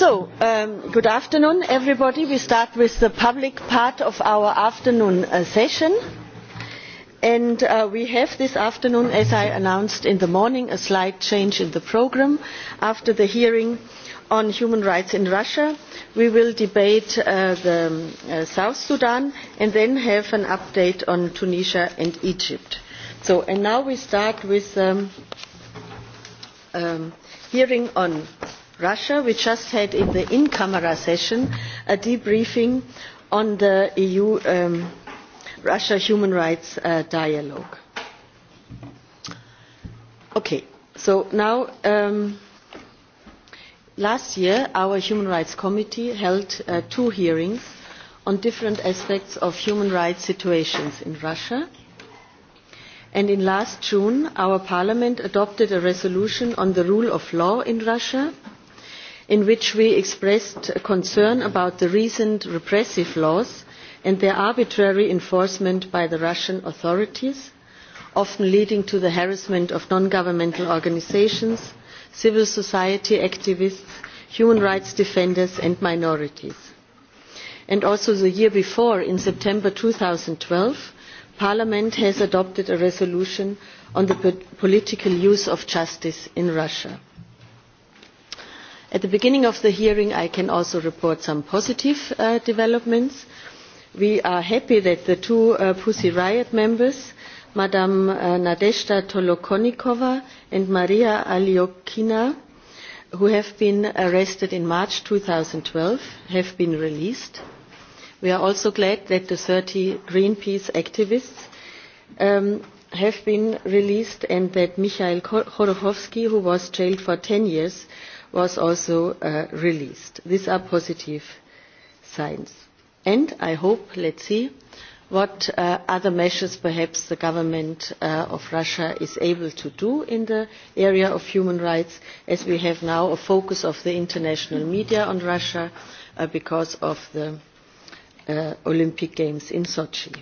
So, um, good afternoon everybody. We start with the public part of our afternoon uh, session. And uh, we have this afternoon, as I announced in the morning, a slight change in the programme. After the hearing on human rights in Russia, we will debate uh, the, um, South Sudan and then have an update on Tunisia and Egypt. So, and now we start with the um, um, hearing on russia we just had in the in camera session a debriefing on the eu um, russia human rights uh, dialogue. Okay, so now um, last year our human rights committee held uh, two hearings on different aspects of human rights situations in russia and in last june our parliament adopted a resolution on the rule of law in russia in which we expressed concern about the recent repressive laws and their arbitrary enforcement by the russian authorities often leading to the harassment of non governmental organisations civil society activists human rights defenders and minorities. And also the year before in september two thousand and twelve parliament adopted a resolution on the political use of justice in russia at the beginning of the hearing i can also report some positive uh, developments. we are happy that the two uh, pussy riot members ms uh, nadezhda tolokonikova and maria aliokina who have been arrested in march two thousand and twelve have been released. we are also glad that the thirty greenpeace activists um, have been released and that mikhail khodorkovsky who was jailed for ten years was also uh, released. These are positive signs. And I hope, let's see, what uh, other measures perhaps the government uh, of Russia is able to do in the area of human rights, as we have now a focus of the international media on Russia because of the Olympic Games in Sochi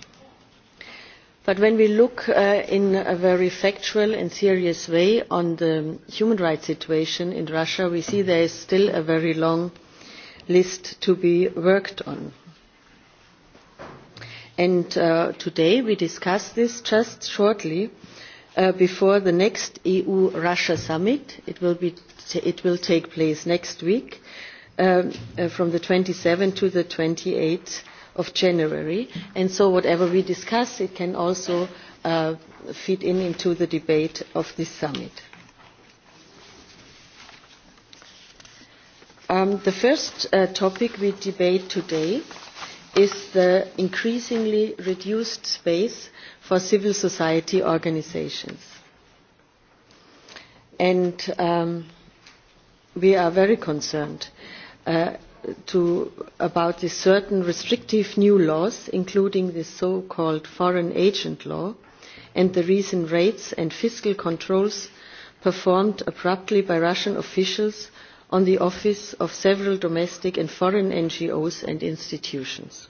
but when we look uh, in a very factual and serious way on the human rights situation in russia we see there is still a very long list to be worked on. And uh, today we discuss this just shortly uh, before the next EU Russia summit. It will, take place next week um, from the 27 to the 28 of January. And so whatever we discuss, it can also uh, fit in into the debate of this summit. Um, the first uh, topic we debate today is the increasingly reduced space for civil society organizations. And um, we are very concerned uh, about the certain restrictive new laws, including the so-called foreign agent law, and the recent raids and fiscal controls performed abruptly by Russian officials on the office of several domestic and foreign NGOs and institutions.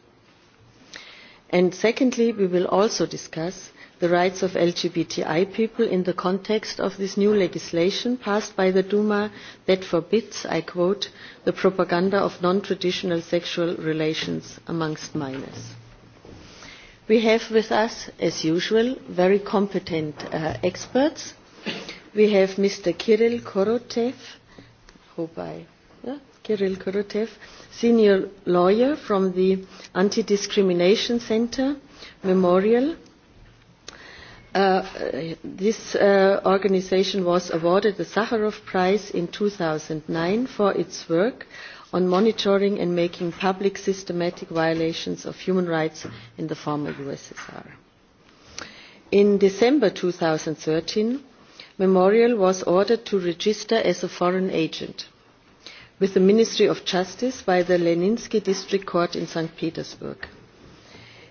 And secondly, we will also discuss the rights of lgbti people in the context of this new legislation passed by the duma that forbids i quote the propaganda of non traditional sexual relations amongst minors. we have with us as usual very competent uh, experts. we have mr kirill korotev hope I, kirill korotev senior lawyer from the anti discrimination centre memorial Uh, this uh, organisation was awarded the Sakharov Prize in 2009 for its work on monitoring and making public systematic violations of human rights in the former USSR. In December 2013, Memorial was ordered to register as a foreign agent with the Ministry of Justice by the Leninsky District Court in St. Petersburg.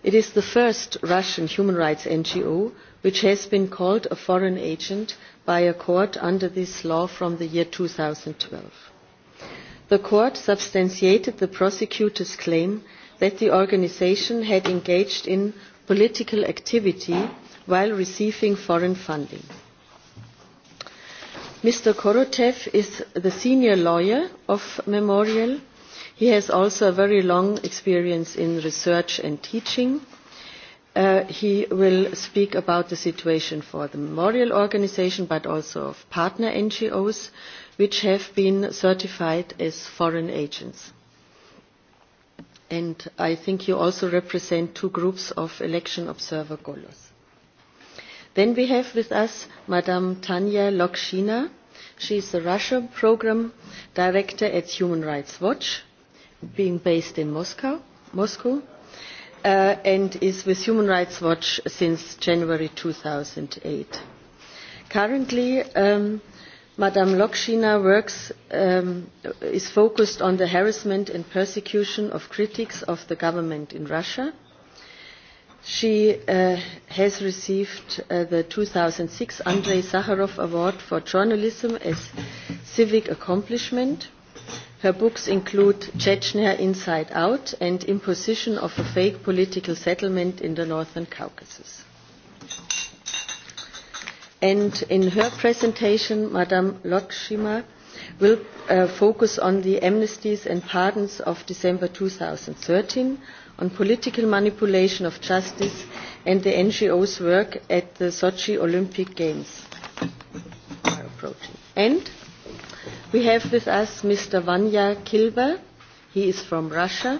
It is the first Russian human rights NGO which has been called a foreign agent by a court under this law from the year. two thousand and twelve the court substantiated the prosecutor's claim that the organisation had engaged in political activity while receiving foreign funding. mr korotev is the senior lawyer of memorial. he has also a very long experience in research and teaching. Uh, he will speak about the situation for the memorial organisation but also of partner ngos which have been certified as foreign agents. and i think you also represent two groups of election observer golos. then we have with us madam tanya lokshina. she is the russia programme director at human rights watch being based in moscow. moscow Uh, and is with Human Rights Watch since January 2008. Currently, um, Madame Lokshina works um, is focused on the harassment and persecution of critics of the government in Russia. She uh, has received uh, thousand the 2006 Andrei Sakharov Award for Journalism as Civic Accomplishment Her books include Chechnya Inside Out and Imposition of a Fake Political Settlement in the Northern Caucasus. And in her presentation, Madame Lokshima will uh, focus on the amnesties and pardons of December 2013, on political manipulation of justice and the NGO's work at the Sochi Olympic Games And We have with us Mr. Vanya Kilber. He is from Russia,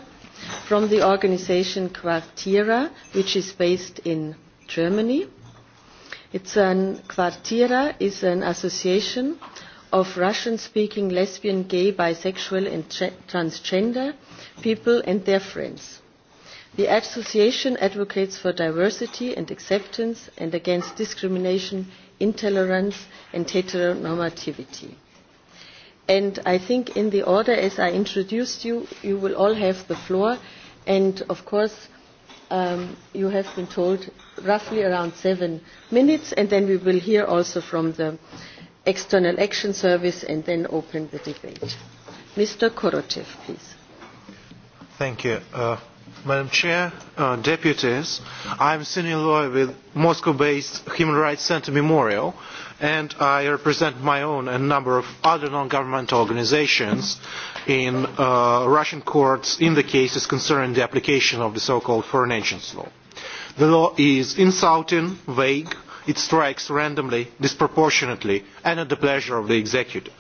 from the organization Quartira, which is based in Germany. It's an, Quartira is an association of Russian-speaking lesbian, gay, bisexual and transgender people and their friends. The association advocates for diversity and acceptance and against discrimination, intolerance and heteronormativity and I think in the order as I introduced you, you will all have the floor. And of course, um, you have been told roughly around seven minutes, and then we will hear also from the External Action Service and then open the debate. Mr. Korochev, please. Thank you. Uh, Madam Chair, uh, deputies, I'm senior lawyer with Moscow-based Human Rights Center Memorial, and I represent my own and a number of other non-governmental organizations in uh, Russian courts in the cases concerning the application of the so-called foreign agents law. The law is insulting, vague, it strikes randomly, disproportionately, and at the pleasure of the executive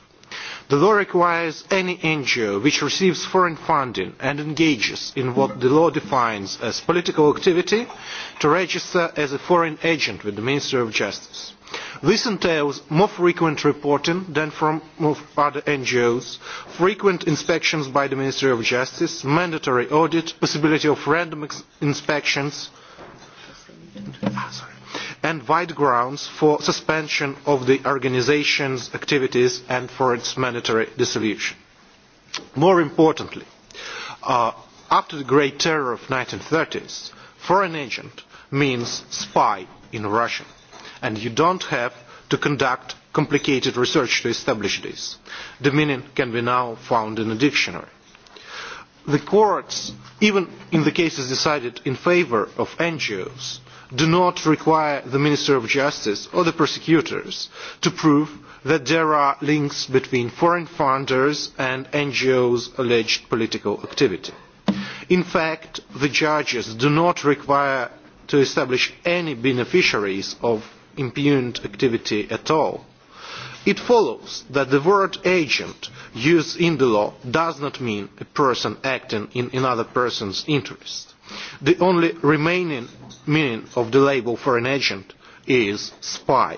the law requires any ngo which receives foreign funding and engages in what the law defines as political activity to register as a foreign agent with the ministry of justice. this entails more frequent reporting than from other ngos frequent inspections by the ministry of justice mandatory audit possibility of random inspections ah, and wide grounds for suspension of the organisation's activities and for its mandatory dissolution. More importantly, after uh, the Great Terror of 1930s, foreign agent means spy in Russian, and you don't have to conduct complicated research to establish this. The meaning can be now found in a dictionary. The courts, even in the cases decided in favour of NGOs, do not require the minister of justice or the prosecutors to prove that there are links between foreign funders and ngos' alleged political activity. in fact the judges do not require to establish any beneficiaries of impugned activity at all. it follows that the word agent' used in the law does not mean a person acting in another person's interest. The only remaining meaning of the label for an agent is spy.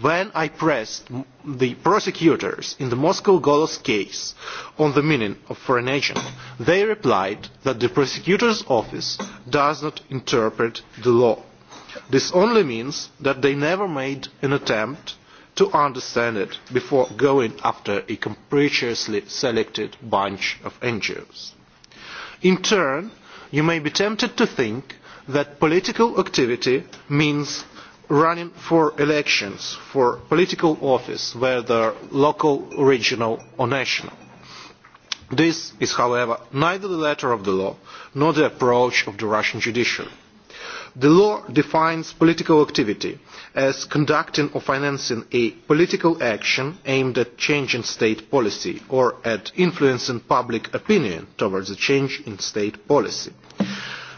When I pressed the prosecutors in the Moscow Golos case on the meaning of foreign agent, they replied that the prosecutor's office does not interpret the law. This only means that they never made an attempt to understand it before going after a capriciously selected bunch of NGOs. In turn, you may be tempted to think that political activity means running for elections for political office whether local regional or national. this is however neither the letter of the law nor the approach of the russian judiciary the law defines political activity as conducting or financing a political action aimed at changing state policy or at influencing public opinion towards a change in state policy.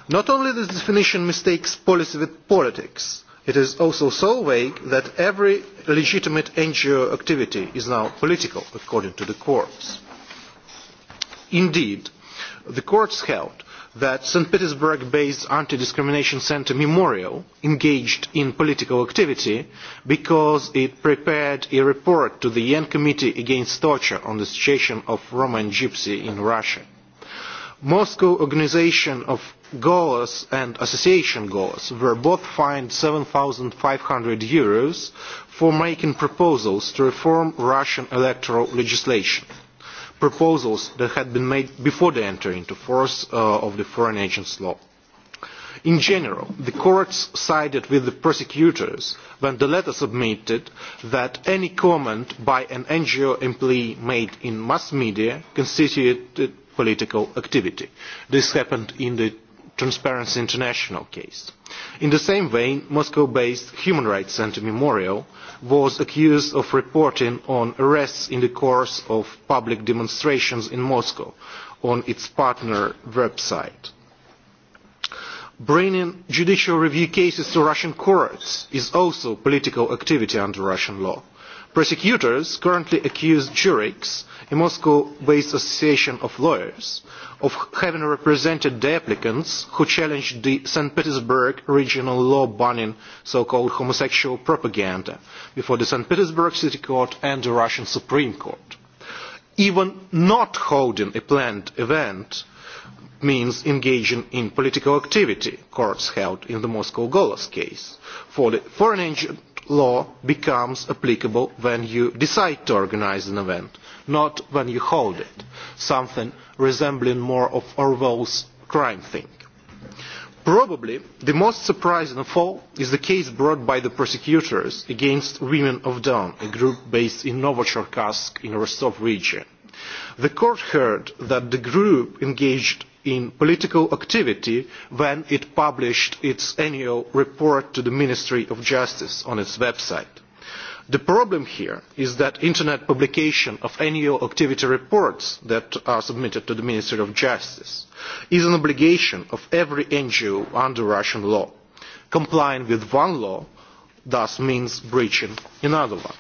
not only does this definition mistake policy with politics it is also so vague that every legitimate ngo activity is now political according to the courts. indeed the courts held that St Petersburg based anti discrimination centre Memorial engaged in political activity because it prepared a report to the UN Committee against torture on the situation of Roma and Gypsy in Russia. Moscow organisation of Goers and association goers were both fined 7,500 euros for making proposals to reform Russian electoral legislation proposals that had been made before the entry into force uh, of the foreign agents law. In general, the courts sided with the prosecutors when the letter submitted that any comment by an NGO employee made in mass media constituted political activity. This happened in the Transparency International case. In the same vein, Moscow-based Human Rights Center Memorial was accused of reporting on arrests in the course of public demonstrations in Moscow on its partner website. Bringing judicial review cases to Russian courts is also political activity under Russian law. Prosecutors currently accuse jurists a Moscow based association of lawyers, of having represented the applicants who challenged the St. Petersburg regional law banning so called homosexual propaganda before the St. Petersburg City Court and the Russian Supreme Court. Even not holding a planned event means engaging in political activity, courts held in the Moscow Golos case, for the foreign agent law becomes applicable when you decide to organize an event not when you hold it something resembling more of orwell's crime thing. probably the most surprising of all is the case brought by the prosecutors against women of dawn a group based in novocherkassk in rostov region. the court heard that the group engaged in political activity when it published its annual report to the ministry of justice on its website the problem here is that internet publication of ngo activity reports that are submitted to the ministry of justice is an obligation of every ngo under russian law. complying with one law thus means breaching another one.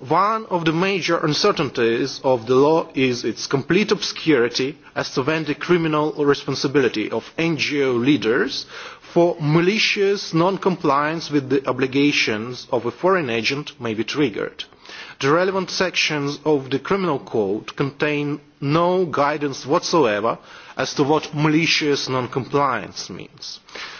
One of the major uncertainties of the law is its complete obscurity as to when the criminal responsibility of NGO leaders for malicious non compliance with the obligations of a foreign agent may be triggered. the relevant sections of the criminal code contain no guidance whatsoever as to what malicious non compliance means.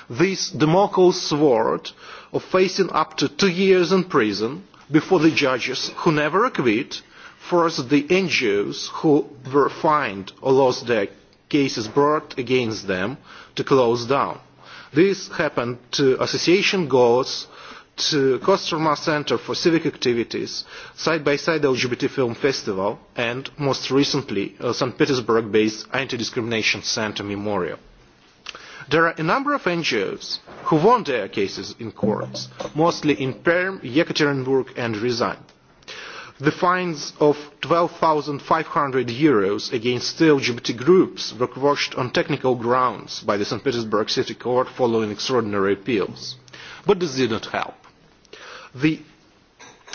this Damocles sword of facing up to two years in prison before the judges who never acquit forced the ngos who were fined or lost their cases brought against them to close down. This happened to association goals, to Kostroma Center for Civic Activities, Side by Side LGBT Film Festival, and most recently, uh, St. Petersburg-based Anti-Discrimination Center Memorial. There are a number of NGOs who won their cases in courts, mostly in Perm, Yekaterinburg, and Resign the fines of EUR 12,500 euros against LGBT groups were quashed on technical grounds by the St. Petersburg City Court following extraordinary appeals. But this did not help. The,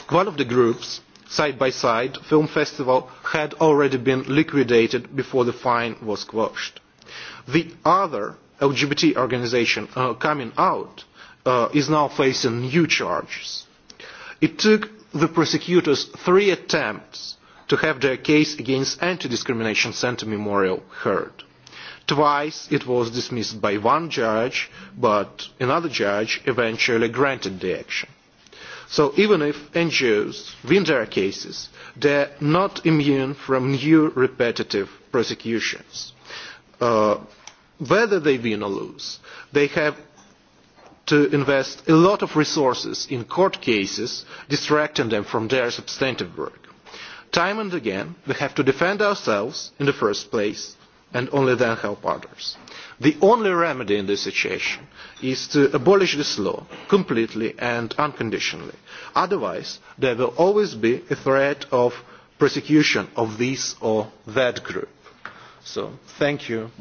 one of the groups, Side by Side Film Festival, had already been liquidated before the fine was quashed. The other LGBT organisation uh, coming out uh, is now facing new charges. It took the prosecutors three attempts to have their case against anti discrimination centre memorial heard. twice it was dismissed by one judge but another judge eventually granted the action. so even if ngos win their cases they are not immune from new repetitive prosecutions. Uh, whether they win or lose they have to invest a lot of resources in court cases distracting them from their substantive work. time and again we have to defend ourselves in the first place and only then help others. the only remedy in this situation is to abolish this law completely and unconditionally otherwise there will always be a threat of prosecution of this or that group. so thank you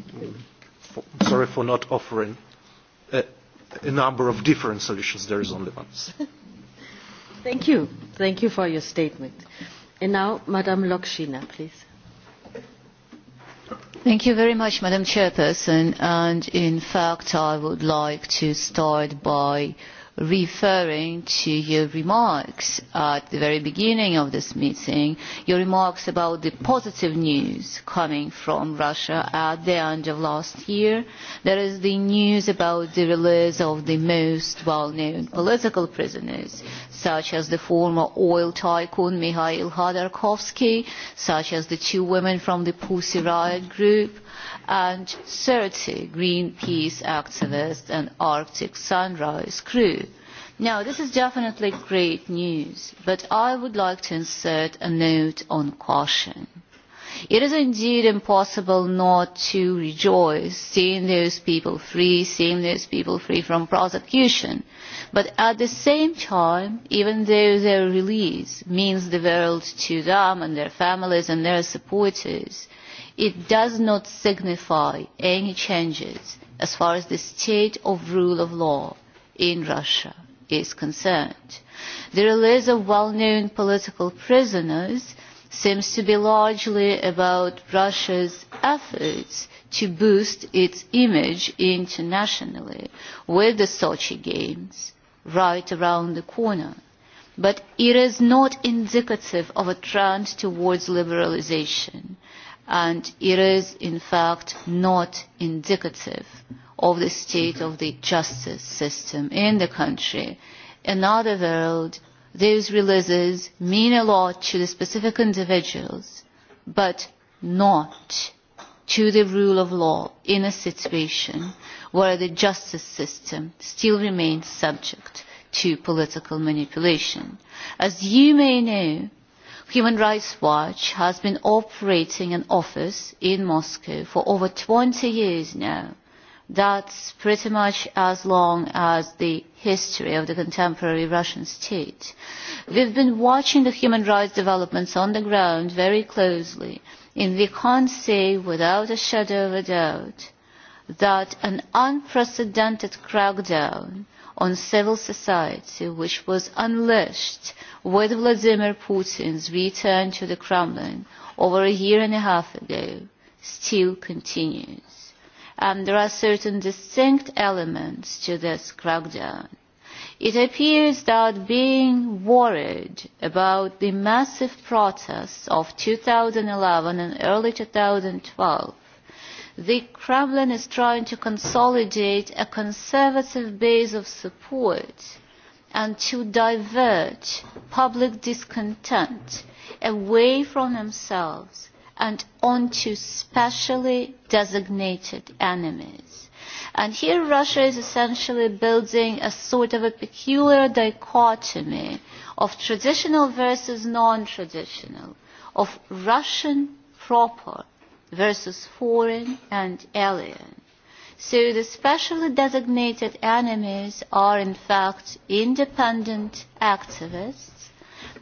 sorry for not offering uh, a number of different solutions. There is only one. Thank you. Thank you for your statement. And now, Madam Lokshina, please. Thank you very much, Madam Chairperson. And in fact, I would like to start by referring to your remarks at the very beginning of this meeting, your remarks about the positive news coming from Russia at the end of last year. There is the news about the release of the most well-known political prisoners, such as the former oil tycoon Mikhail Khodorkovsky, such as the two women from the Pussy Riot group, and 30 Greenpeace activists and Arctic Sunrise crew. Now, this is definitely great news, but I would like to insert a note on caution. It is indeed impossible not to rejoice seeing those people free, seeing those people free from prosecution. But at the same time, even though their release means the world to them and their families and their supporters, it does not signify any changes as far as the state of rule of law in Russia is concerned. The release of well-known political prisoners seems to be largely about Russia's efforts to boost its image internationally with the Sochi Games right around the corner. But it is not indicative of a trend towards liberalization and it is in fact not indicative of the state of the justice system in the country. In other words, these releases mean a lot to the specific individuals, but not to the rule of law in a situation where the justice system still remains subject to political manipulation. As you may know, Human Rights Watch has been operating an office in Moscow for over 20 years now. That's pretty much as long as the history of the contemporary Russian state. We've been watching the human rights developments on the ground very closely, and we can't say without a shadow of a doubt that an unprecedented crackdown on civil society which was unleashed with Vladimir Putin's return to the Kremlin over a year and a half ago still continues. And there are certain distinct elements to this crackdown. It appears that being worried about the massive protests of 2011 and early 2012 the Kremlin is trying to consolidate a conservative base of support and to divert public discontent away from themselves and onto specially designated enemies. And here Russia is essentially building a sort of a peculiar dichotomy of traditional versus non-traditional, of Russian proper versus foreign and alien. So the specially designated enemies are in fact independent activists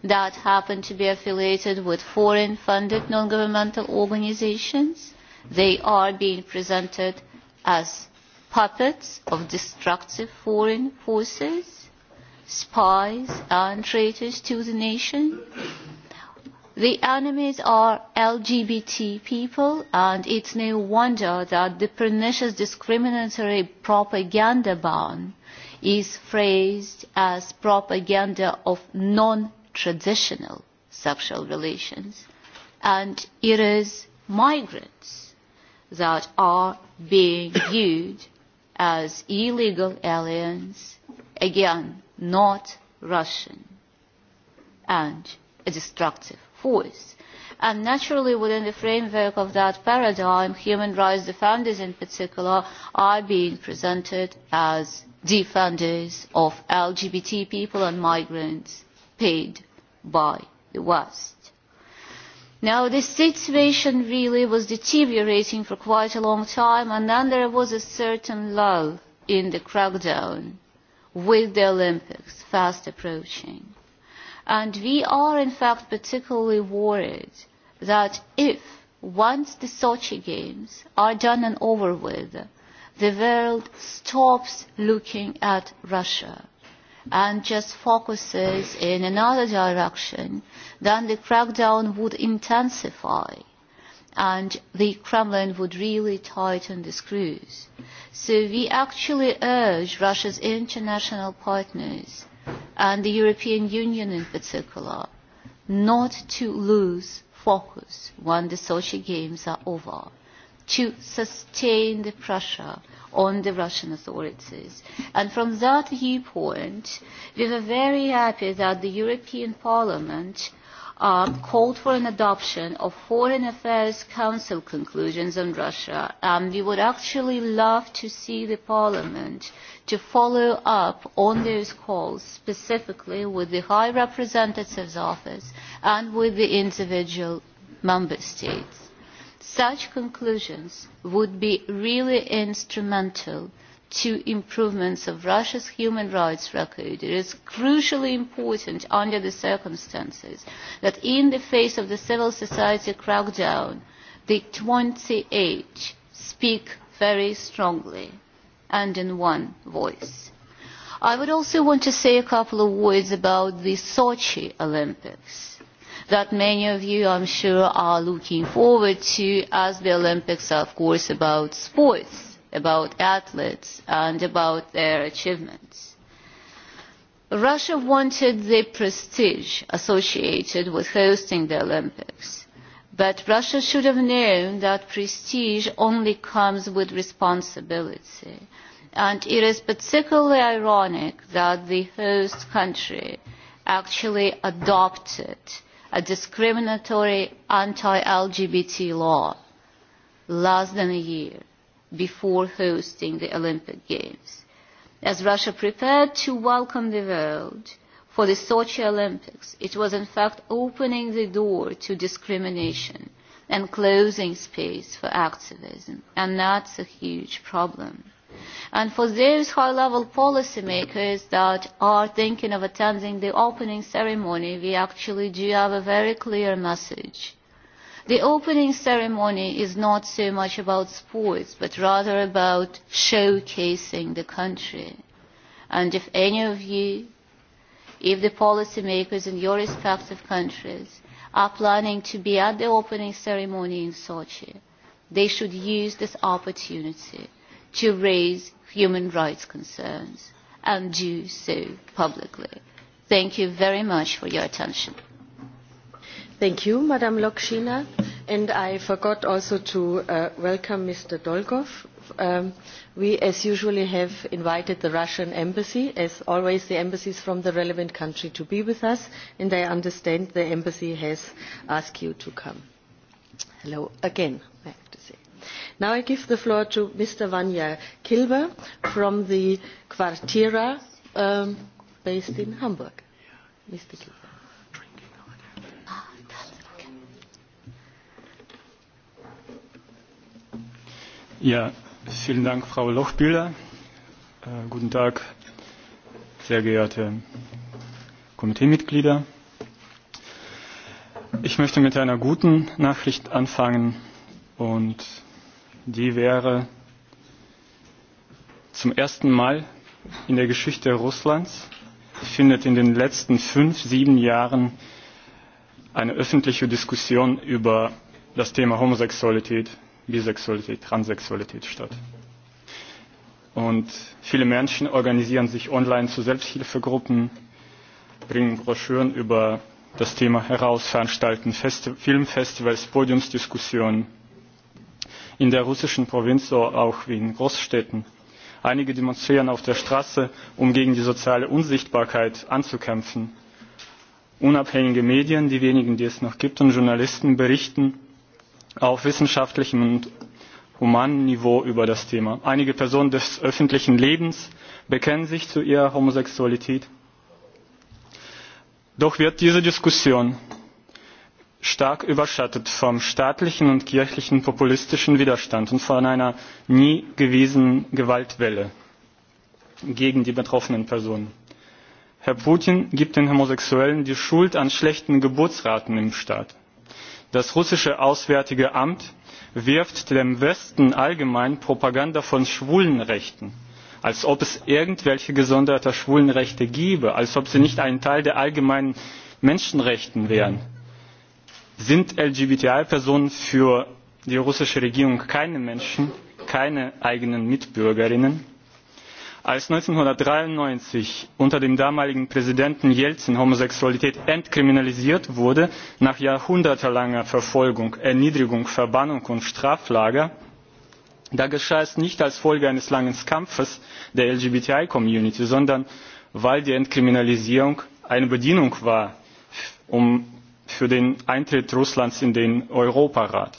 that happen to be affiliated with foreign funded non governmental organizations. They are being presented as puppets of destructive foreign forces, spies and traitors to the nation the enemies are lgbt people and it's no wonder that the pernicious discriminatory propaganda ban is phrased as propaganda of non traditional sexual relations and it is migrants that are being viewed as illegal aliens again not russian and a destructive voice. And naturally, within the framework of that paradigm, human rights defenders in particular are being presented as defenders of LGBT people and migrants paid by the West. Now, this situation really was deteriorating for quite a long time, and then there was a certain lull in the crackdown with the Olympics fast approaching and we are in fact particularly worried that if once the sochi games are done and over with the world stops looking at russia and just focuses in another direction then the crackdown would intensify and the Kremlin would really tighten the screws. So we actually urge Russia's international partners and the European Union in particular not to lose focus when the social games are over, to sustain the pressure on the Russian authorities. And from that viewpoint, we were very happy that the European Parliament Um, called for an adoption of Foreign Affairs Council conclusions on Russia. and we would actually love to see the Parliament to follow up on those calls specifically with the High Representative's Office and with the individual member states. Such conclusions would be really instrumental to improvements of Russia's human rights record. It is crucially important under the circumstances that in the face of the civil society crackdown, the 28 speak very strongly and in one voice. I would also want to say a couple of words about the Sochi Olympics that many of you, I'm sure, are looking forward to as the Olympics are, of course, about sports about athletes and about their achievements. Russia wanted the prestige associated with hosting the Olympics, but Russia should have known that prestige only comes with responsibility. And it is particularly ironic that the host country actually adopted a discriminatory anti-LGBT law less than a year before hosting the Olympic Games. As Russia prepared to welcome the world for the Sochi Olympics, it was in fact opening the door to discrimination and closing space for activism, and that's a huge problem. And for those high-level policymakers that are thinking of attending the opening ceremony, we actually do have a very clear message the opening ceremony is not so much about sports but rather about showcasing the country and if any of you if the policymakers in your respective countries are planning to be at the opening ceremony in Sochi, they should use this opportunity to raise human rights concerns and do so publicly. Thank you very much for your attention. Thank you, Madam Lokshina. And I forgot also to uh, welcome Mr. Dolgov. Um, we, as usually, have invited the Russian embassy. As always, the embassies from the relevant country to be with us, and I understand the embassy has asked you to come. Hello again, I have to say. Now I give the floor to Mr. Vanya Kilber from the Quartiera um, based in Hamburg. Mr. Ja, vielen Dank, Frau Lochbühler. Äh, guten Tag, sehr geehrte Komiteemitglieder. Ich möchte mit einer guten Nachricht anfangen und die wäre zum ersten Mal in der Geschichte Russlands findet in den letzten fünf, sieben Jahren eine öffentliche Diskussion über das Thema Homosexualität Bisexualität, Transsexualität statt. Und viele Menschen organisieren sich online zu Selbsthilfegruppen, bringen Broschüren über das Thema heraus, veranstalten Festi Filmfestivals, Podiumsdiskussionen in der russischen Provinz, so auch wie in Großstädten. Einige demonstrieren auf der Straße, um gegen die soziale Unsichtbarkeit anzukämpfen. Unabhängige Medien, die wenigen, die es noch gibt, und Journalisten berichten auf wissenschaftlichem und humanem Niveau über das Thema. Einige Personen des öffentlichen Lebens bekennen sich zu ihrer Homosexualität. Doch wird diese Diskussion stark überschattet vom staatlichen und kirchlichen populistischen Widerstand und von einer nie gewesenen Gewaltwelle gegen die betroffenen Personen. Herr Putin gibt den Homosexuellen die Schuld an schlechten Geburtsraten im Staat das russische auswärtige amt wirft dem westen allgemein propaganda von schwulenrechten als ob es irgendwelche gesonderten schwulenrechte gäbe als ob sie nicht ein teil der allgemeinen menschenrechten wären. sind lgbti personen für die russische regierung keine menschen keine eigenen mitbürgerinnen? als eintausendneunhundertdreiundneunzig unter dem damaligen präsidenten jelzin homosexualität entkriminalisiert wurde nach jahrhundertelanger verfolgung erniedrigung verbannung und straflager da geschah es nicht als folge eines langen kampfes der lgbti community sondern weil die entkriminalisierung eine bedingung war um für den eintritt russlands in den europarat.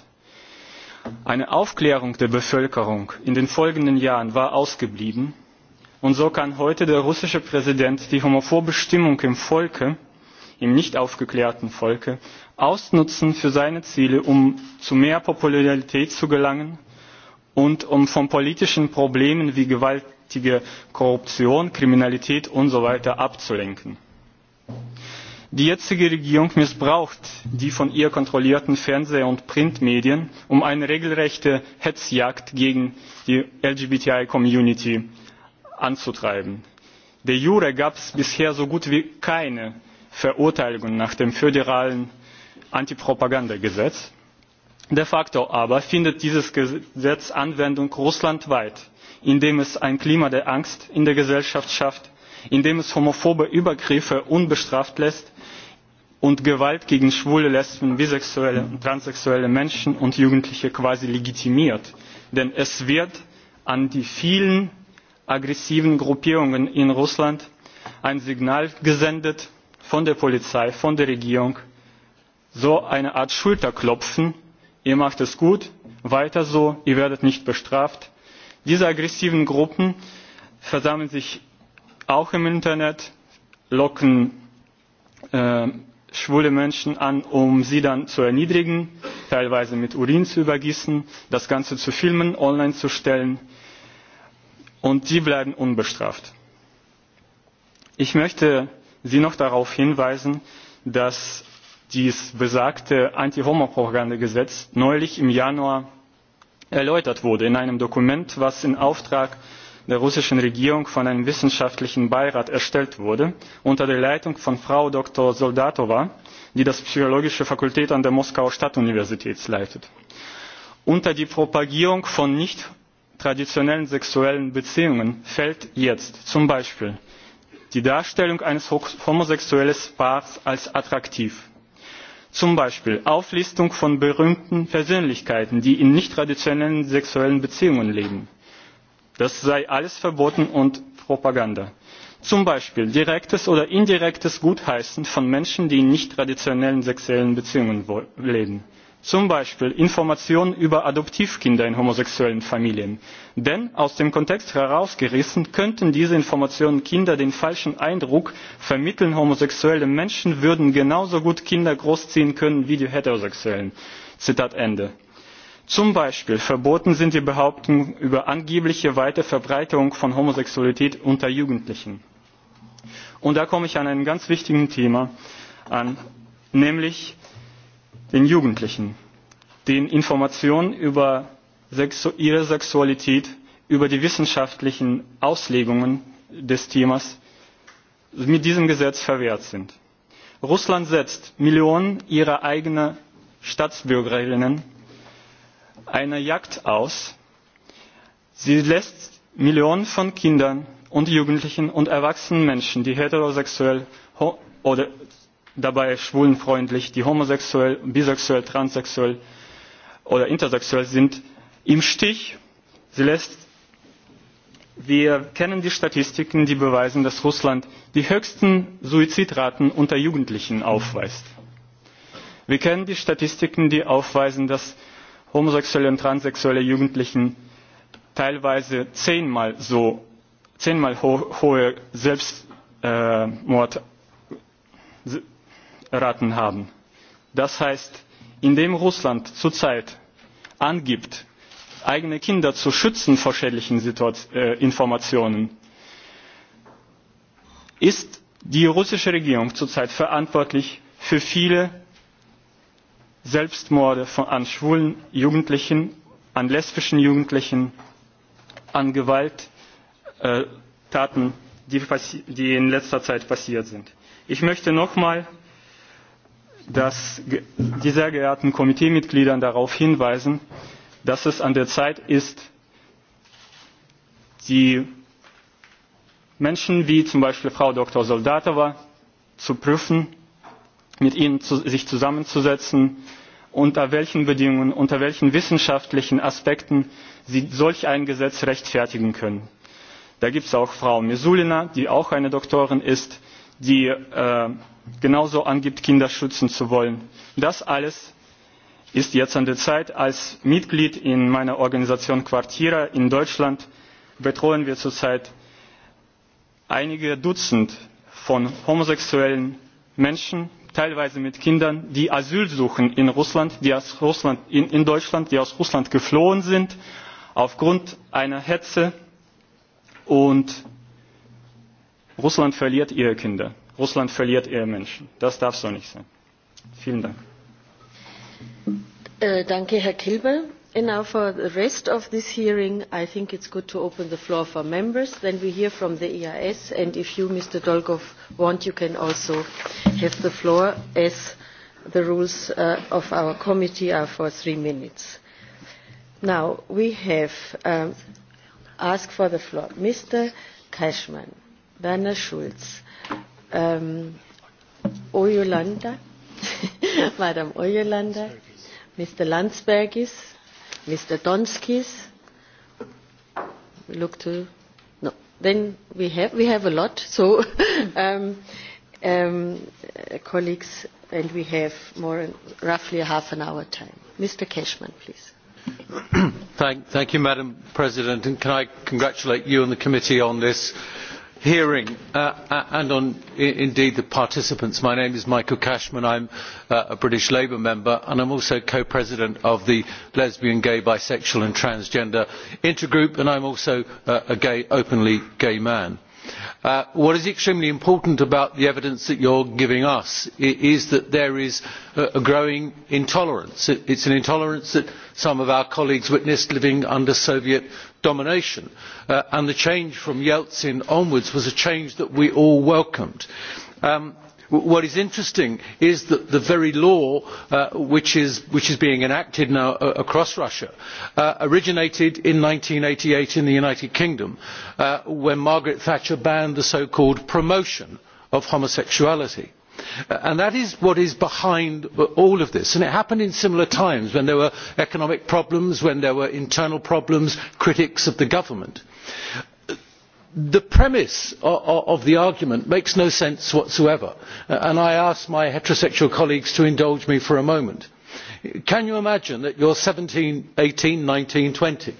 eine aufklärung der bevölkerung in den folgenden jahren war ausgeblieben und so kann heute der russische präsident die homophobe stimmung im volke im nicht aufgeklärten volke ausnutzen für seine ziele um zu mehr popularität zu gelangen und um von politischen problemen wie gewaltige korruption kriminalität usw. abzulenken. die jetzige regierung missbraucht die von ihr kontrollierten fernseh und printmedien um eine regelrechte hetzjagd gegen die lgbti community anzutreiben. de jure gab es bisher so gut wie keine verurteilungen nach dem föderalen antipropagandagesetz. de facto aber findet dieses gesetz anwendung russlandweit indem es ein klima der angst in der gesellschaft schafft indem es homophobe übergriffe unbestraft lässt und gewalt gegen schwule lesben bisexuelle und transsexuelle menschen und jugendliche quasi legitimiert denn es wird an die vielen aggressiven gruppierungen in russland ein signal gesendet von der polizei von der regierung so eine art schulterklopfen ihr macht es gut weiter so ihr werdet nicht bestraft. diese aggressiven gruppen versammeln sich auch im internet locken äh, schwule menschen an um sie dann zu erniedrigen teilweise mit urin zu übergießen das ganze zu filmen online zu stellen und die bleiben unbestraft. Ich möchte Sie noch darauf hinweisen, dass dies besagte anti homo Gesetz neulich im Januar erläutert wurde in einem Dokument, das in Auftrag der russischen Regierung von einem wissenschaftlichen Beirat erstellt wurde, unter der Leitung von Frau Dr. Soldatova, die das Psychologische Fakultät an der Moskauer Stadtuniversität leitet. Unter die Propagierung von nicht traditionellen sexuellen beziehungen fällt jetzt zum beispiel die darstellung eines homosexuellen paars als attraktiv zum beispiel auflistung von berühmten persönlichkeiten die in nicht traditionellen sexuellen beziehungen leben das sei alles verboten und propaganda zum beispiel direktes oder indirektes gutheißen von menschen die in nicht traditionellen sexuellen beziehungen leben zum beispiel informationen über adoptivkinder in homosexuellen familien denn aus dem kontext herausgerissen könnten diese informationen kindern den falschen eindruck vermitteln homosexuelle menschen würden genauso gut kinder großziehen können wie die heterosexuellen. zitat ende. zum beispiel verboten sind die behauptungen über angebliche weite verbreitung von homosexualität unter jugendlichen. und da komme ich an einem ganz wichtigen thema an nämlich den Jugendlichen, denen Informationen über ihre Sexualität, über die wissenschaftlichen Auslegungen des Themas mit diesem Gesetz verwehrt sind. Russland setzt Millionen ihrer eigenen Staatsbürgerinnen eine Jagd aus. Sie lässt Millionen von Kindern und Jugendlichen und erwachsenen Menschen, die heterosexuell oder dabei schwulenfreundlich die homosexuell bisexuell transsexuell oder intersexuell sind im stich. sie lässt wir kennen die statistiken die beweisen dass russland die höchsten suizidraten unter jugendlichen aufweist. wir kennen die statistiken die aufweisen dass homosexuelle und transsexuelle jugendlichen teilweise zehnmal so zehnmal hohe selbstmord äh, erraten haben. das heißt indem russland zurzeit angibt eigene kinder zu schützen vor schädlichen äh, informationen ist die russische regierung zurzeit verantwortlich für viele selbstmorde an schwulen jugendlichen an lesbischen jugendlichen an gewalttaten äh, die, in letzter zeit passiert sind. ich möchte nochmals dass die sehr geehrten Komiteemitglieder darauf hinweisen dass es an der zeit ist die menschen wie zum beispiel frau dr. soldatova zu prüfen mit ihnen zu, sich zusammenzusetzen unter welchen bedingungen unter welchen wissenschaftlichen aspekten sie solch ein gesetz rechtfertigen können. da gibt es auch frau misulina die auch eine doktorin ist die äh, genauso angibt kinder schützen zu wollen. das alles ist jetzt an der zeit. als mitglied in meiner organisation quartiere in deutschland betreuen wir zurzeit einige dutzend von homosexuellen menschen teilweise mit kindern die asyl suchen in russland, die aus russland in, in deutschland die aus russland geflohen sind aufgrund einer hetze und Russland verliert ihre Kinder. Russland verliert ihre Menschen. Das darf so nicht sein. Vielen Dank. Uh, danke, Herr Kilber. And now for the rest of this hearing, I think it's good to open the floor for members. Then we hear from the EIS, and if you, Mr. Dolgov, want, you can also have the floor, as the rules uh, of our committee are for three minutes. Now, we have um, asked for the floor. Mr. Cashman. Werner Schulz. Um, Oyolanda, Madam Oyolanda, Mr. Landsbergis, Mr. Donskis. Look to no. Then we have we have a lot. So, um, um, colleagues, and we have more roughly half an hour time. Mr. Cashman, please. thank, thank you, Madam President, and can I congratulate you and the committee on this? hearing uh, uh, and on indeed the participants. My name is Michael Cashman. I am uh, a British Labour member and I am also co-president of the Lesbian, Gay, Bisexual and Transgender Intergroup and I am also a gay, openly gay man Uh, what is extremely important about the evidence that you are giving us is that there is a growing intolerance. it is an intolerance that some of our colleagues witnessed living under soviet domination uh, and the change from yeltsin onwards was a change that we all welcomed. Um, what is interesting is that the very law uh, which, is, being enacted now uh, across russia uh, originated in one thousand nine hundred and eighty eight in the united kingdom when margaret thatcher banned the so called promotion of homosexuality and that is what is behind all of this and it happened in similar times when there were economic problems when there were internal problems critics of the government the premise of the argument makes no sense whatsoever uh, and i ask my heterosexual colleagues to indulge me for a moment. can you imagine that you are seventeen eighteen nineteen twenty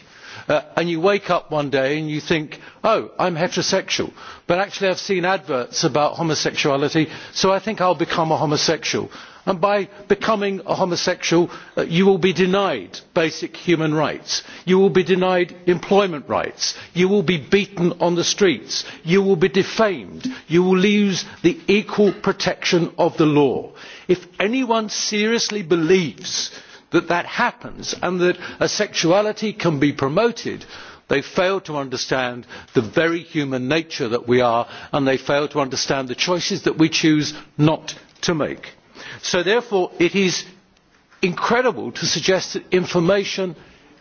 uh, and you wake up one day and you think oh i am heterosexual but actually i have seen adverts about homosexuality so i think i will become a homosexual' and by becoming a homosexual uh, you will be denied basic human rights you will be denied employment rights you will be beaten on the streets you will be defamed you will lose the equal protection of the law. if anyone seriously believes that that happens and that a sexuality can be promoted they fail to understand the very human nature that we are and they fail to understand the choices that we choose not to make so therefore it is incredible to suggest that information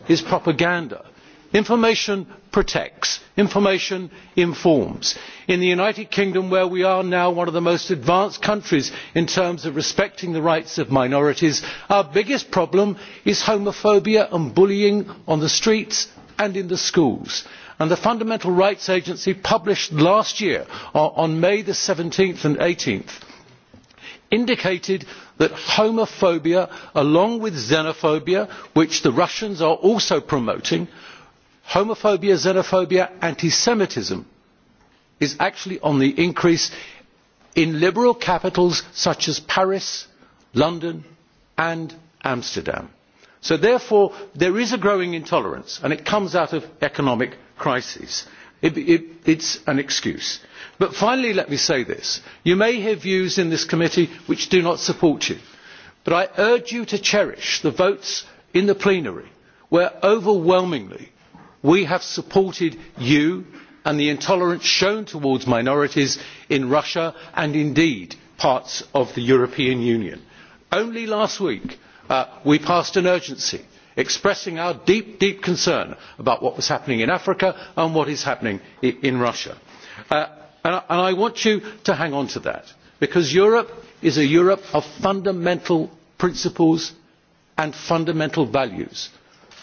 is propaganda. information protects information informs. in the united kingdom where we are now one of the most advanced countries in terms of respecting the rights of minorities our biggest problem is homophobia and bullying on the streets and in the schools the fundamental rights agency published last year on may seventeen and eighteen indicated that homophobia along with xenophobia which the russians are also promoting homophobia xenophobia anti semitism is actually on the increase in liberal capitals such as paris london and amsterdam. so therefore there is a growing intolerance and it comes out of economic crises. it is an excuse but finally let me say this you may hear views in this committee which do not support you but i urge you to cherish the votes in the plenary where overwhelmingly we have supported you and the intolerance shown towards minorities in russia and indeed parts of the european union. only last week uh, we passed an urgency expressing our deep deep concern about what was happening in africa and what is happening in russia. Uh, And I, want you to hang on to that, because Europe is a Europe of fundamental principles and fundamental values.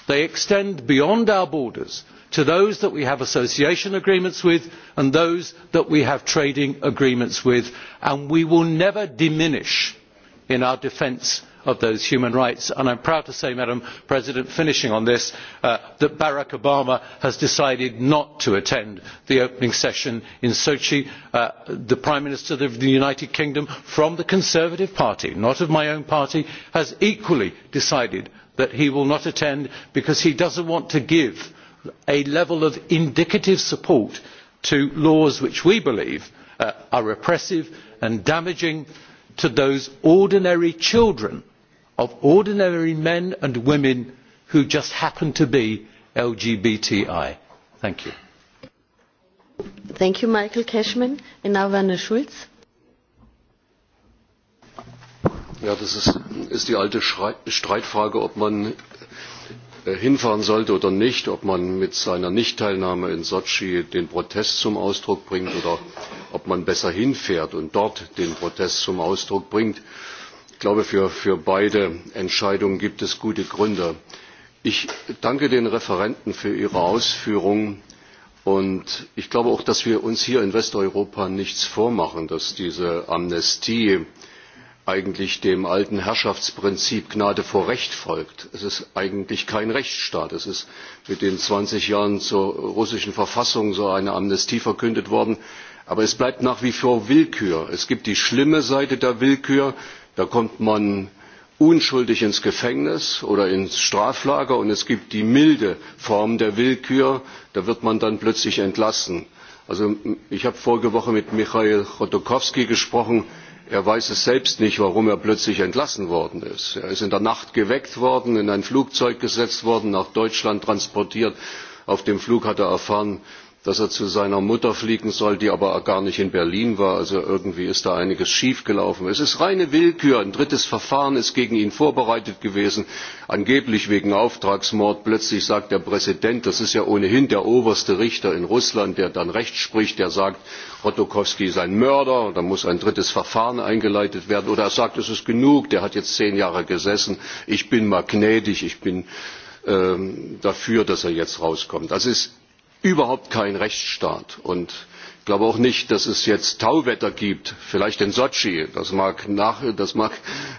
They extend beyond our borders to those that we have association agreements with and those that we have trading agreements with, and we will never diminish in our defence of those human rights and i am proud to say madam president finishing on this uh, that barack obama has decided not to attend the opening session in sochi. Uh, the prime minister of the united kingdom from the conservative party not of my own party has equally decided that he will not attend because he does not want to give a level of indicative support to laws which we believe uh, are repressive and damaging to those ordinary children of ordinary men and women who just happen to be lgbti. thank you. thank you michael and schulz. Ja, das ist, ist die alte Streitfrage, ob man äh, hinfahren sollte oder nicht, ob man mit seiner Nichtteilnahme in Sotschi den Protest zum Ausdruck bringt oder ob man besser hinfährt und dort den Protest zum Ausdruck bringt ich glaube für, beide entscheidungen gibt es gute gründe. ich danke den referenten für ihre ausführungen und ich glaube auch dass wir uns hier in westeuropa nichts vormachen dass diese amnestie eigentlich dem alten herrschaftsprinzip gnade vor recht folgt. es ist eigentlich kein rechtsstaat. es ist mit den zwanzig jahren zur russischen verfassung so eine amnestie verkündet worden aber es bleibt nach wie vor willkür. es gibt die schlimme seite der willkür da kommt man unschuldig ins gefängnis oder ins straflager und es gibt die milde form der willkür da wird man dann plötzlich entlassen. Also, ich habe vorige woche mit michail chodorkowski gesprochen er weiß es selbst nicht warum er plötzlich entlassen worden ist. er ist in der nacht geweckt worden in ein flugzeug gesetzt worden nach deutschland transportiert auf dem flug hat er erfahren dass er zu seiner Mutter fliegen soll, die aber gar nicht in Berlin war. Also irgendwie ist da einiges schiefgelaufen. Es ist reine Willkür. Ein drittes Verfahren ist gegen ihn vorbereitet gewesen, angeblich wegen Auftragsmord. Plötzlich sagt der Präsident, das ist ja ohnehin der oberste Richter in Russland, der dann Recht spricht, der sagt, Rotokowski ist ein Mörder, da muss ein drittes Verfahren eingeleitet werden. Oder er sagt, es ist genug, der hat jetzt zehn Jahre gesessen, ich bin mal gnädig, ich bin ähm, dafür, dass er jetzt rauskommt überhaupt kein rechtsstaat und ich glaube auch nicht dass es jetzt tauwetter gibt vielleicht in sotschi das mag, nach, das mag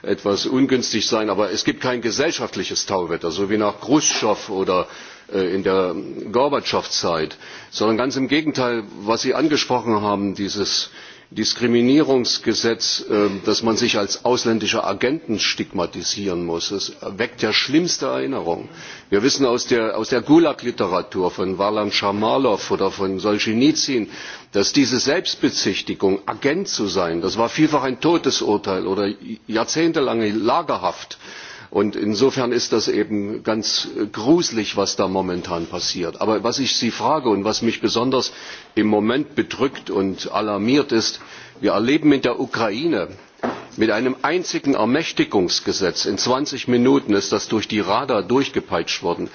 etwas ungünstig sein aber es gibt kein gesellschaftliches tauwetter so wie nach chruschtschow oder äh, in der gorbatschow zeit sondern ganz im gegenteil was sie angesprochen haben dieses diskriminierungsgesetz ähm, dass man sich als ausländischer agenten stigmatisieren muss das weckt ja schlimmste erinnerungen. wir wissen aus der, gulag literatur von warlam schamalow oder von solschenizyn dass diese selbstbezichtigung agent zu sein das war vielfach ein todesurteil oder jahrzehntelange lagerhaft und insofern ist das eben ganz äh, gruselig was da momentan passiert. aber was ich sie frage und was mich besonders im moment bedrückt und alarmiert ist wir erleben in der ukraine mit einem einzigen ermächtigungsgesetz in zwanzig minuten ist das durch die rada durchgepeitscht worden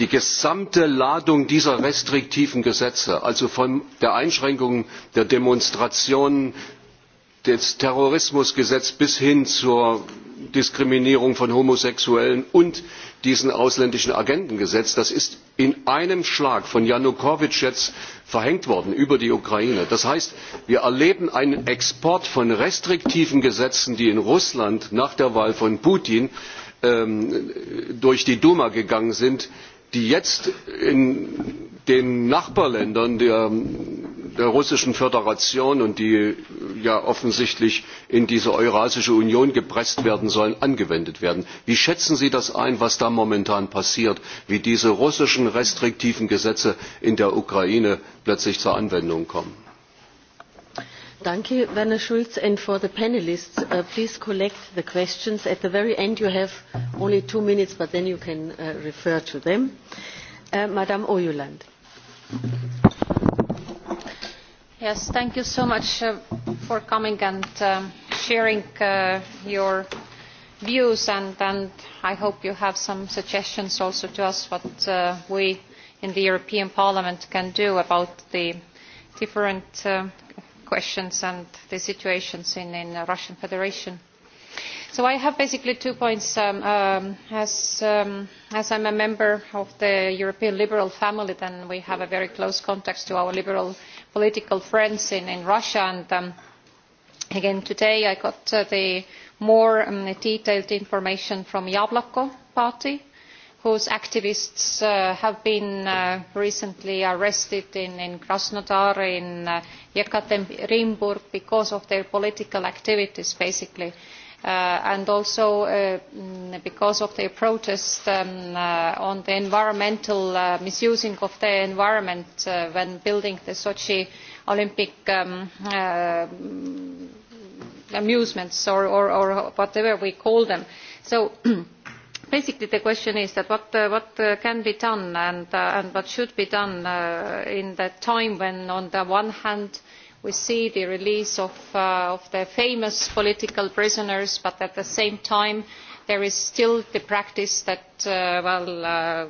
die gesamte ladung dieser restriktiven gesetze also von der einschränkung der demonstrationen des terrorismusgesetzes bis hin zur diskriminierung von homosexuellen und diesen ausländischen agentengesetz das ist in einem schlag von janukowytsch jetzt verhängt worden über die ukraine. das heißt wir erleben einen export von restriktiven gesetzen die in russland nach der wahl von putin ähm, durch die duma gegangen sind die jetzt in den nachbarländern der, russischen föderation und die ja offensichtlich in diese eurasische union gepresst werden sollen angewendet werden. wie schätzen sie das ein was da momentan passiert wie diese russischen restriktiven gesetze in der ukraine plötzlich zur anwendung kommen? Thank you, Werner Schulz. And for the panelists, uh, please collect the questions. At the very end, you have only two minutes, but then you can uh, refer to them. Uh, Oyuland. Yes, thank you so much uh, for coming and um, sharing your views and, and I hope you have some suggestions also to us what we in the European Parliament can do about the different questions and the situations in, the Russian Federation. So I have basically two points. Um, um, as, I um, as I'm a member of the European Liberal family, then we have a very close contact to our Liberal political friends in, in Russia. And again, today I got uh, the more detailed information from Yablako party whose activists uh, have been uh, recently arrested in, Krasnodar, in uh, Yekaterinburg because of their political activities basically and also mm, because of their protest um, on the environmental misusing of the environment when building the Sochi Olympic um, amusements or whatever we call them. So basically the question is that what, uh, what uh, can be done and, uh, and what should be done uh, in that time when on the one hand we see the release of, of the famous political prisoners but at the same time there is still the practice that well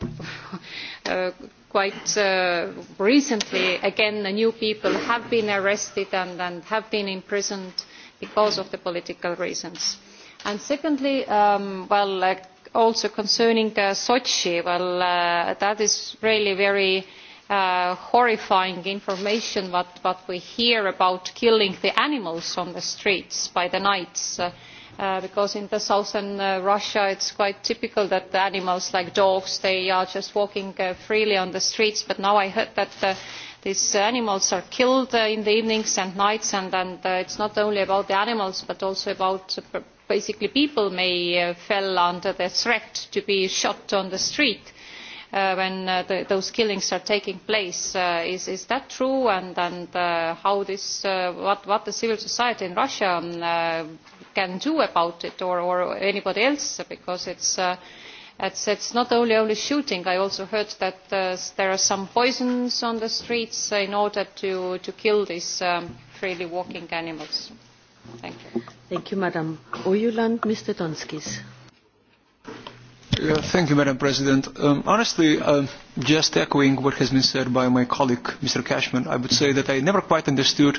quite recently again new people have been arrested and, and have been imprisoned because of the political reasons. And secondly um, well also concerning uh, Sochi, well, uh, that is really very uh, horrifying information what, what we hear about killing the animals on the streets by the nights because in the southern Russia it's quite typical that animals like dogs they are just walking freely on the streets but now I heard that these animals are killed in the evenings and nights and, and it's not only about the animals but also about basically people may uh, fell under the threat to be shot on the street uh, when uh, those killings are taking place. Is, that true and, how this, what, the civil society in Russia um, can do about it or, anybody else because it's It's, not only only shooting i also heard that there are some poisons on the streets in order to, to kill these um, freely walking animals. Thank you. Thank you, Madam Mr. Madam President. Um, honestly, um, just echoing what has been said by my colleague, Mr. Cashman, I would say that I never quite understood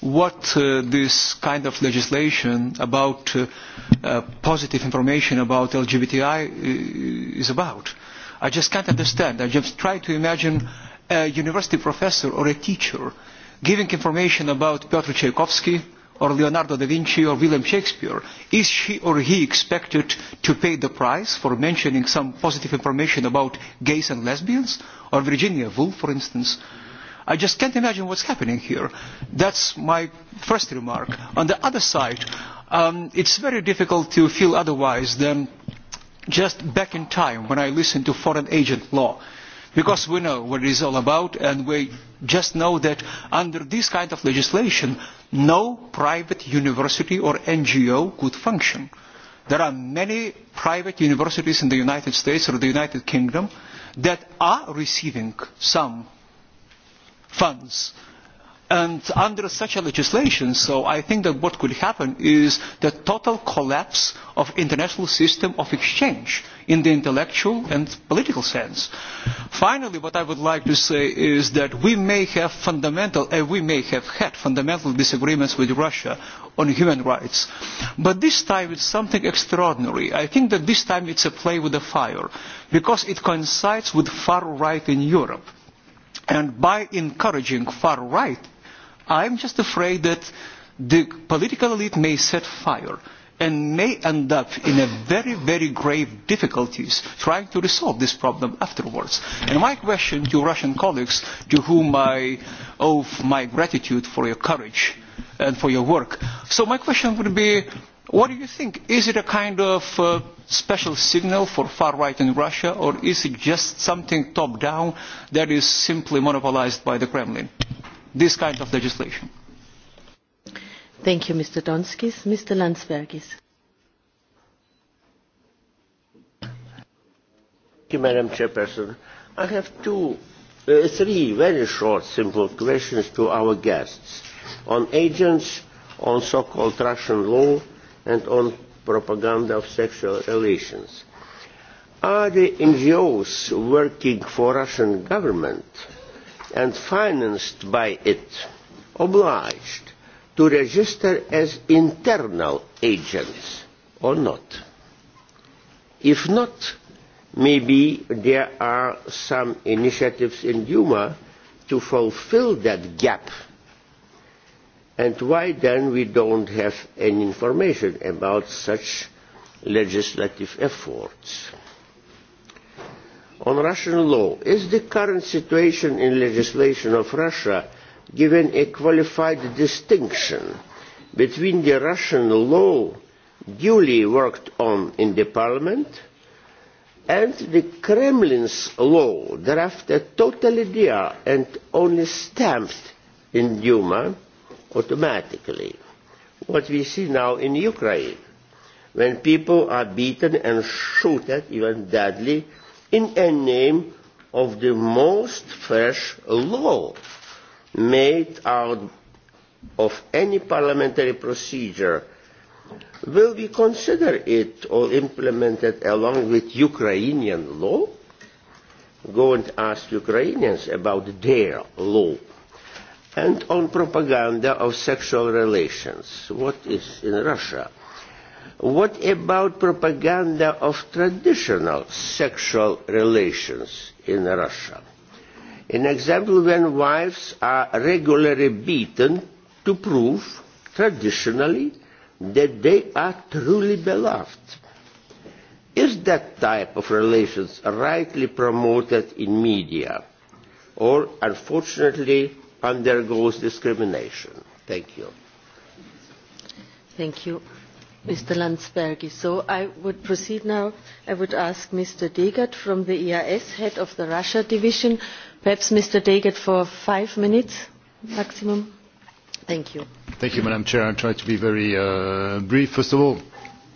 what uh, this kind of legislation about uh, uh, positive information about LGBTI is about. I just can't understand. I just try to imagine a university professor or a teacher giving information about Piotr Tchaikovsky or Leonardo da Vinci or William Shakespeare, is she or he expected to pay the price for mentioning some positive information about gays and lesbians, or Virginia Woolf, for instance? I just can't imagine what's happening here. That's my first remark. On the other side, um, it's very difficult to feel otherwise than just back in time when I listened to foreign agent law because we know what it is all about and we just know that under this kind of legislation no private university or ngo could function. there are many private universities in the united states or the united kingdom that are receiving some funds and under such a legislation so i think that what could happen is the total collapse of the international system of exchange in the intellectual and political sense. finally what i would like to say is that we may have fundamental and we may have had fundamental disagreements with russia on human rights but this time it is something extraordinary. i think that this time it is a play with fire because it coincides with far right in europe and by encouraging far right i am just afraid that the political elite may set fire and may end up in a very, very grave difficulties trying to resolve this problem afterwards. And my question to Russian colleagues, to whom I owe my gratitude for your courage and for your work, so my question would be, what do you think? Is it a kind of uh, special signal for far-right in Russia, or is it just something top-down that is simply monopolized by the Kremlin? this kind of legislation. Thank you, Mr. Donskis. Mr. Landsbergis. Thank you, Madam Chairperson. I have two, uh, three very short, simple questions to our guests on agents, on so-called Russian law, and on propaganda of sexual relations. Are the NGOs working for Russian government and financed by it obliged to register as internal agents or not? If not, maybe there are some initiatives in Duma to fulfill that gap. And why then we don't have any information about such legislative efforts? on Russian law, is the current situation in legislation of Russia given a qualified distinction between the Russian law duly worked on in the parliament and the Kremlin's law drafted totally there and only stamped in Duma automatically. What we see now in Ukraine, when people are beaten and shot even deadly in the name of the most fresh law made out of any parliamentary procedure will we consider it or implemented along with Ukrainian law? Go and ask Ukrainians about their law. And on propaganda of sexual relations, what is in Russia? What about propaganda of traditional sexual relations in Russia? An example when wives are regularly beaten to prove traditionally that they are truly beloved. Is that type of relations rightly promoted in media or unfortunately undergoes discrimination? Thank you. Thank you. Mr. Landsbergis. So I would proceed now. I would ask Mr. Degert from the EIS, head of the Russia division. Perhaps Mr. Degert for five minutes maximum. Thank you. Thank you, Madam Chair. I'll try to be very uh, brief. First of all,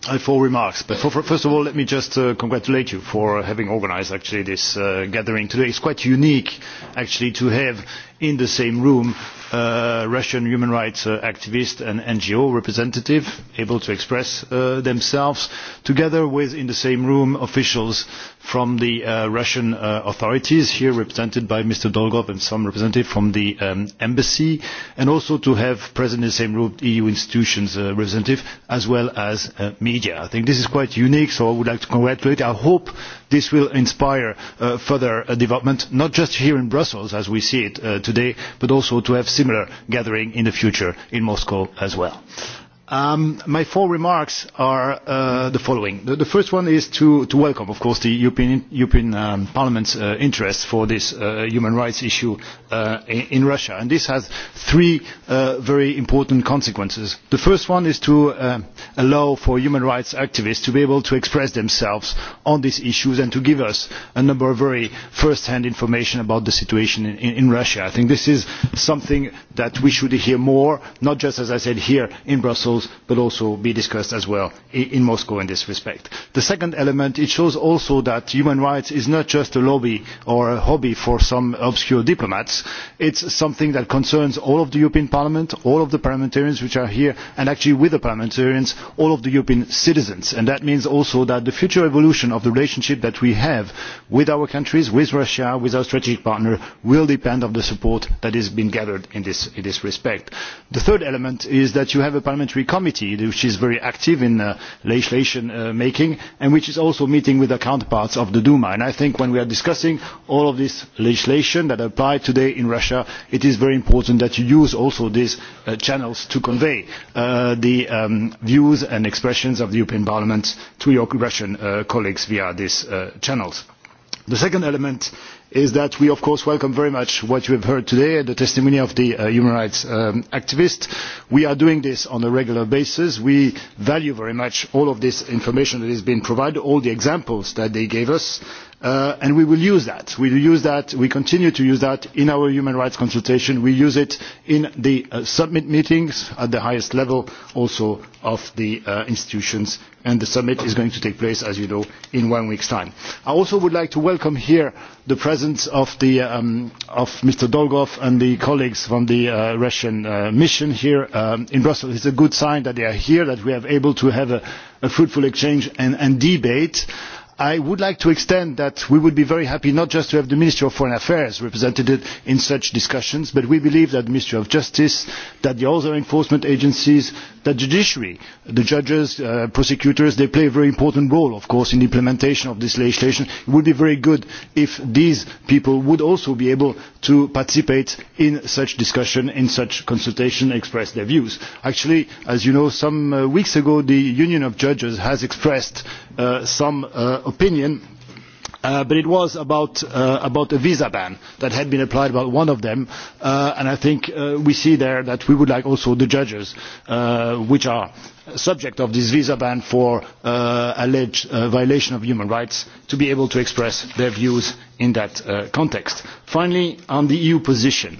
i have four remarks, but first of all, let me just uh, congratulate you for having organised actually this uh, gathering today. It's quite unique actually to have in the same room uh, Russian human rights uh, activists and NGO representatives able to express uh, themselves, together with in the same room officials from the Russian authorities, here represented by Mr Dolgov and some representative from the um, embassy, and also to have present in the same room EU institutions representative as well as media. I think this is quite unique, so I would like to congratulate. I hope this will inspire uh, further uh, development not just here in brussels as we see it uh, today but also to have similar gatherings in the future in moscow as well. Um, my four remarks are uh, the following. The, first one is to, welcome, of course, the European, um, Parliament's uh, interest for this uh, human rights issue in, Russia. And this has three very important consequences. The first one is to allow for human rights activists to be able to express themselves on these issues and to give us a number of very first-hand information about the situation in, in Russia. I think this is something that we should hear more, not just, as I said, here in Brussels, rules also be discussed as well in moscow in this respect. the second element it shows also that human rights is not just a lobby or a hobby for some obscure diplomats it is something that concerns all of the european parliament all of the parliamentarians who are here and actually with the parliamentarians all of the european citizens and that means also that the future evolution of the relationship that we have with our countries with russia with our strategic partner will depend on the support that has been gathered in this respect. the third element is that you have a parliamentary committee which is very active in uh, legislation uh, making and which is also meeting with the counterparts of the duma. i think when we are discussing all of this legislation that applies today in russia it is very important that you use also these uh, channels to convey the um, views and expressions of the european parliament to your russian colleagues via these channels. the second element is that we of course welcome very much what you have heard today and the testimony of the uh, human rights um, activists. we are doing this on a regular basis. we value very much all of this information that has been provided all the examples that they gave us Uh, and we will use that. We will use that, we continue to use that in our human rights consultation. We use it in the uh, summit meetings at the highest level also of the uh, institutions and the summit is going to take place, as you know, in one week's time. I also would like to welcome here the presence of, Mr um, Dolgov and the colleagues from the Russian mission here um, in Brussels. It is a good sign that they are here, that we are able to have a, fruitful exchange and debate i would like to extend that we would be very happy not just to have the minister of foreign affairs represented in such discussions but we believe that the ministry of justice that the other enforcement agencies the judiciary the judges the uh, prosecutors they play a very important role of course in the implementation of this legislation. it would be very good if these people would also be able to participate in such discussion in such consultation and express their views. actually as you know some uh, weeks ago the union of judges has expressed uh, some opinion uh, but it was about, uh, about a visa ban that had been applied by one of them uh, and i think we see there that we would like also the judges which are subject of this visa ban for alleged violation of human rights to be able to express their views in that context. finally on the eu position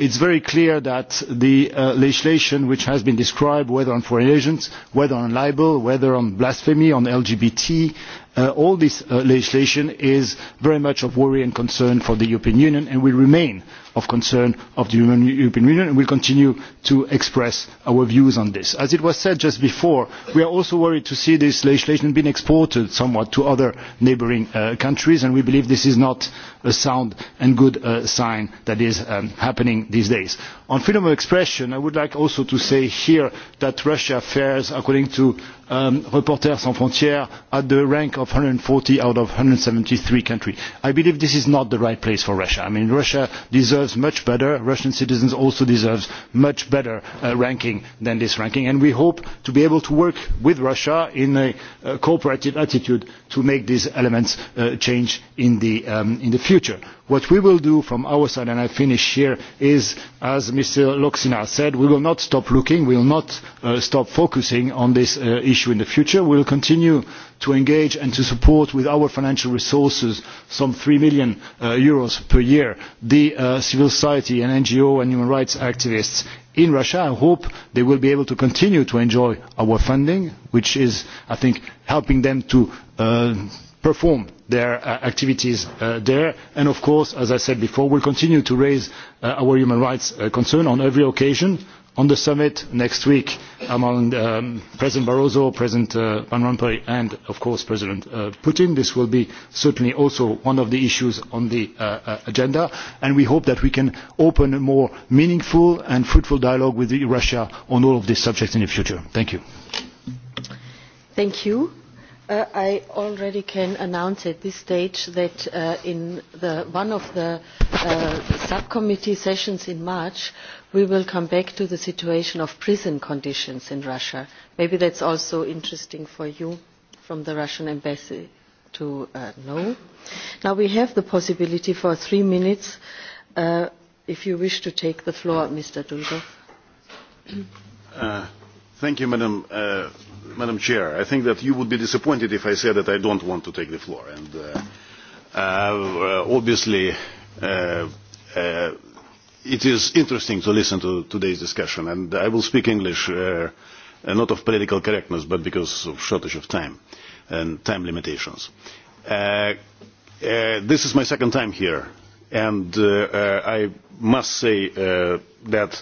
it is very clear that the legislation which has been described whether on foreign agents whether on libel whether on blasphemy on lgbt Uh, all this uh, legislation is very much of worry and concern for the European Union and will remain of concern of the European Union and will continue to express our views on this. As it was said just before, we are also worried to see this legislation being exported somewhat to other neighbouring uh, countries and we believe this is not a sound and good sign that is um, happening these days. On freedom of expression, I would like also to say here that Russia fares according to um, Reporters Sans Frontières at the rank of 140 out of 173 countries. I believe this is not the right place for Russia. I mean, Russia deserves much better. Russian citizens also deserve much better uh, ranking than this ranking. And we hope to be able to work with Russia in a, cooperative attitude to make these elements uh, change in the, um, in the future What we will do from our side and I finish here is, as Mr Loxina said, we will not stop looking, we will not uh, stop focusing on this uh, issue in the future. We will continue to engage and to support with our financial resources some EUR three million uh, per year the civil society and NGO and human rights activists in Russia. I hope they will be able to continue to enjoy our funding, which is I think helping them to perform their uh, activities uh, there and of course as i said before we will continue to raise uh, our human rights concern on every occasion on the summit next week among um, president barroso president van rompuy and of course president putin. this will be certainly also one of the issues on the agenda and we hope that we can open a more meaningful and fruitful dialogue with russia on all of these subjects in the future. Thank you. Uh, I already can announce at this stage that uh, in one of the uh, subcommittee sessions in March we will come back to the situation of prison conditions in Russia. Maybe that is also interesting for you from the Russian embassy to know. Now we have the possibility for three minutes if you wish to take the floor, Mr. Dulgov. Thank you, Madam Madam Chair, I think that you would be disappointed if I said that I don't want to take the floor. And uh, uh, obviously, uh, it is interesting to listen to today's discussion. And I will speak English, not of political correctness, but because of shortage of time and time limitations. This is my second time here, and I must say that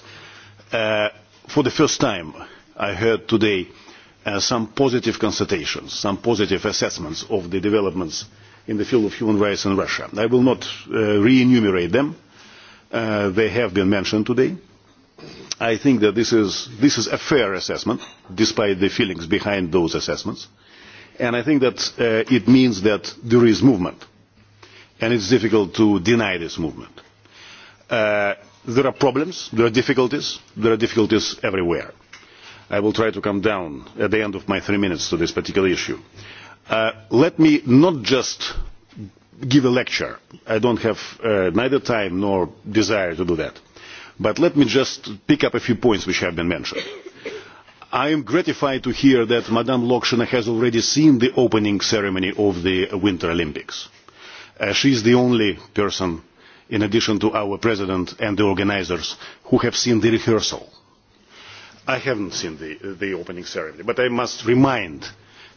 for the first time I heard today Uh, some positive constatations some positive assessments of the developments in the field of human rights in russia. i will not uh, re enumerate them uh, they have been mentioned today. i think that this is, this is a fair assessment despite the feelings behind those assessments and i think that it means that there is movement and it is difficult to deny this movement. there are problems there are difficulties there are difficulties everywhere i will try to come down at the end of my three minutes to this particular issue. Uh, let me not just give a lecture. I don't have uh, neither time nor desire to do that. But let me just pick up a few points which have been mentioned. I am gratified to hear that Madame Lokshina has already seen the opening ceremony of the Winter Olympics. Uh, she is the only person, in addition to our President and the organisers, who have seen the rehearsal i have not seen the, opening ceremony, but I must remind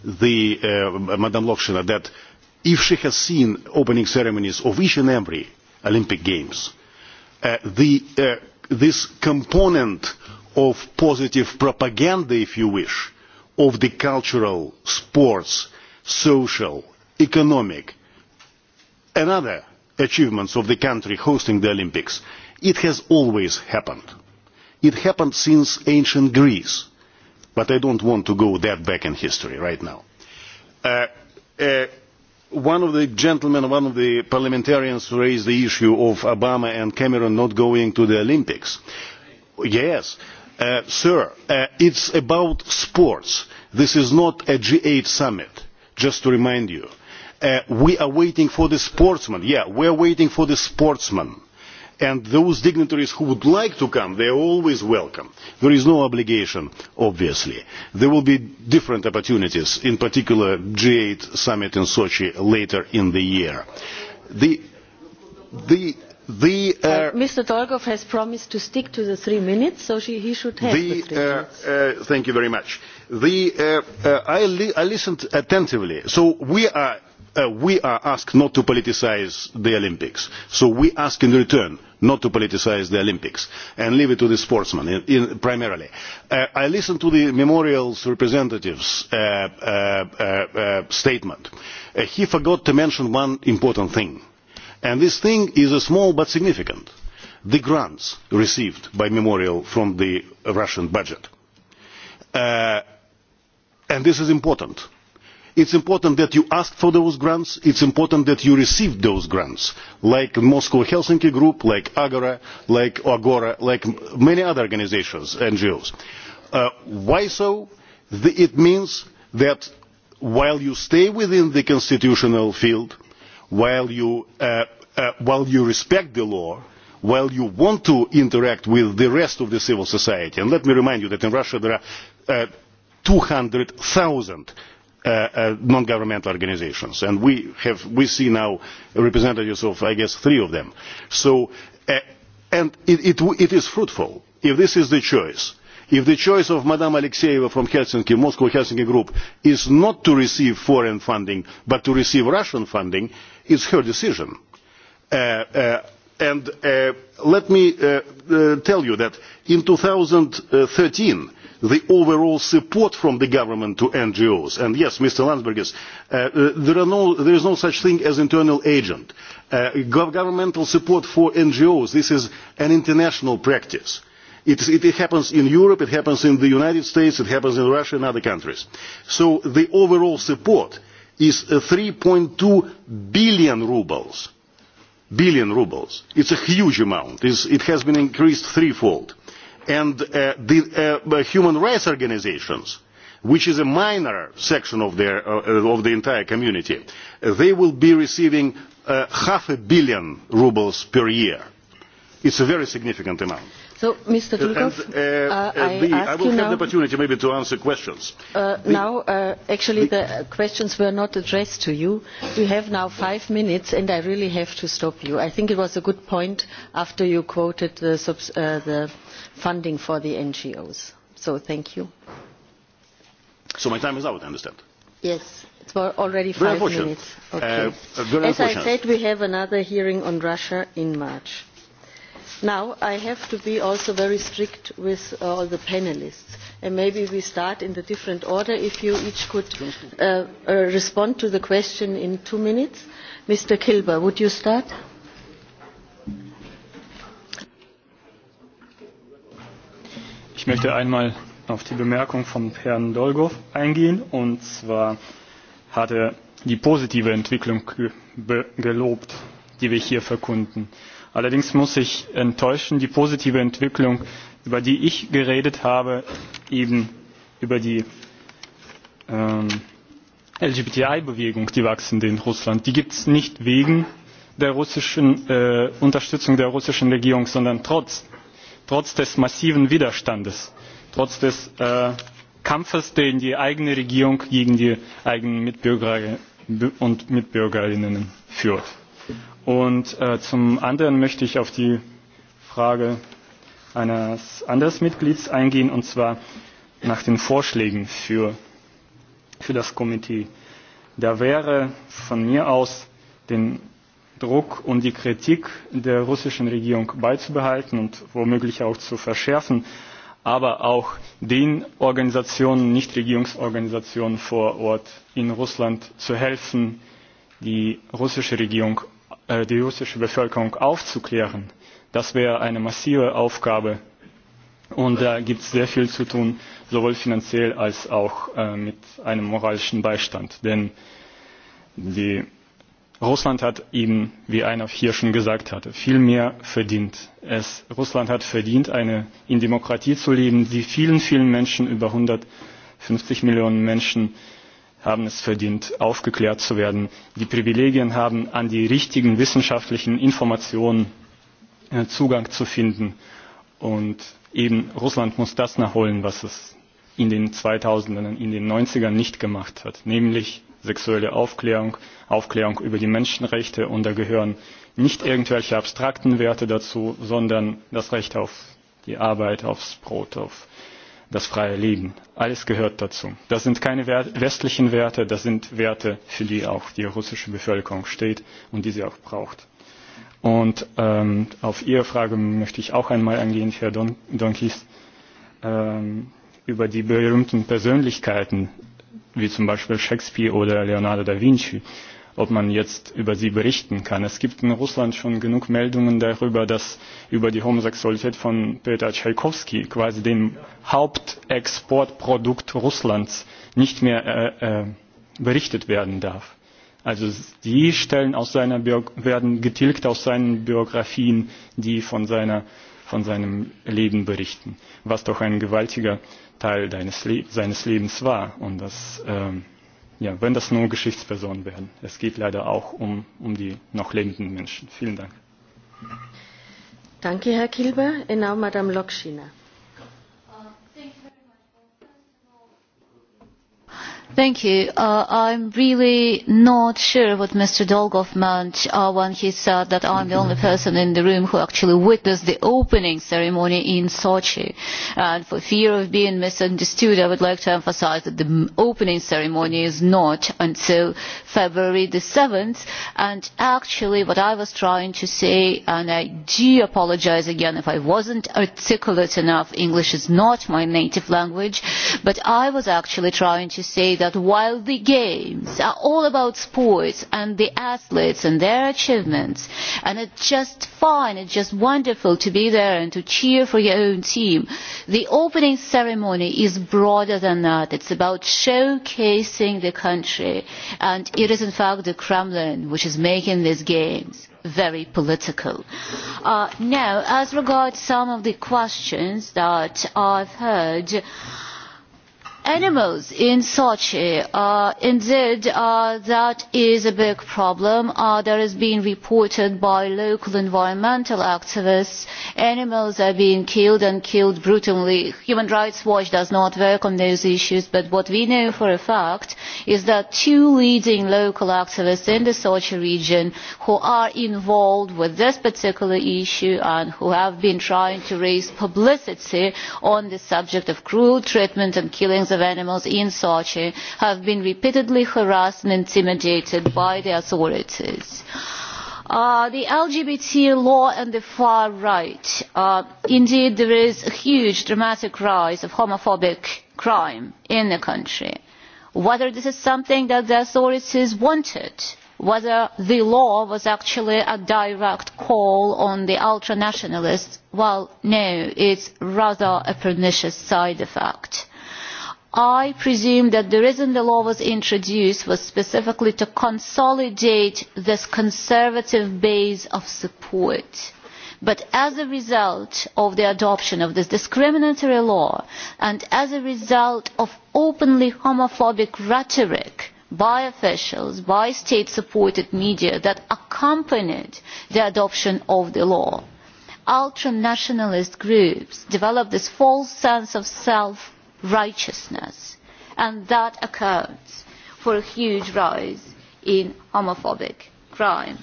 the, uh, Madam Lokshina that if she has seen opening ceremonies of each and every Olympic Games, uh, the, uh, this component of positive propaganda, if you wish, of the cultural, sports, social, economic, and other achievements of the country hosting the Olympics, it has always happened it happened since ancient greece but i don't want to go that back in history right now uh, uh, one of the gentlemen one of the parliamentarians raised the issue of obama and cameron not going to the olympics yes uh, sir uh, it's about sports this is not a g8 summit just to remind you uh, we are waiting for the sportsmen yeah we are waiting for the sportsmen and those dignitaries who would like to come they are always welcome. there is no obligation obviously. there will be different opportunities in particular the g eight summit in sochi later in the year. Uh, mr dolgov has promised to stick to the three minutes so he should have the three uh, minutes. Uh, thank you very much. I listened attentively so we are Uh, we are asked not to politicise the olympics so we ask in return not to politicise the olympics and leave it to the sportsmen primarily. Uh, i listened to the memorial's representative's uh, statement. he forgot to mention one important thing and this thing is small but significant the grants received by memorial from the russian budget. and this is important it is important that you ask for those grants it is important that you receive those grants like the moscow helsinki group like agora like agora like many other organisations ngos. Uh, why so? it means that while you stay within the constitutional field while you, uh, uh, while you respect the law while you want to interact with the rest of the civil society and let me remind you that in russia there are two hundred Uh, uh, non governmental organisations and we have we see now representatives of i guess three of them. so uh, and it, is fruitful if this is the choice if the choice of ms alexieva from helsinki moscow helsinki group is not to receive foreign funding but to receive russian funding it is her decision. and let me tell you that in two thirteen the overall support from the government to ngos and yes mr landsbergis uh, uh, there, is no such thing as internal agent. Uh, governmental support for ngos this is an international practice. It, happens in europe it happens in the united states it happens in russia and other countries. so the overall support is three two billion rubles billion rubles. it is a huge amount. it has been increased threefold and uh, the uh, uh, human rights organizations, which is a minor section of, their, of the entire community, they will be receiving uh, half a billion rubles per year. It's a very significant amount. So, Mr. Dukov, I, the, I will have the opportunity maybe to answer questions. now, actually, the questions were not addressed to you. We have now five minutes, and I really have to stop you. I think it was a good point after you quoted the, the funding for the ngos so thank you so my time is out i understand yes it's already five minutes uh, okay. uh, as i said we have another hearing on russia in march now i have to be also very strict with all the panelists and maybe we start in a different order if you each could uh, uh, respond to the question in two minutes mr kilber would you start Ich möchte einmal auf die Bemerkung von Herrn Dolgov eingehen. Und zwar hat er die positive Entwicklung gelobt, die wir hier verkunden. Allerdings muss ich enttäuschen, die positive Entwicklung, über die ich geredet habe, eben über die ähm, LGBTI-Bewegung, die wachsende in Russland, die gibt es nicht wegen der russischen äh, Unterstützung der russischen Regierung, sondern trotz trotz des massiven widerstandes trotz des äh, kampfes den die eigene regierung gegen die eigenen mitbürger und mitbürgerinnen führt. Und äh, zum anderen möchte ich auf die Frage eines anderen Mitglieds eingehen, und zwar nach den Vorschlägen für, das Komitee. Da wäre von mir aus den Druck und die Kritik der russischen Regierung beizubehalten und womöglich auch zu verschärfen, aber auch den Organisationen, Nichtregierungsorganisationen vor Ort in Russland zu helfen, die russische Regierung, äh, die russische Bevölkerung aufzuklären. Das wäre eine massive Aufgabe und da gibt es sehr viel zu tun, sowohl finanziell als auch äh, mit einem moralischen Beistand. Denn die russland hat eben wie einer hier schon gesagt hatte viel mehr verdient. Es, russland hat verdient eine, in demokratie zu leben. die vielen vielen menschen über 150 millionen menschen haben es verdient aufgeklärt zu werden. die privilegien haben an die richtigen wissenschaftlichen informationen äh, zugang zu finden. und eben russland muss das nachholen was es in den 2000 ern in den 90 ern nicht gemacht hat nämlich sexuelle Aufklärung, Aufklärung über die Menschenrechte. Und da gehören nicht irgendwelche abstrakten Werte dazu, sondern das Recht auf die Arbeit, aufs Brot, auf das freie Leben. Alles gehört dazu. Das sind keine westlichen Werte, das sind Werte, für die auch die russische Bevölkerung steht und die sie auch braucht. Und ähm, auf Ihre Frage möchte ich auch einmal eingehen, Herr Don Donkis, ähm, über die berühmten Persönlichkeiten, wie zum Beispiel Shakespeare oder Leonardo da Vinci, ob man jetzt über sie berichten kann. Es gibt in Russland schon genug Meldungen darüber, dass über die Homosexualität von Peter Tchaikovsky, quasi dem Hauptexportprodukt Russlands, nicht mehr äh, äh, berichtet werden darf. Also die Stellen aus seiner Bio werden getilgt aus seinen Biografien, die von, seiner, von seinem Leben berichten, was doch ein gewaltiger Teil deines Le seines Lebens war und das, ähm, ja, wenn das nur Geschichtspersonen werden. Es geht leider auch um, um die noch lebenden Menschen. Vielen Dank. Danke, Herr Kilber. Und Madame Lokschina. Thank you. Uh, I'm really not sure what Mr. Dolgov meant uh, when he said that I'm the only person in the room who actually witnessed the opening ceremony in Sochi. And for fear of being misunderstood, I would like to emphasize that the opening ceremony is not until February the 7th. And actually what I was trying to say, and I do apologize again if I wasn't articulate enough, English is not my native language, but I was actually trying to say that while the games are all about sports and the athletes and their achievements and it's just fine it's just wonderful to be there and to cheer for your own team the opening ceremony is broader than that it's about showcasing the country and it is in fact the kremlin which is making these games very political. Uh, now as regards some of the questions that i've heard animals in Sochi. Uh, indeed, uh, that is a big problem. Uh, there has been reported by local environmental activists. Animals are being killed and killed brutally. Human Rights Watch does not work on those issues, but what we know for a fact is that two leading local activists in the Sochi region who are involved with this particular issue and who have been trying to raise publicity on the subject of cruel treatment and killings of animals in sochi have been repeatedly harassed and intimidated by the authorities. Uh, the lgbt law and the far right uh, indeed there is a huge dramatic rise of homophobic crime in the country. whether this is something that the authorities wanted whether the law was actually a direct call on the ultra nationalists well no it is rather a pernicious side effect i presume that the reason the law was introduced was specifically to consolidate this conservative base of support but as a result of the adoption of this discriminatory law and as a result of openly homophobic rhetoric by officials by state supported media that accompanied the adoption of the law ultra nationalist groups developed this false sense of self righteousness and that accounts for a huge rise in homophobic crime.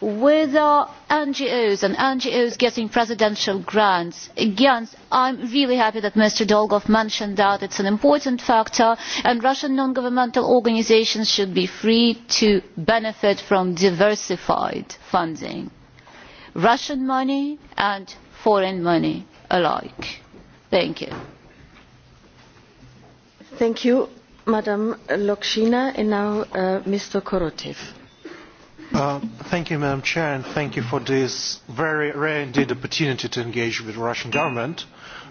Whether NGOs and NGOs getting presidential grants against I am really happy that Mr Dolgov mentioned that it is an important factor and Russian non governmental organisations should be free to benefit from diversified funding Russian money and foreign money alike. Thank you. Madam President, and now uh, Mr. Korotev. Uh, thank you, Madam Chair, and thank you for this very rare indeed opportunity to engage with the Russian government,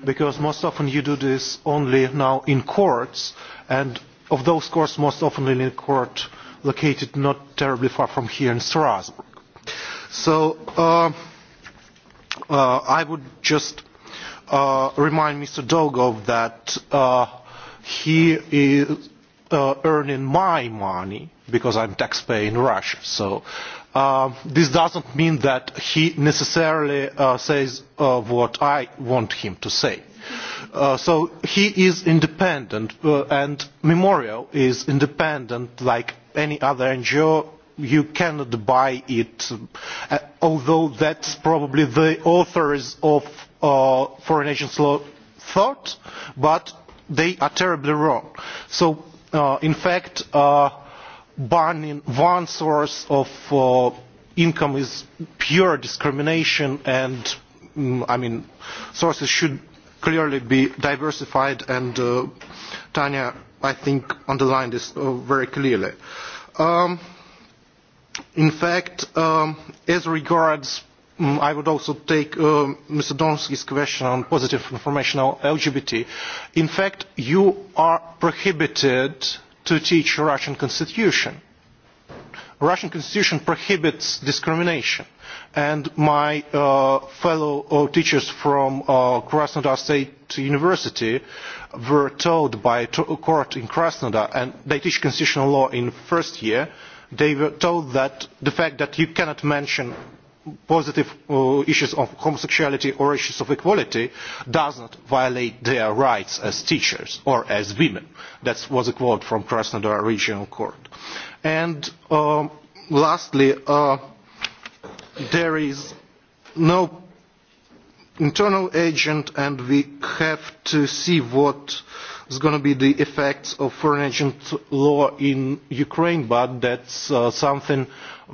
because most often you do this only now in courts, and of those courts, most often in a court located not terribly far from here in Strasbourg. So uh, I would just remind Mr. Dogov that he is uh, earning my money because I'm taxpayer in Russia. So uh, this doesn't mean that he necessarily uh, says uh, what I want him to say. Uh, so he is independent uh, and Memorial is independent like any other NGO. You cannot buy it, uh, although that's probably the authors of uh, foreign Agents law thought, but they are terribly wrong. So uh, in fact uh, banning one source of uh, income is pure discrimination and mm, I mean sources should clearly be diversified and Tanya I think underlined this very clearly. Um, in fact, um, as regards Mm, I would also take uh, Mr. Donsky's question on positive information on LGBT. In fact, you are prohibited to teach Russian constitution. Russian constitution prohibits discrimination. And my uh, fellow uh, teachers from Krasnodar State University were told by a court in Krasnodar, and they teach constitutional law in first year, they were told that the fact that you cannot mention positive uh, issues of homosexuality or issues of equality does not violate their rights as teachers or as women. That was a quote from Krasnodar Regional Court. And um, lastly, uh, there is no internal agent and we have to see what is going to be the effects of foreign agent law in Ukraine, but that's uh, something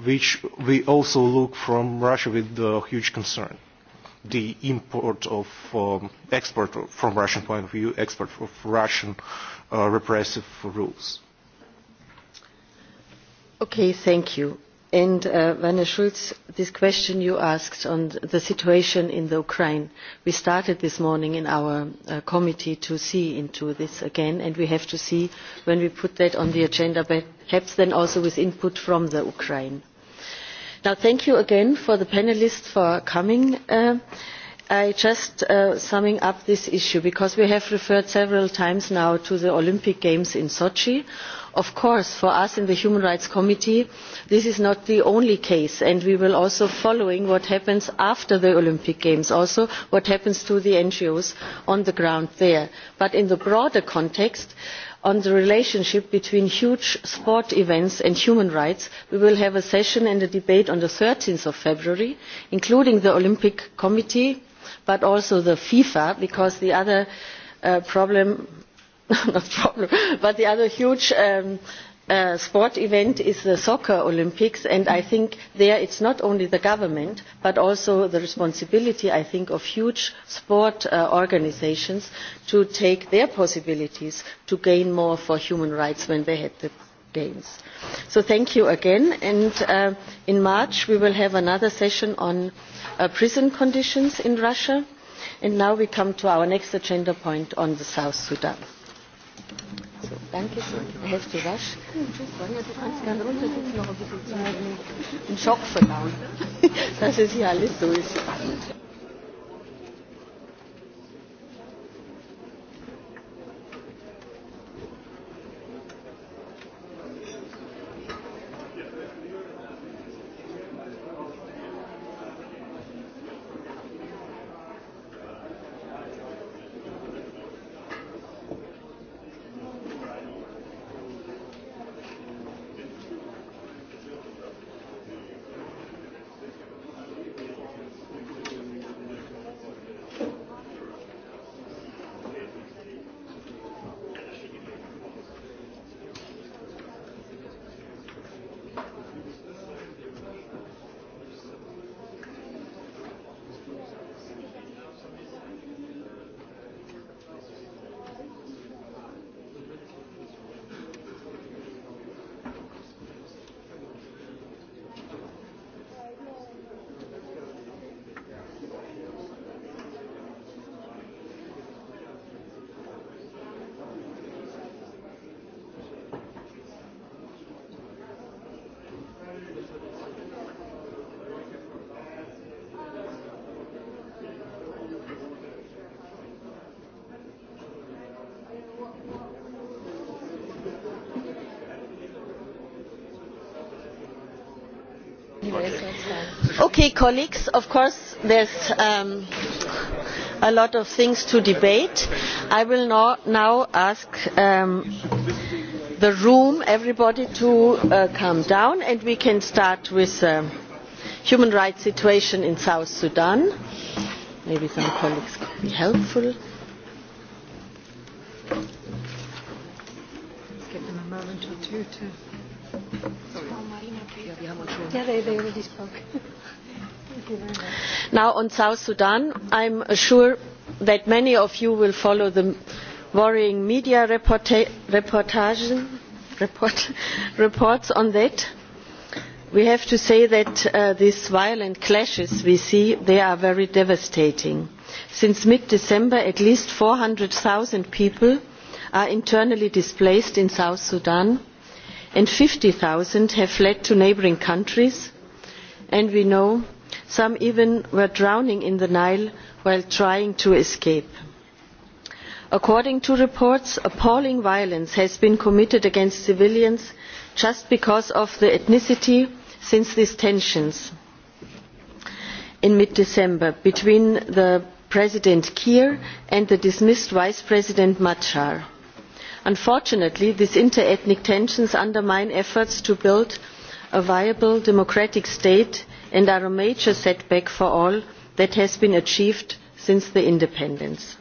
which we also look from Russia with uh, huge concern. The import of um, export from Russian point of view, export of Russian uh, repressive rules. Okay, thank you and uh, werner schulz this question you asked on the situation in the ukraine we started this morning in our uh, committee to see into this again and we have to see when we put that on the agenda perhaps then also with input from the ukraine. thank you again for the panelists for coming. Uh, i just summing up this issue because we have referred several times now to the olympic games in sochi of course for us in the human rights committee this is not the only case and we will also follow what happens after the olympic games also what happens to the ngos on the ground there but in the broader context on the relationship between huge sport events and human rights we will have a session and a debate on thirteen february including the olympic committee but also the fifa because the other uh, problem not problem but the other huge um, uh, sport event is the soccer olympics and i think there it is not only the government but also the responsibility i think of huge sport uh, organisations to take their possibilities to gain more for human rights when they had the games. so thank you again and uh, in march we will have another session on uh, prison conditions in russia and now we come to our next agenda point on the south sudan. So, danke, schön. have to rush. Sonja, du kannst gerne runter noch ein bisschen zu in Schock verlangen, dass es hier alles so ist. colleagues, of course there's um, a lot of things to debate. I will now ask um, the room, everybody to uh, calm down and we can start with the uh, human rights situation in South Sudan. Maybe some colleagues could be helpful. Oh, yeah, they, they now on south sudan i am sure that many of you will follow the worrying media reports on that. we have to say that uh, these violent clashes we see are very devastating. since mid december at least four hundred zero people are internally displaced in south sudan and fifty zero have fled to neighbouring countries and we know some even were drowning in the nile while trying to escape. according to reports appalling violence has been committed against civilians just because of their ethnicity since these tensions in mid december between the president kiir and the dismissed vice president machar. unfortunately these inter ethnic tensions undermine efforts to build a viable democratic state and are a major setback for all that has been achieved since the independence.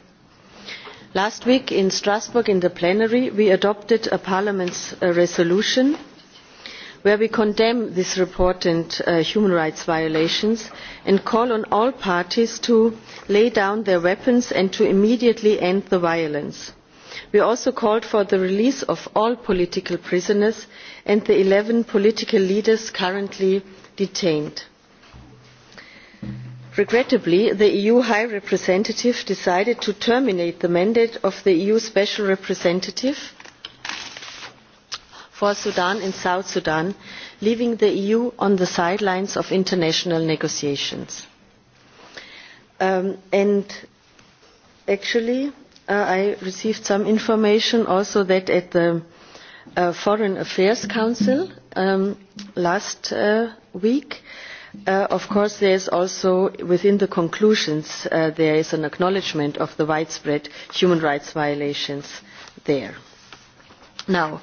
last week in strasbourg in the plenary we adopted a parliament's uh, resolution where we condemn this report and uh, human rights violations and call on all parties to lay down their weapons and to immediately end the violence. we also called for the release of all political prisoners and the eleven political leaders currently detained regrettably the eu high representative decided to terminate the mandate of the eu special representative for sudan and south sudan leaving the eu on the sidelines of international negotiations. Um, actually uh, i received some information also that at the uh, foreign affairs council um, last uh, week Uh, of course there is also within the conclusions uh, there is an acknowledgement of the widespread human rights violations there. now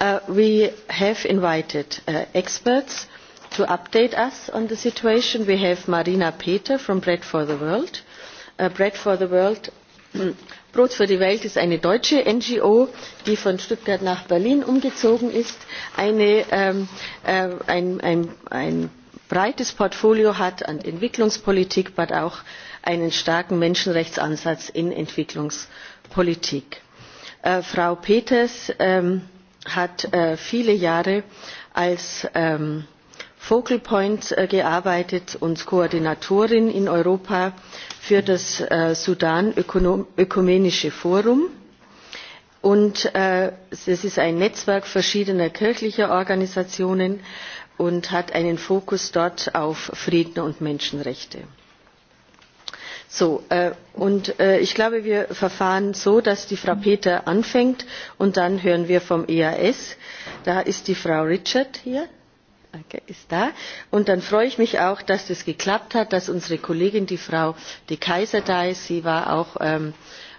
uh, we have invited experts to update us on the situation. we have marina peter from bread for the world. brot für die welt ist eine deutsche ngo die von stuttgart nach berlin umgezogen ist ähm, äh, ein breites portfolio hat an entwicklungspolitik aber auch einen starken menschenrechtsansatz in entwicklungspolitik. Äh, frau peters ähm, hat äh, viele jahre als ähm, focal point äh, gearbeitet und koordinatorin in europa für das sudan ökumenische forum und es ist ein netzwerk verschiedener kirchlicher organisationen und hat einen fokus dort auf frieden und menschenrechte. So, äh, und äh, ich glaube wir verfahren so dass die frau peter anfängt und dann hören wir vom eas da ist die frau richard hier okay, ist da und dann freue ich mich auch dass das geklappt hat dass unsere kollegin die frau de Kaiser da ist sie war auch ähm,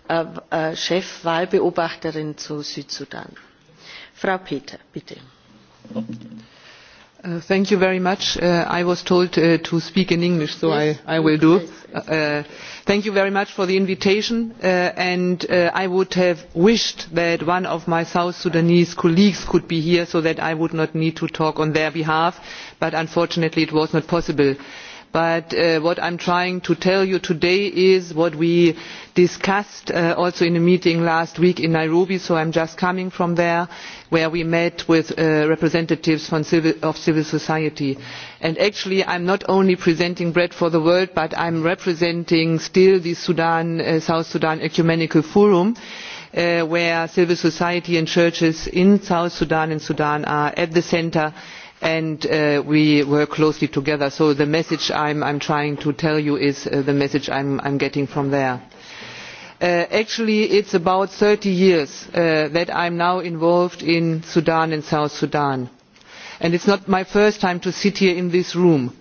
äh, äh chefwahlbeobachterin zu südsudan. frau peter bitte. Okay. Uh, thank you very much. Uh, I was told uh, to speak in English, so I, I will do. Thank you very much for the invitation and I would have wished that one of my South Sudanese colleagues could be here so that I would not need to talk on their behalf, but unfortunately it was not possible but uh, what i am trying to tell you today is what we discussed uh, also in a meeting last week in nairobi so i am just coming from there where we met with uh, representatives of civil society. And actually i am not only presenting bread for the world but i am representing still the south sudan ecumenical forum where civil society and churches in south sudan and sudan are at the centre and uh, we work closely together so the message i am trying to tell you is uh, the message i am getting from there. Uh, actually it is about thirty years that i am now involved in sudan and south sudan and it is not my first time to sit here in this room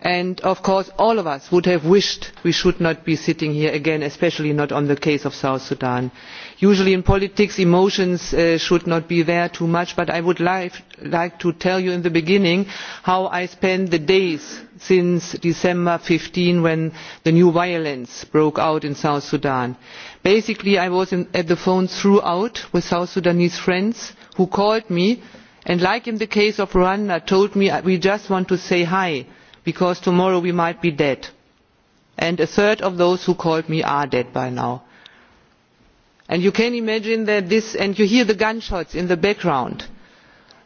and of course all of us would have wished we should not be sitting here again especially not on the case of south sudan usually in politics emotions uh, should not be there too much but i would like to tell you in the beginning how i spent the days since december 15 when the new violence broke out in south sudan. basically i was on at the phone throughout with south sudanese friends who called me and like in the case of rwanda told me we just want to say hi because tomorrow we might be dead' and a third of those who called me are dead by now and you can imagine that this and you hear the gunshots in the background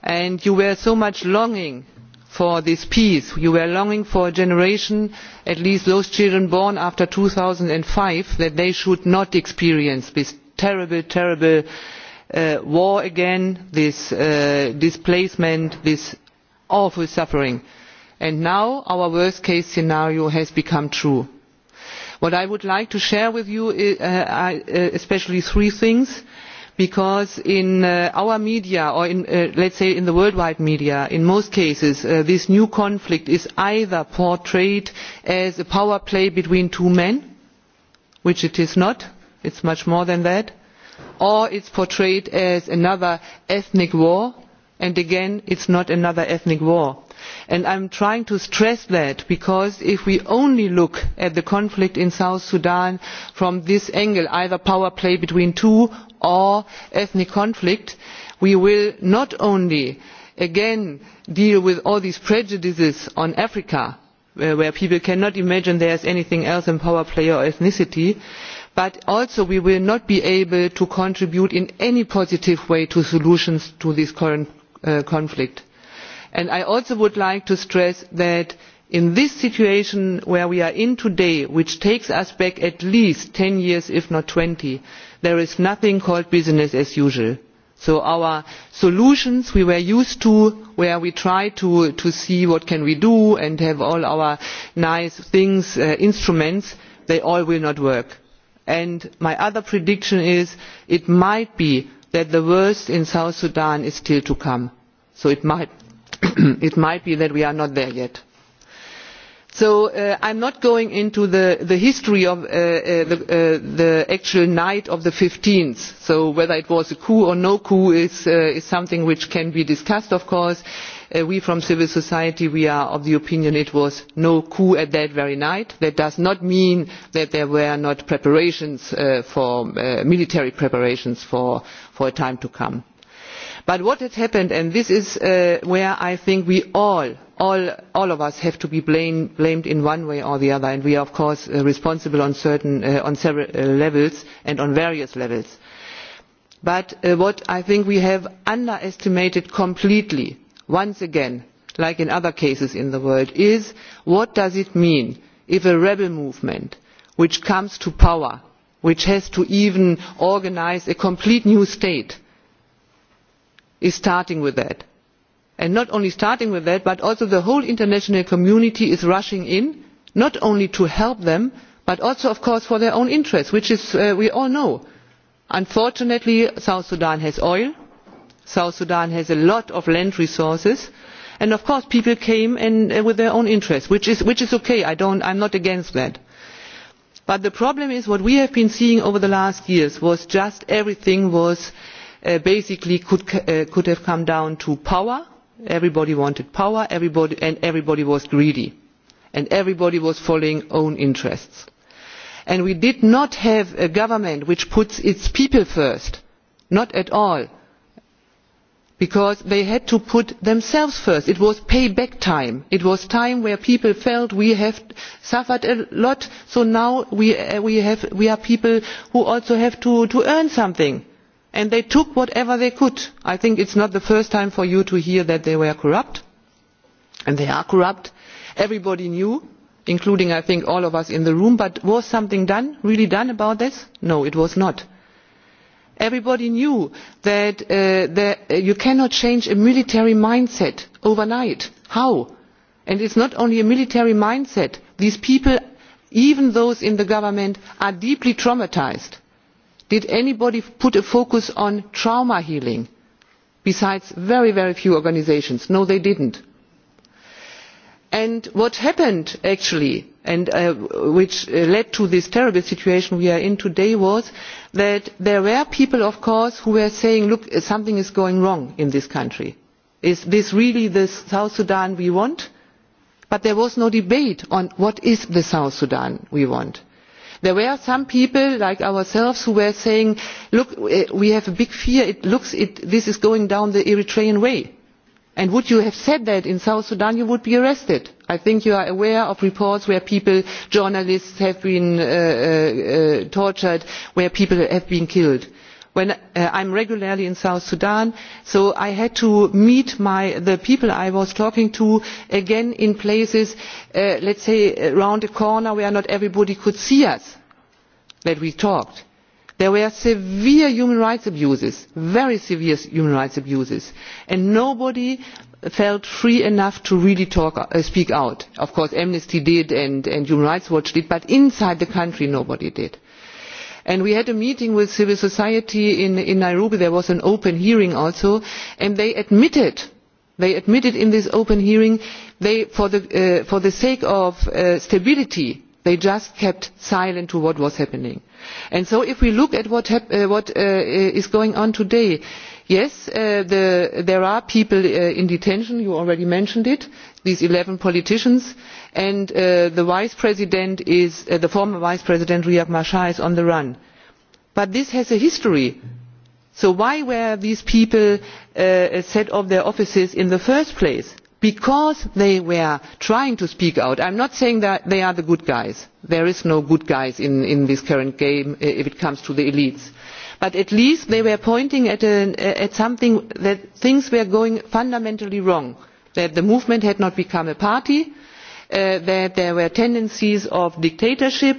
and you were so much longing for this peace you were longing for a generation at least those children born after two thousand and five that they should not experience this terrible terrible uh, war again this uh, displacement this awful suffering and now our worst case scenario has become true what i would like to share with you are uh, uh, especially three things because in uh, our media or let us say in the worldwide media in most cases this new conflict is either portrayed as a power play between two men which it is not it is much more than that or it is portrayed as another ethnic war and again it is not another ethnic war and i am trying to stress that because if we only look at the conflict in south sudan from this angle either power play between two or ethnic conflict we will not only again deal with all these prejudices on africa where people cannot imagine there is anything else than power play or ethnicity but also we will not be able to contribute in any positive way to solutions to this current uh, conflict. And i also would like to stress that in this situation where we are in today which takes us back at least ten years if not twenty there is nothing called business as usual. so our solutions we were used to where we try to, see what can we do and have all our nice things uh, instruments they all will not work. And my other prediction is it might be that the worst in south sudan is still to come so it might it might be that we are not there yet. So uh, I am not going into the, history of uh, uh, the, actual night of the 15 so whether it was a coup or no coup is, something which can be discussed of course. We from civil society we are of the opinion it was no coup at that very night. That does not mean that there were not preparations for military preparations for a time to come but what has happened and this is uh, where i think we all all, of us have to be blamed in one way or the other and we are of course uh, responsible on, certain, uh, on several levels and on various levels but what i think we have underestimated completely once again like in other cases in the world is what does it mean if a rebel movement which comes to power which has to even organise a complete new state is starting with that and not only starting with that but also the whole international community is rushing in not only to help them but also of course for their own interests which is, uh, we all know. unfortunately south sudan has oil south sudan has a lot of land resources and of course people came uh, with their own interests which is, which ok i am not against that. but the problem is what we have been seeing over the last years was just everything was Uh, basically uh, could, have come down to power everybody wanted power and everybody was greedy and everybody was following own interests. And we did not have a government which puts its people first not at all because they had to put themselves first. it was payback time it was time where people felt we have suffered a lot so now we, uh, are people who also have to earn something and they took whatever they could. i think it is not the first time for you to hear that they were corrupt and they are corrupt. everybody knew including i think all of us in the room but was something done, really done about this? no it was not. everybody knew that, uh, that uh, you cannot change a military mindset overnight. how? and it is not only a military mindset these people even those in the government are deeply traumatised did anybody put a focus on trauma healing besides very very few organisations? no they did not. and what happened actually and uh, which uh, led to this terrible situation we are in today was that there were people of course who were saying look something is going wrong in this country is this really the south sudan we want? but there was no debate on what is the south sudan we want there were some people like ourselves who were saying look eh, we have a big fear it looks it, this is going down the eritrean way and would you have said that in south sudan you would be arrested. i think you are aware of reports where people journalists have been uh, uh, uh, tortured where people have been killed when uh, i am regularly in south sudan so i had to meet the people i was talking to again in places uh, let us say round a corner where not everybody could see us that we talked. there were severe human rights abuses very severe human rights abuses and nobody felt free enough to really uh, speak out. of course amnesty did and human rights watch did but inside the country nobody did we had a meeting with civil society in, nairobi there was an open hearing also and they admitted in this open hearing that uh, for, the sake of uh, stability they just kept silent to what was happening. so if we look at what, uh, what is going on today yes uh, there are people uh, in detention you already mentioned it these eleven politicians and uh, the vice president the former vice president riek machar is on the run but this has a history so why were these people set up their offices in the first place? because they were trying to speak out. i am not saying that they are the good guys there are no good guys in, in this current game if it comes to the elites but at least they were pointing at, something that things were going fundamentally wrong that the movement had not become a party uh, that there were tendencies of dictatorship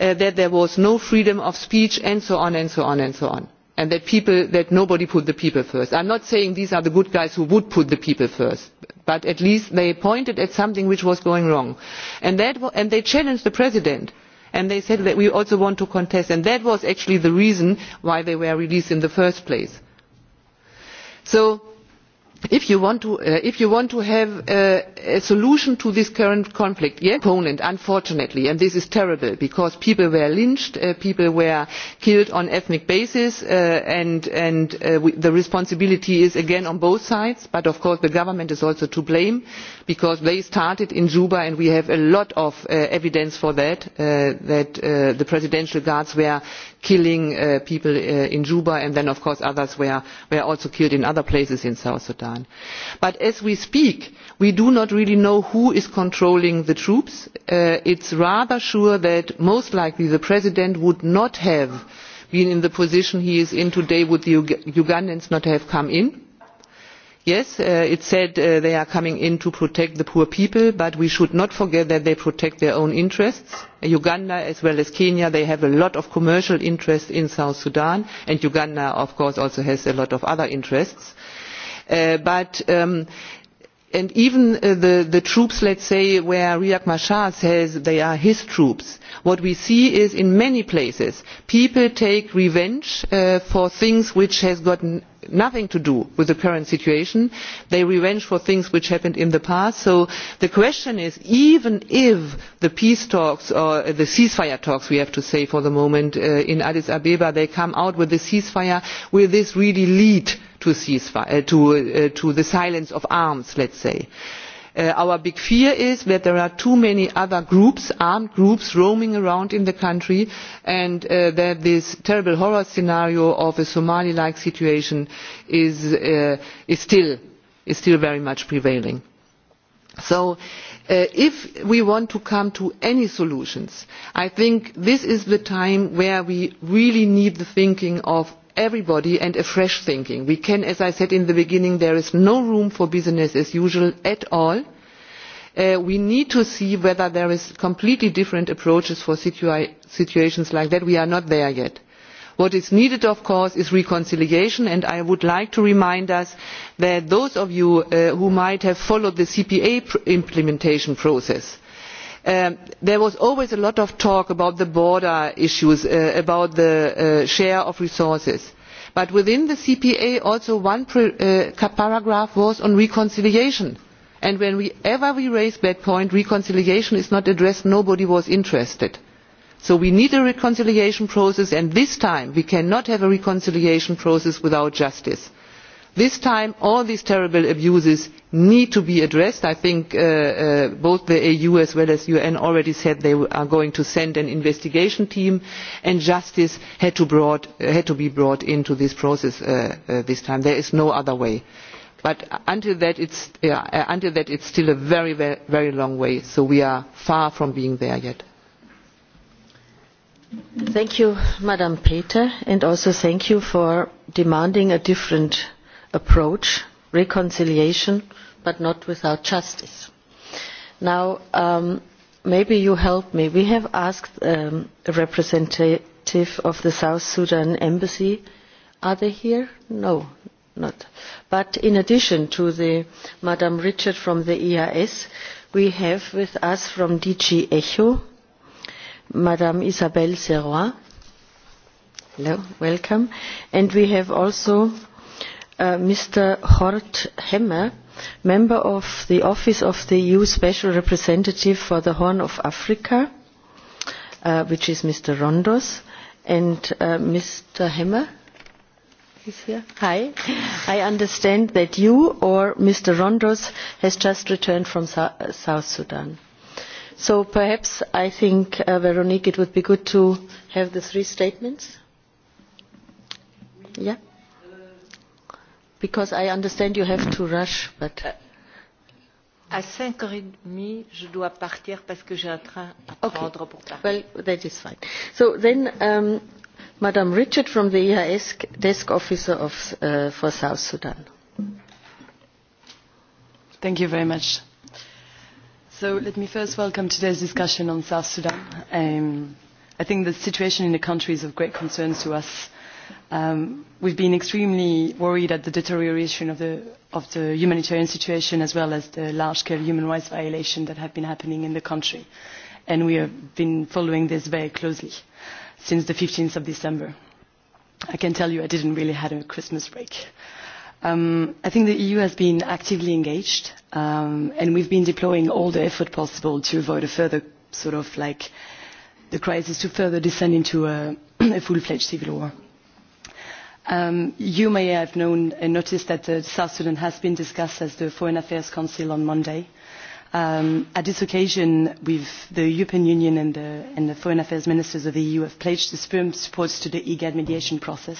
uh, that there was no freedom of speech and so on and so on and so on and that, people, that nobody put the people first. i am not saying these are the good guys who would put the people first but at least they pointed at something which was going wrong and they challenged the president and they said that we also want to contest and that was actually the reason why they were released in the first place. so Uh, if you, want to, have uh, a solution to this current conflict yes poland unfortunately and this is terrible because people were lynched uh, people were killed on an ethnic basis and, the responsibility is again on both sides but of course the government is also to blame because they started in juba and we have a lot of evidence for that that the presidential guards were killing uh, people uh, in Juba and then of course others were, also killed in other places in South Sudan. But as we speak, we do not really know who is controlling the troops. Uh, it is rather sure that most likely the President would not have been in the position he is in today would the Ugandans not have come in yes uh, it said uh, they are coming in to protect the poor people but we should not forget that they protect their own interests. uganda as well as kenya they have a lot of commercial interests in south sudan and uganda of course also has a lot of other interests. Uh, um, even the, the troops let us say where riek machar says they are his troops what we see is in many places people take revenge uh, for things which have got nothing to do with the current situation they revenge for things which happened in the past so the question is even if the peace talks or the ceasefire talks we have to say for the moment uh, in addis ababa they come out with a ceasefire will this really lead to, uh, to the silence of arms let us say? Uh, our big fear is that there are too many other groups armed groups roaming around in the country and uh, that this terrible horror scenario of a somali like situation uh, is, still, very much prevailing. so if we want to come to any solutions i think this is the time where we really need the thinking of everybody and a fresh thinking. we can as i said in the beginning there is no room for business as usual at all. Uh, we need to see whether there are completely different approaches for situations like that. we are not there yet. what is needed of course is reconciliation and i would like to remind us that those of you uh, who might have followed the cpa implementation process Um, there was always a lot of talk about the border issues uh, about the uh, share of resources but within the cpa also one uh, paragraph was on reconciliation and whenever we raised that point reconciliation is not addressed nobody was interested. so we need a reconciliation process and this time we cannot have a reconciliation process without justice this time all these terrible abuses need to be addressed. i think uh, uh, both the EU as well as the un already said they are going to send an investigation team and justice had to, uh, be brought into this process this time. there is no other way. but until that it is still a very, very long way so we are far from being there yet. thank you madam peter and also thank you for demanding a different approach reconciliation but not without justice. now um, maybe you help me we have asked um, a representative of the south sudan embassy are they here? no not. but in addition to the madam richard from the EIS, we have with us from dg echo madam isabelle serrois hello welcome and we have also Uh, Mr Hort Hemmer, Member of the Office of the EU Special Representative for the Horn of Africa, uh, which is Mr Rondos, and uh, Mr Hemmer here. Hi. I understand that you or Mr Rondos has just returned from South Sudan. So perhaps I think Veronique it would be good to have the three statements. Yeah because I understand you have to rush, but... Euh, à 5h30, je dois partir parce que j'ai un train à prendre okay. pour Paris. Well, that is fine. So then, um, Madam Richard from the EIS Desk Officer of, uh, for South Sudan. Thank you very much. So let me first welcome today's discussion on South Sudan. Um, I think the situation in the country is of great concern to us Um, we've been extremely worried at the deterioration of the, of the humanitarian situation as well as the large-scale human rights violations that have been happening in the country. And we have been following this very closely since the 15th of December. I can tell you I didn't really have a Christmas break. Um, I think the EU has been actively engaged um, and we've been deploying all the effort possible to avoid a further sort of like the crisis to further descend into a, a full-fledged civil war. Um, you may have known noticed that uh, South Sudan has been discussed as the Foreign Affairs Council on Monday. Um, at this occasion, we've, the European Union and the, and the Foreign Affairs Ministers of the EU have pledged their firm support to the IGAD e mediation process.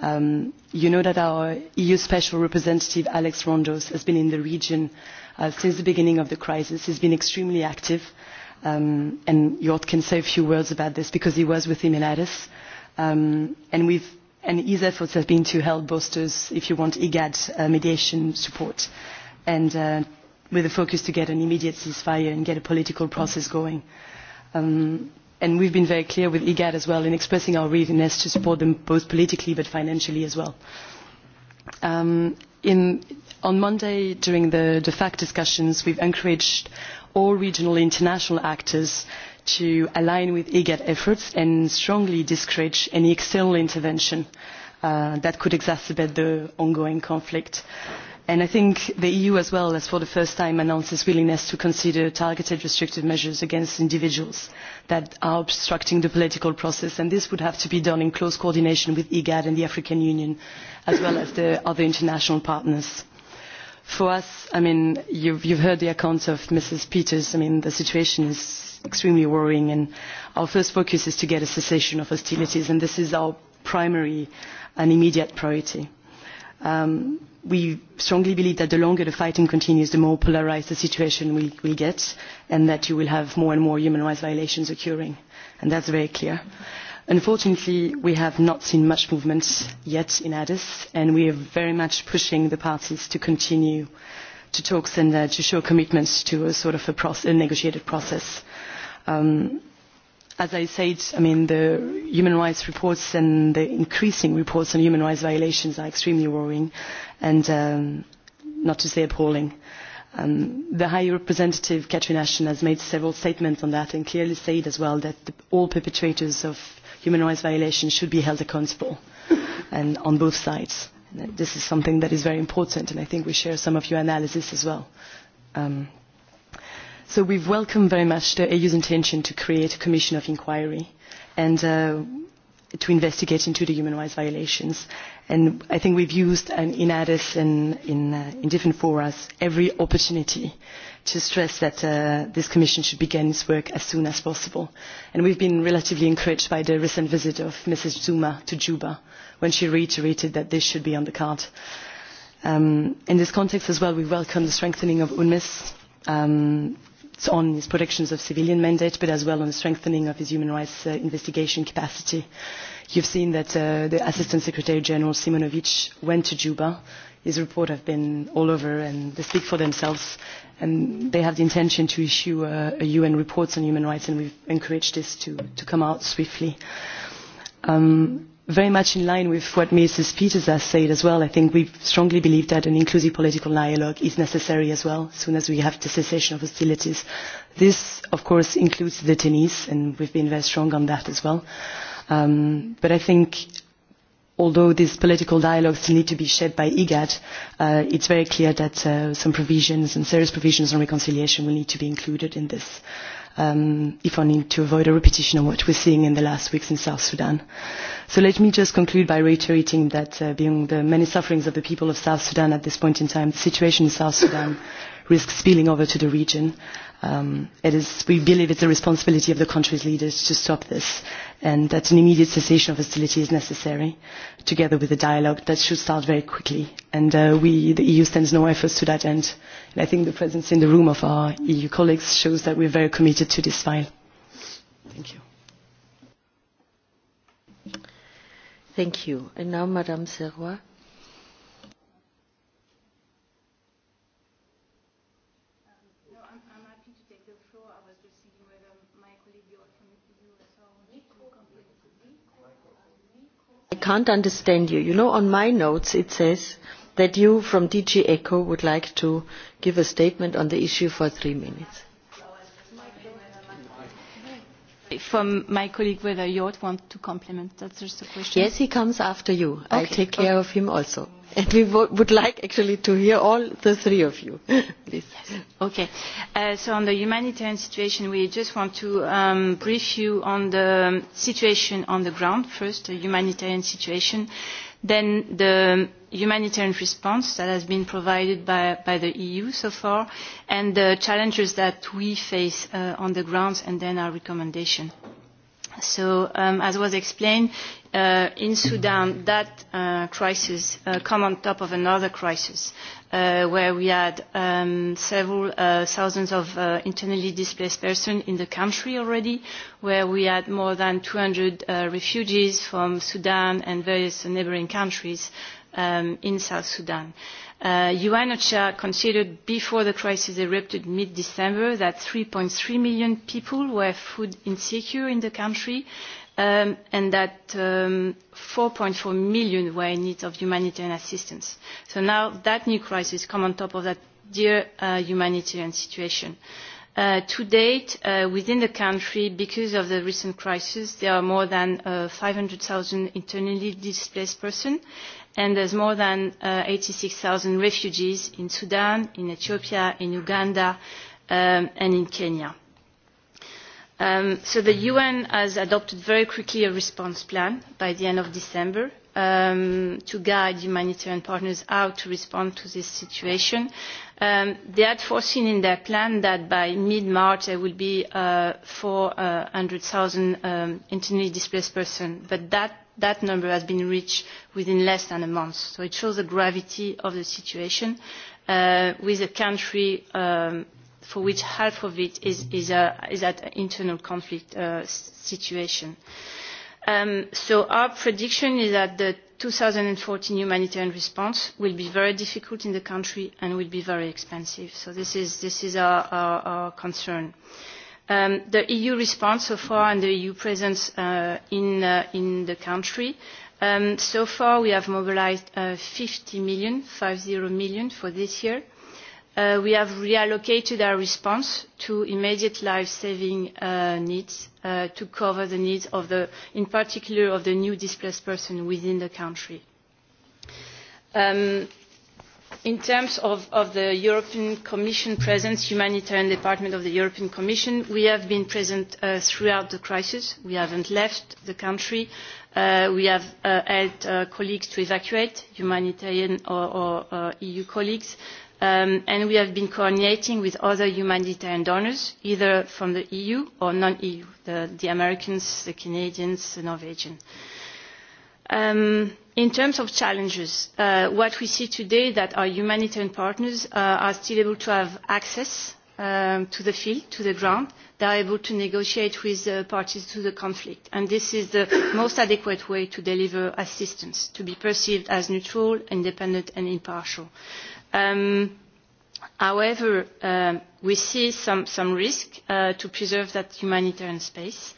Um, you know that our EU Special Representative Alex Rondos has been in the region uh, since the beginning of the crisis. has been extremely active, um, and Jort can say a few words about this because he was with him in Um, and we've and his efforts have been to help bolster, if you want, IGAD uh, mediation support, and uh, with a focus to get an immediate ceasefire and get a political process going. Um, and we've been very clear with IGAD as well in expressing our readiness to support them both politically but financially as well. Um, in, on Monday, during the, the FAC discussions, we've encouraged all regional international actors to align with IGAD efforts and strongly discourage any external intervention uh, that could exacerbate the ongoing conflict. And I think the EU as well has for the first time announced its willingness to consider targeted restrictive measures against individuals that are obstructing the political process and this would have to be done in close coordination with IGAD and the African Union as well as the other international partners for us i mean you've, you've heard the account of mrs peters i mean the situation is extremely worrying and our first focus is to get a cessation of hostilities and this is our primary and immediate priority. Um, we strongly believe that the longer the fighting continues the more polarised the situation will get and that you will have more and more human rights violations occurring and that is very clear. unfortunately we have not seen much movement yet in addis and we are very much pushing the parties to continue to talks and uh, to show commitments to a sort of a, proce- a negotiated process Um, as I said, I mean, the human rights reports and the increasing reports on human rights violations are extremely worrying and um, not to say appalling. Um, the High Representative Catherine Ashton has made several statements on that and clearly said as well that the, all perpetrators of human rights violations should be held accountable and on both sides. And this is something that is very important and I think we share some of your analysis as well. Um, So we welcomed very much the EU's intention to create a commission of inquiry and uh, to investigate into the human rights violations. And I think we've used um, in ADIS and in, uh, in different forums every opportunity to stress that uh, this commission should begin its work as soon as possible. And we've been relatively encouraged by the recent visit of Mrs. Zuma to Juba when she reiterated that this should be on the card. Um, in this context as well, we welcome the strengthening of UNMIS um, on his protections of civilian mandate, but as well on the strengthening of his human rights uh, investigation capacity. You've seen that uh, the Assistant Secretary General Simonovic went to Juba. His report have been all over and they speak for themselves. And they have the intention to issue a UN report on human rights and we've encouraged this to, to come out swiftly. Um, very much in line with what Mrs. Peters has said as well. I think we strongly believe that an inclusive political dialogue is necessary as well, as soon as we have the cessation of hostilities. This, of course, includes the detainees, and we've been very strong on that as well. Um, but I think although these political dialogues need to be shared by IGAD, uh, it's very clear that uh, some provisions and serious provisions on reconciliation will need to be included in this um, if only to avoid a repetition of what we're seeing in the last weeks in South Sudan. So let me just conclude by reiterating that uh, beyond the many sufferings of the people of South Sudan at this point in time, the situation in South Sudan risks spilling over to the region. Um, it is, we believe responsibility of the country's leaders to stop this and that an immediate cessation of hostilities is necessary, together with a dialogue that should start very quickly. And uh, we, the EU stands no efforts to that end. And I think the presence in the room of our EU colleagues shows that we are very committed to this file. Thank you. Thank you. And now, Madame Serrois. I can't understand you. You know, on my notes it says that you from DG ECHO would like to give a statement on the issue for three minutes. from my colleague whether Jort want to complement. That's just a question. Yes, he comes after you. Okay. I take care okay. of him also. And we would like actually to hear all the three of you. Please. Yes. Okay. Uh, so on the humanitarian situation, we just want to um, brief you on the situation on the ground first, the humanitarian situation Then the humanitarian response that has been provided by, by the EU so far and the challenges that we face uh, on the ground and then our recommendation. So um, as was explained, Uh, in Sudan, that uh, crisis uh, come on top of another crisis uh, where we had um, several uh, thousands of internally displaced persons in the country already, where we had more than 200 refugees from Sudan and various neighboring countries um, in South Sudan. UNOCHA considered before the crisis erupted mid-December that 3.3 million people were food insecure in the country Um, and that um, 4.4 million were in need of humanitarian assistance. So now that new crisis comes on top of that dear uh, humanitarian situation. Uh, to date, uh, within the country, because of the recent crisis, there are more than uh, 500,000 internally displaced persons, and there's more than uh, 86,000 refugees in Sudan, in Ethiopia, in Uganda, um, and in Kenya Um, so the UN has adopted very quickly a response plan by the end of December um, to guide humanitarian partners how to respond to this situation. Um, they had foreseen in their plan that by mid-March there will be uh, four 400,000 internally displaced persons, but that number has been reached within less than a month. So it shows the gravity of the situation uh, with a country for which half of it is, is, a, is at an internal conflict uh, situation. Um, so our prediction is that the 2014 humanitarian response will be very difficult in the country and will be very expensive. So this is, this is our, our, our concern. Um, the EU response so far and the EU presence uh, in, uh, in the country um, so far we have mobilized uh, 50 million, 50 million for this year Uh, we have reallocated our response to immediate life saving uh, needs uh, to cover the needs of the in particular of the new displaced person within the country. Um, in terms of, of the European Commission presence, humanitarian department of the European Commission, we have been present uh, throughout the crisis. We haven't left the country. Uh, we have helped colleagues to evacuate, humanitarian or, or EU colleagues Um, and we have been coordinating with other humanitarian donors, either from the EU or non-EU, the, the Americans, the Canadians, the Norwegians. Um, in terms of challenges, uh, what we see today is that our humanitarian partners uh, are still able to have access um, to the field, to the ground. They are able to negotiate with the parties to the conflict. And this is the most adequate way to deliver assistance, to be perceived as neutral, independent and impartial. Um, however um, we see some, some risk uh, to preserve that humanitarian space.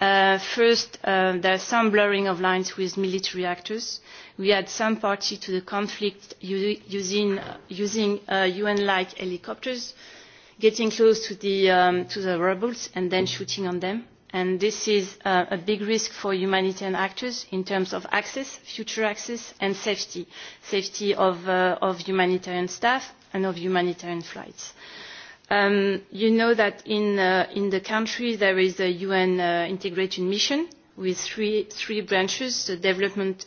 Uh, first uh, there is some blurring of lines with military actors. we had some party to the conflict using, using un like helicopters getting close to the, um, to the rebels and then shooting on them and this is uh, a big risk for humanitarian actors in terms of access future access and safety safety of, uh, of humanitarian staff and of humanitarian flights. Um, you know that in, uh, in the country there is a un integration mission with three, three branches the development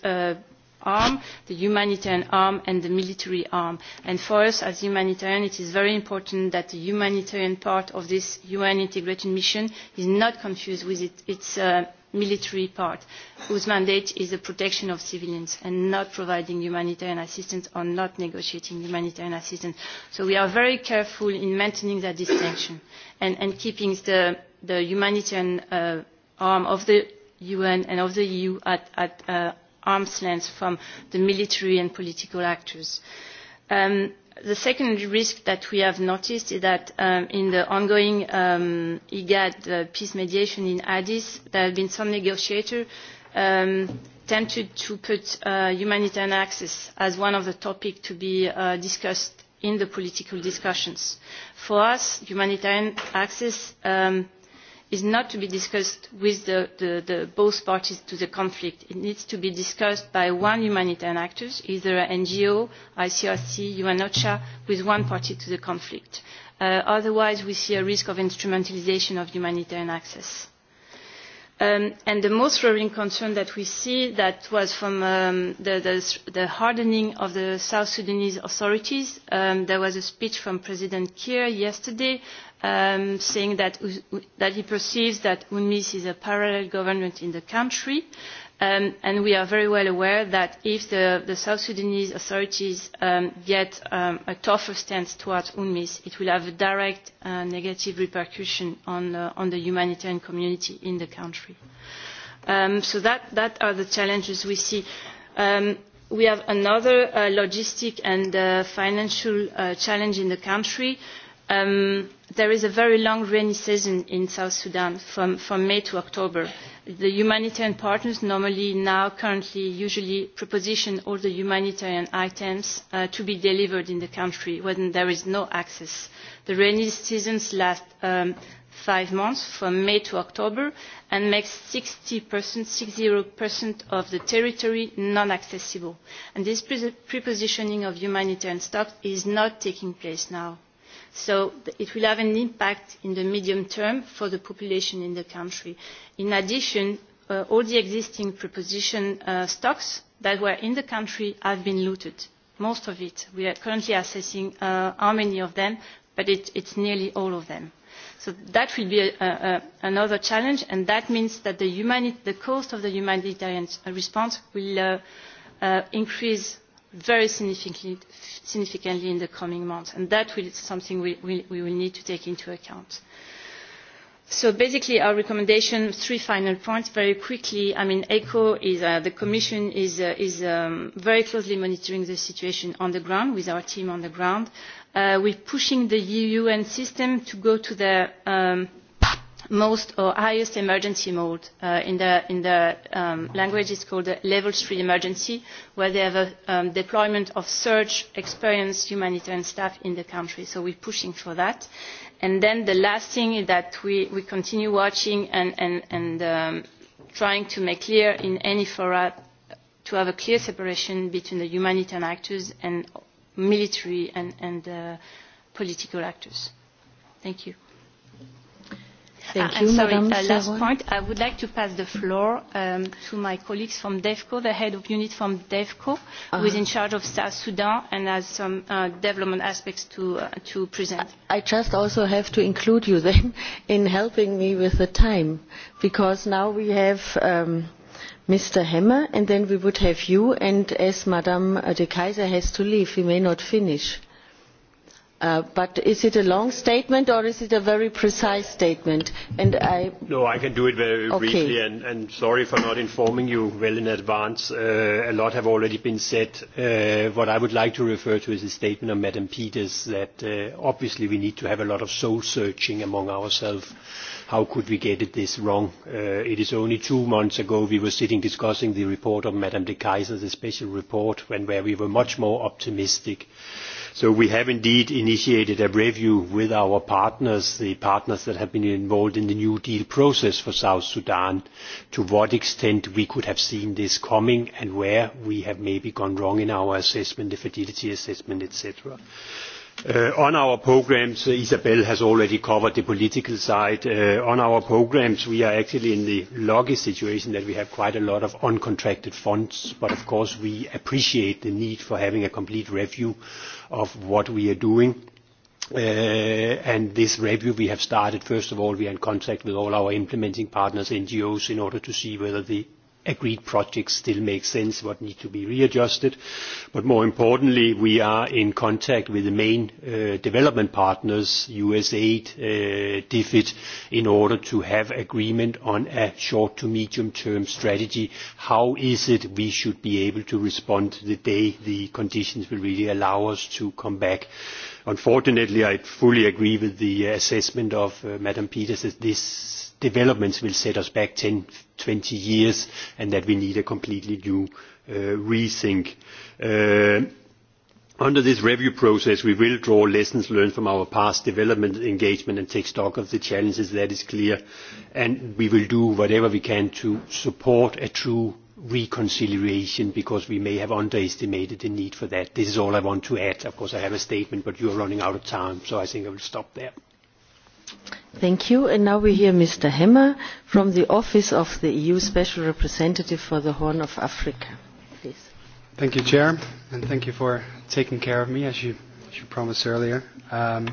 arm, the humanitarian arm and the military arm. And for us as humanitarians it is very important that the humanitarian part of this UN integration mission is not confused with its uh, military part, whose mandate is the protection of civilians and not providing humanitarian assistance or not negotiating humanitarian assistance. So we are very careful in maintaining that distinction and, and keeping the, the humanitarian uh, arm of the UN and of the EU at, at uh, arm's length from the military and political actors. Um, the second risk that we have noticed is that um, in the ongoing um, IGAD uh, peace mediation in Addis, there have been some negotiators um, tempted to put uh, humanitarian access as one of the topics to be uh, discussed in the political discussions. For us, humanitarian access um, is not to be discussed with the, both parties to the conflict. It needs to be discussed by one humanitarian actor, either an NGO, ICRC, UNOCHA, with one party to the conflict. Uh, otherwise, we see a risk of instrumentalization of humanitarian access. Um, and the most worrying concern that we see that was from um, the, the, hardening of the South Sudanese authorities. Um, there was a speech from President Kiir yesterday saying that, that he perceives that UNMIS is a parallel government in the country. Um, and we are very well aware that if the, South Sudanese authorities um, get um, a tougher stance towards UNMIS, it will have a direct uh, negative repercussion uh, on, the humanitarian community in the country. Um, so that, that are the challenges we see. We have another uh, logistic and financial challenge in the country. There is a very long rainy season in South Sudan from May to October the humanitarian partners normally now currently usually preposition all the humanitarian items uh, to be delivered in the country when there is no access. The rainy seasons last um, five months from May to October and makes 60%, 60% of the territory non-accessible. And this prepositioning of humanitarian stock is not taking place now so it will have an impact in the medium term for the population in the country. in addition uh, all the existing preposition uh, stocks that were in the country have been looted most of it. we are currently assessing uh, how many of them but it it's nearly all of them. so that will be a, a, another challenge and that means that the, the cost of the humanitarian response will uh, uh, increase very significantly, in the coming months and that is something we, will need to take into account. so basically our recommendation three final points very quickly i mean echo is uh, the commission is, uh, is um, very closely monitoring the situation on the ground with our team on the ground. Uh, we are pushing the e un system to go to the um, most or uh, highest emergency mode uh, in the, in the um, language is called the level three emergency where they have a um, deployment of search experienced humanitarian staff in the country so we're pushing for that and then the last thing is that we, we continue watching and, and, and um, trying to make clear in any fora to have a clear separation between the humanitarian actors and military and, and uh, political actors. Thank you. Thank uh, you, sorry, uh, last point. I would like to pass the floor um, to my colleagues from DEFCO, the head of unit from DEFCO, uh -huh. who is in uh-huh. charge of South Sudan and has some uh, development aspects to, uh, to present. I just also have to include you then in helping me with the time, because now we have um, Mr. Hemmer, and then we would have you, and as Madame de Kaiser has to leave, we may not finish Uh, but is it a long statement or is it a very precise statement? I... no i can do it very briefly and, sorry for not informing you well in advance. Uh, a lot has already been said. Uh, what i would like to refer to is the statement of Madam peters that obviously we need to have a lot of soul searching among ourselves how could we get this wrong? it is only two months ago we were sitting discussing the report of ms de keyser the special report when, where we were much more optimistic. So we have indeed initiated a review with our partners, the partners that have been involved in the New Deal process for South Sudan, to what extent we could have seen this coming and where we have maybe gone wrong in our assessment, the fertility assessment, etc. Uh, on our programmes uh, isabel has already covered the political side. Uh, on our programmes we are actually in the lucky situation that we have quite a lot of uncontracted funds but of course we appreciate the need for having a complete review of what we are doing. and this review we have started first of all we are in contact with all our implementing partners ngos in order to see whether the agreed projects still make sense, what need to be readjusted. But more importantly, we are in contact with the main uh, development partners, USAID, uh, DFID, in order to have agreement on a short to medium term strategy. How is it we should be able to respond the day the conditions will really allow us to come back? Unfortunately, I fully agree with the assessment of uh, Madam Peters that this developments will set us back 10, 20 years and that we need a completely new uh, rethink. Uh, under this review process we will draw lessons learned from our past development engagement and take stock of the challenges that is clear and we will do whatever we can to support a true reconciliation because we may have underestimated the need for that. This is all I want to add. Of course I have a statement but you are running out of time so I think I will stop there. Thank you. And now we hear Mr. Hemmer from the Office of the EU Special Representative for the Horn of Africa. Please. Thank you, Chair, and thank you for taking care of me, as you, as you promised earlier. Um,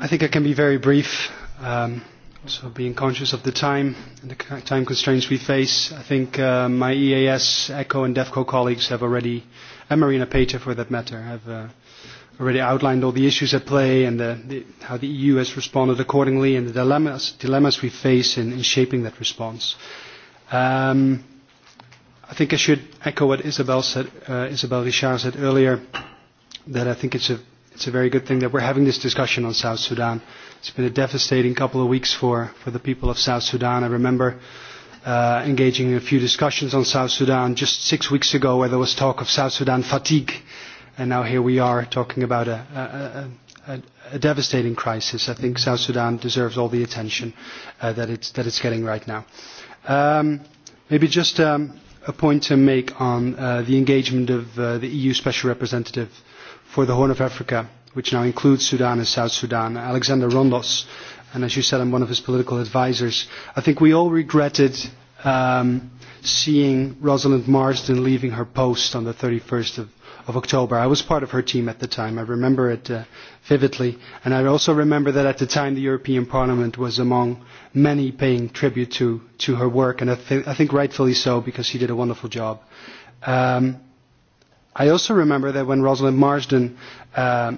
I think I can be very brief. Um, so being conscious of the time and the time constraints we face, I think uh, my EAS, ECHO and DEFCO colleagues have already, and Marina Pater for that matter, have uh, already outlined all the issues at play and the, the, how the EU has responded accordingly and the dilemmas, dilemmas we face in, in shaping that response. Um, I think I should echo what Isabel, said, uh, Isabel Richard said earlier, that I think it's a, it's a very good thing that we're having this discussion on South Sudan. It's been a devastating couple of weeks for, for the people of South Sudan. I remember uh, engaging in a few discussions on South Sudan just six weeks ago where there was talk of South Sudan fatigue and now here we are talking about a, a, a, a devastating crisis. I think South Sudan deserves all the attention uh, that, it's, that it's getting right now. Um, maybe just um, a point to make on uh, the engagement of uh, the EU Special Representative for the Horn of Africa, which now includes Sudan and South Sudan, Alexander Rondos, and as you said, I'm one of his political advisers. I think we all regretted um, seeing Rosalind Marsden leaving her post on the 31st of of October. I was part of her team at the time. I remember it uh, vividly. And I also remember that at the time the European Parliament was among many paying tribute to, to her work, and I, th I think rightfully so because she did a wonderful job. Um, I also remember that when Rosalind Marsden uh,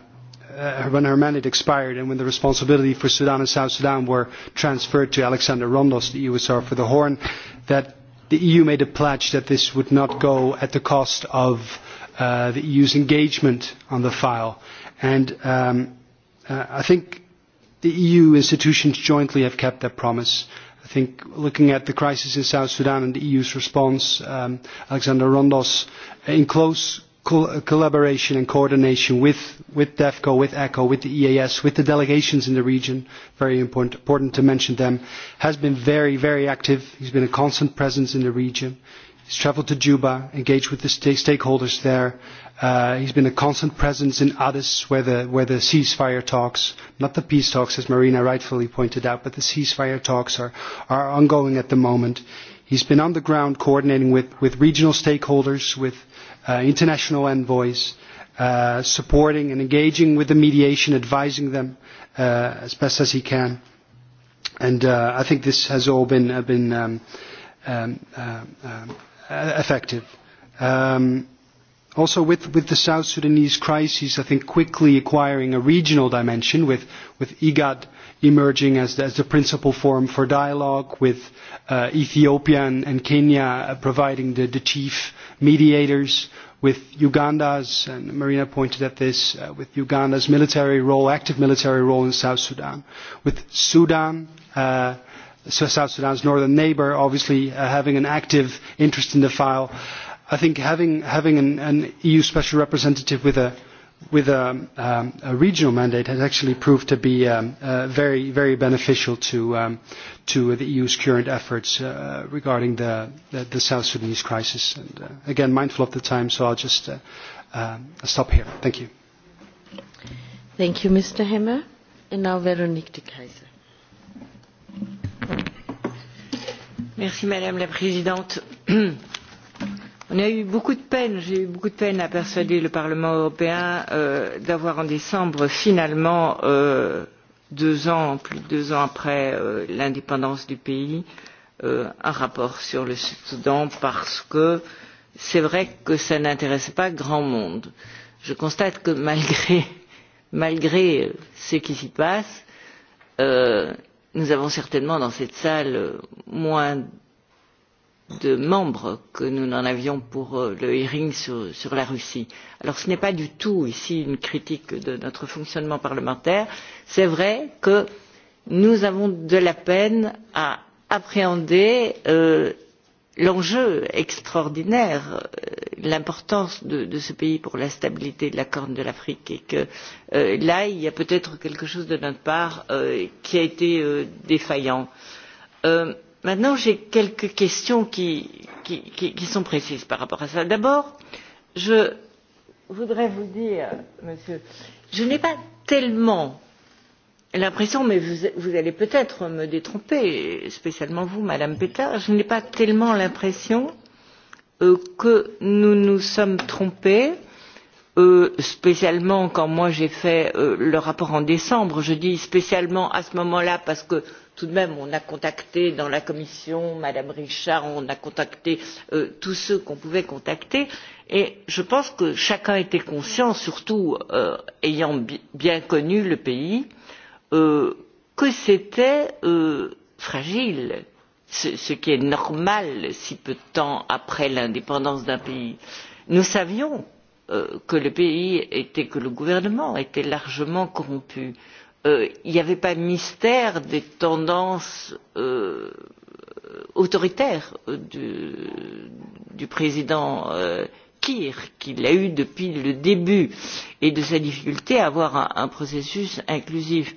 uh, when her mandate expired and when the responsibility for Sudan and South Sudan were transferred to Alexander Rondos, the e USR for the Horn, that the EU made a pledge that this would not go at the cost of Uh, the EU's engagement on the file. And um, uh, I think the EU institutions jointly have kept their promise. I think looking at the crisis in South Sudan and the EU's response, um, Alexander Rondos, in close uh, collaboration and coordination with, with DEFCO, with ECHO, with the EAS, with the delegations in the region, very important, important to mention them, has been very, very active. He's been a constant presence in the region. He's traveled to Juba, engaged with the stakeholders there. Uh, he's been a constant presence in Addis, where the, where the ceasefire talks, not the peace talks, as Marina rightfully pointed out, but the ceasefire talks are, are ongoing at the moment. He's been on the ground coordinating with, with regional stakeholders, with uh, international envoys, uh, supporting and engaging with the mediation, advising them uh, as best as he can. And uh, I think this has all been, uh, been um, um uh, um, Uh, effective. Um, also with, with the South Sudanese crisis, I think quickly acquiring a regional dimension with, with IGAD emerging as the, as the principal forum for dialogue, with uh, Ethiopia and, and Kenya uh, providing the, the chief mediators, with Uganda's, and Marina pointed at this, uh, with Uganda's military role, active military role in South Sudan, with Sudan, uh, South Sudan's northern neighbour, obviously uh, having an active interest in the file. I think having, having an, an EU special representative with a, with a, um, a regional mandate has actually proved to be um, uh, very, very beneficial to, um, to the EU's current efforts uh, regarding the, the, the, South Sudanese crisis. And, uh, again, mindful of the time, so I'll just uh, uh stop here. Thank you. Thank you, Mr. Hemmer. And now Veronique de Kaiser. Merci, madame la présidente on a eu beaucoup de peine j'ai eu beaucoup de peine à persuader le parlement européen euh, d'avoir en décembre finalement euh, deux ans plus de deux ans après euh, l'indépendance du pays un rapport sur le soudan parce que c'est vrai que ça n'intéresse pas grand monde. je constate que malgré, malgré ce qui s'y passe nous avons certainement dans cette salle euh, moins de membres que nous n'en avions pour euh, le hearing sur, la russie. alors ce n'est pas du tout ici une critique de notre fonctionnement parlementaire c'est vrai que nous avons de la peine à appréhender euh, l'enjeu extraordinaire euh, l'importance de, ce pays pour la stabilité de la corne de l'afrique et que euh, là il y a peut être quelque chose de notre part euh, qui a été défaillant. maintenant j'ai quelques questions qui sont précises par rapport à cela. d'abord je voudrais vous dire monsieur je n'ai pas tellement l'impression mais vous, allez peut être me détromper spécialement vous madame Pétard, je n'ai pas tellement l'impression euh, que nous nous sommes trompés euh, spécialement quand moi j'ai fait euh, le rapport en décembre je dis spécialement à ce moment là parce que tout de même on a contacté dans la commission madame richard on a contacté euh, tous ceux qu'on pouvait contacter et je pense que chacun était conscient surtout euh, ayant bi bien connu le pays Euh, que c'était euh, fragile ce qui est normal si peu de temps après l'indépendance d'un pays. nous savions euh, que le pays était que le gouvernement était largement corrompu. il n'y avait pas de mystère des tendances autoritaires du, du président Kir, qu'il a eu depuis le début et de sa difficulté à avoir un, un processus inclusif.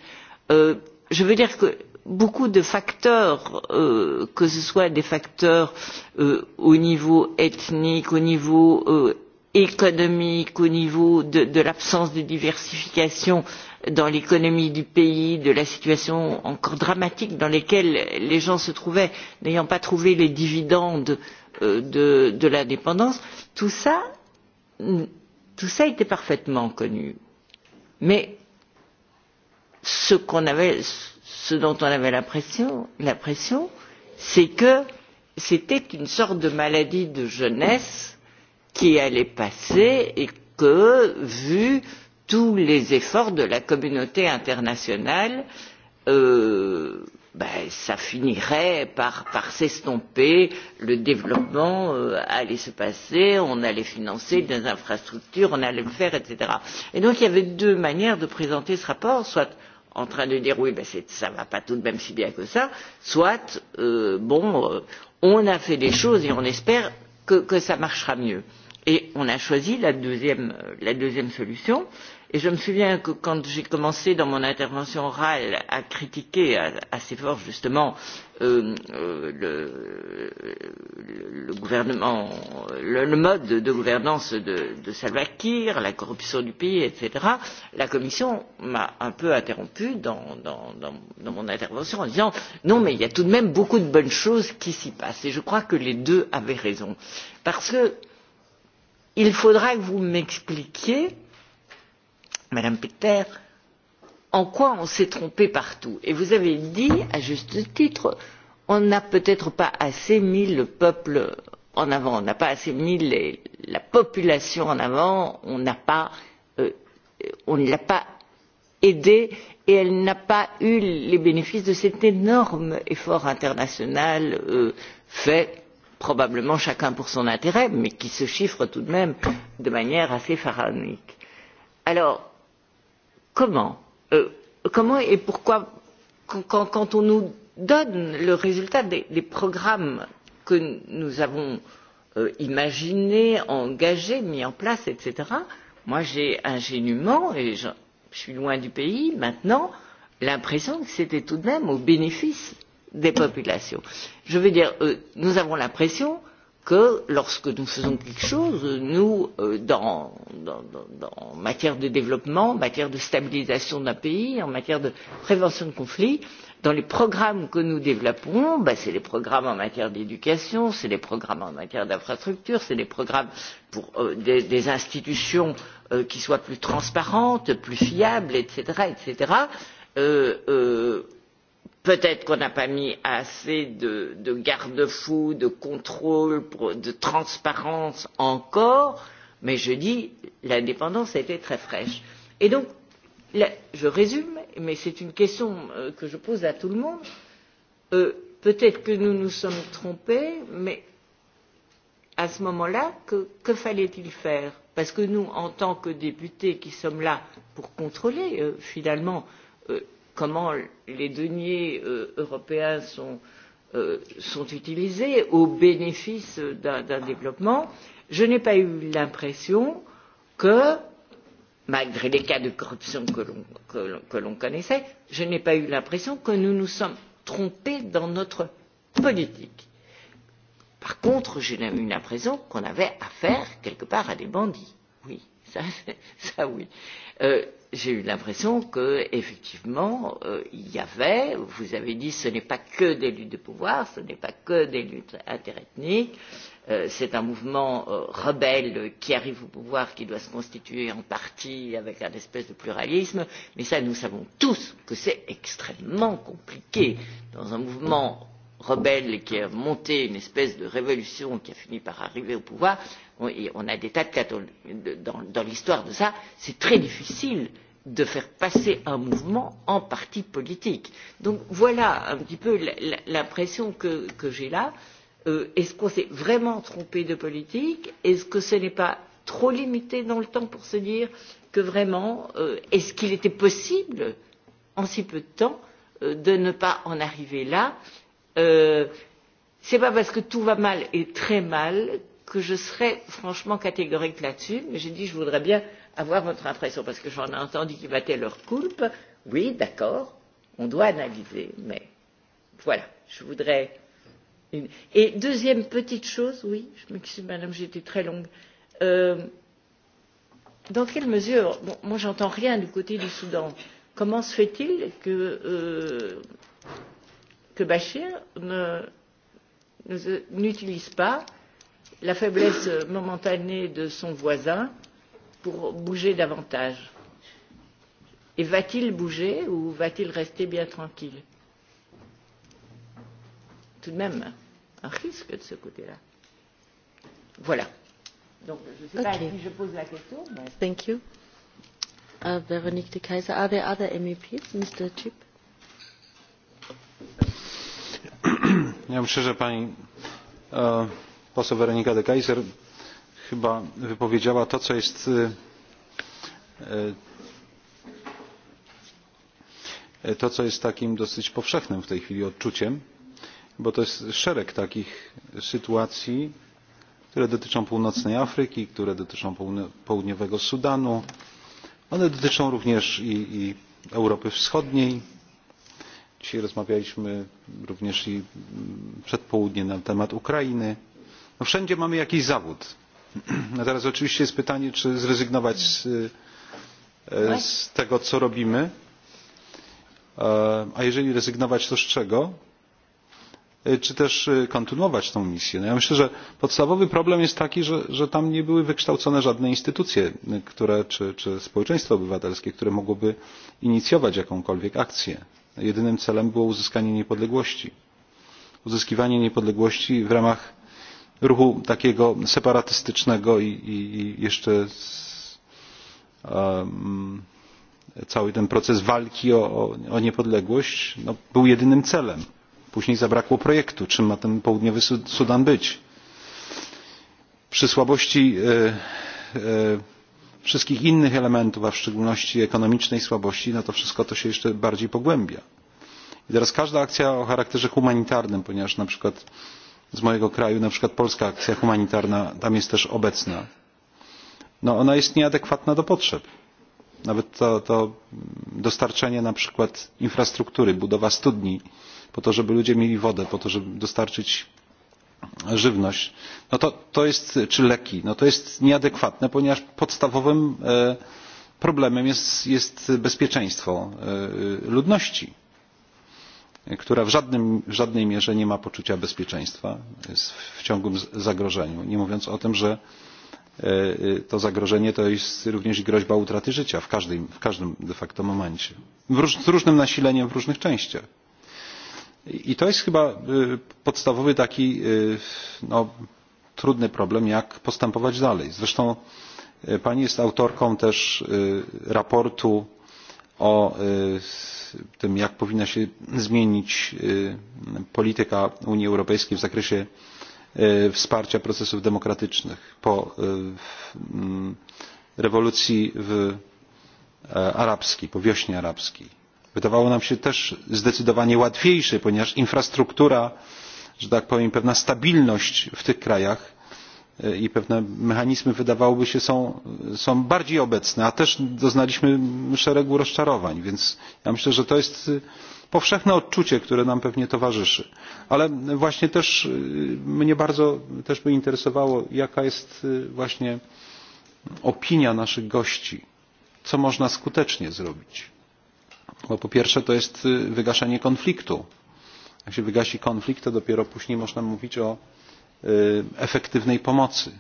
Euh, je veux dire que beaucoup de facteurs euh, que ce soit des facteurs euh, au niveau ethnique au niveau économique au niveau de, l'absence de diversification dans l'économie du pays de la situation encore dramatique dans laquelle les gens se trouvaient n'ayant pas trouvé les dividendes de, l'indépendance tout cela était parfaitement connu mais ce qu'on avait ce dont on avait l'impression l'impression c'est que c'était une sorte de maladie de jeunesse qui allait passer et que vu tous les efforts de la communauté internationale euh, ben, ça finirait par, par s'estomper, le développement euh, allait se passer, on allait financer des infrastructures, on allait le faire, etc. Et donc il y avait deux manières de présenter ce rapport, soit en train de dire oui ben ça ne va pas tout de même si bien que ça soit euh, bon euh, on a fait des choses et on espère que, ça marchera mieux. et on a choisi la deuxième, euh, la deuxième solution et je me souviens que quand j'ai commencé dans mon intervention orale à critiquer assez fort justement euh, euh, le, le gouvernement le, mode de gouvernance de, de salva kiir la corruption du pays etc. la commission m'a un peu interrompu dans, dans, dans, dans mon intervention en disant non mais il y a tout de même beaucoup de bonnes choses qui s'y passent et je crois que les deux avaient raison parce que il faudra que vous m'expliquiez Madame Peter, en quoi on s'est trompé partout Et vous avez dit, à juste titre, on n'a peut-être pas assez mis le peuple en avant, on n'a pas assez mis la population en avant, on n'a pas, euh, on ne l'a pas aidée et elle n'a pas eu les bénéfices de cet énorme effort international euh, fait probablement chacun pour son intérêt mais qui se chiffre tout de même de manière assez pharaonique. alors Euh, comment? et pourquoi quand, on nous donne le résultat des, programmes que nous avons euh, imaginés, engagés, mis en place, etc., moi j'ai ingénument, et je, suis loin du pays maintenant, l'impression que c'était tout de même au bénéfice des populations. Je veux dire, euh, nous avons l'impression que lorsque nous faisons quelque chose nous euh, dans, dans, dans, en matière de développement en matière de stabilisation d'un pays en matière de prévention de conflits dans les programmes que nous développons ben c'est les programmes en matière d'éducation c'est les programmes en matière d'infrastructure c'est les programmes pour euh, des, des institutions euh, qui soient plus transparentes plus fiables etc. etc. Euh, euh peut être qu'on n'a pas mis assez de, garde fous de contrôle de transparence encore mais je dis l'indépendance était très fraîche. et donc je résume mais c'est une question euh, que je pose à tout le monde euh, peut être que nous nous sommes trompés mais à ce moment là que, fallait il faire? parce que nous en tant que députés qui sommes là pour contrôler euh, finalement comment les deniers euh, européens sont, euh, sont utilisés au bénéfice d'un développement, je n'ai pas eu l'impression que, malgré les cas de corruption que l'on connaissait, je n'ai pas eu l'impression que nous nous sommes trompés dans notre politique. Par contre, j'ai eu l'impression qu'on avait affaire quelque part à des bandits. Oui ça, oui. Euh, J'ai eu l'impression qu'effectivement, effectivement euh, il y avait, vous avez dit, ce n'est pas que des luttes de pouvoir, ce n'est pas que des luttes interethniques, euh, c'est un mouvement euh, rebelle qui arrive au pouvoir, qui doit se constituer en partie avec un espèce de pluralisme, mais ça nous savons tous que c'est extrêmement compliqué dans un mouvement rebelle qui a monté une espèce de révolution qui a fini par arriver au pouvoir on, et on a des tas de cas dans, l'histoire de ça c'est très difficile de faire passer un mouvement en parti politique. donc voilà un petit peu l'impression que, que j'ai là. Euh, est ce qu'on s'est vraiment trompé de politique? est ce que ce n'est pas trop limité dans le temps pour se dire que vraiment euh, est ce qu'il était possible en si peu de temps euh, de ne pas en arriver là? euh, ce n'est pas parce que tout va mal et très mal que je serai franchement catégorique là dessus mais j'ai dit je voudrais bien avoir votre impression parce que j'en ai entendu qu'il battaient leur coulpe oui d'accord on doit analyser mais voilà je voudrais une... et deuxième petite chose oui je m'excuse madame j'ai été très longue euh, dans quelle mesure bon, moi j'entends rien du côté du soudan comment se fait il que euh, que Bachir n'utilise pas la faiblesse momentanée de son voisin pour bouger davantage. Et va-t-il bouger ou va-t-il rester bien tranquille Tout de même, un risque de ce côté-là. Voilà. Donc, je ne sais okay. pas si je pose la question. Mais... Thank you. Uh, Véronique de Kaiser, are there other MEPs, Mr. Chip? ja myślę że pani e, poseł weronika de keyser chyba wypowiedziała to co jest e, e, to co jest takim dosyć powszechnym w tej chwili odczuciem bo to jest szereg takich sytuacji które dotyczą północnej afryki które dotyczą południowego sudanu one dotyczą również i, i europy wschodniej Dzisiaj rozmawialiśmy również i mm, przed południem na temat Ukrainy. No wszędzie mamy jakiś zawód. teraz oczywiście jest pytanie, czy zrezygnować z, e, tego, co robimy. E, a jeżeli rezygnować, to z czego? E, czy też kontynuować tą misję? No ja myślę, że podstawowy problem jest taki, że, że tam nie były wykształcone żadne instytucje, które, czy, czy społeczeństwo obywatelskie, które mogłoby inicjować jakąkolwiek akcję jedynym celem było uzyskanie niepodległości uzyskiwanie niepodległości w ramach ruchu takiego separatystycznego i, jeszcze cały ten proces walki o, o, niepodległość no, był jedynym celem. Później zabrakło projektu, czym ma ten południowy Sudan być. Przy słabości e, e, wszystkich innych elementów, a w szczególności ekonomicznej słabości, no to wszystko to się jeszcze bardziej pogłębia. I teraz każda akcja o charakterze humanitarnym, ponieważ na przykład z mojego kraju, na przykład polska akcja humanitarna tam jest też obecna, no ona jest nieadekwatna do potrzeb. Nawet to, to dostarczenie na przykład infrastruktury, budowa studni po to, żeby ludzie mieli wodę, po to, żeby dostarczyć żywność czy leki to jest nieadekwatne ponieważ podstawowym e, problemem jest, bezpieczeństwo e, ludności która w, żadnym, żadnej mierze nie ma poczucia bezpieczeństwa jest w ciągłym zagrożeniu nie mówiąc o tym że e, to zagrożenie to jest również groźba utraty życia w każdym, de facto momencie z różnym nasileniem w różnych częściach i to jest chyba podstawowy taki trudny problem jak postępować dalej. zresztą pani jest autorką też raportu o tym jak powinna się zmienić polityka unii europejskiej w zakresie wsparcia procesów demokratycznych po mm, rewolucji e, arabskiej po wiośnie arabskiej wydawało nam się też zdecydowanie łatwiejsze ponieważ infrastruktura że tak powiem pewna stabilność w tych krajach e, i pewne mechanizmy wydawałoby się są, bardziej obecne a też doznaliśmy szeregu rozczarowań więc ja myślę że to jest e, powszechne odczucie które nam pewnie towarzyszy ale właśnie też e, mnie bardzo też by interesowało jaka jest właśnie opinia naszych gości co można skutecznie zrobić Bo po pierwsze to jest wygaszenie konfliktu. Jak się wygasi konflikt, to dopiero później można mówić o efektywnej pomocy.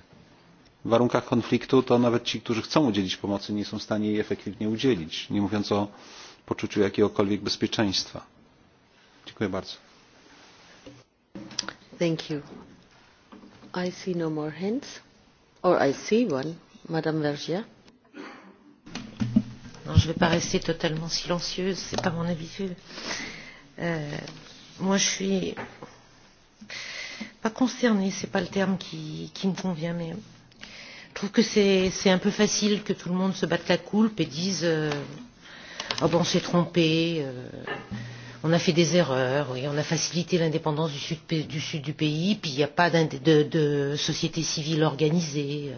W warunkach konfliktu to nawet ci, którzy chcą udzielić pomocy, nie są w stanie jej efektywnie udzielić, nie mówiąc o poczuciu jakiegokolwiek bezpieczeństwa. Dziękuję bardzo. Thank you. I no more Or je ne vais pas rester totalement silencieuse, ce n'est pas mon habitude. Euh, moi, je suis pas concernée, ce n'est pas le terme qui, qui me convient, mais je trouve que c'est un peu facile que tout le monde se batte la coulpe et dise euh, oh on s'est trompé, euh, on a fait des erreurs, oui, on a facilité l'indépendance du sud, du sud du pays, puis il n'y a pas de, de, de société civile organisée. Euh,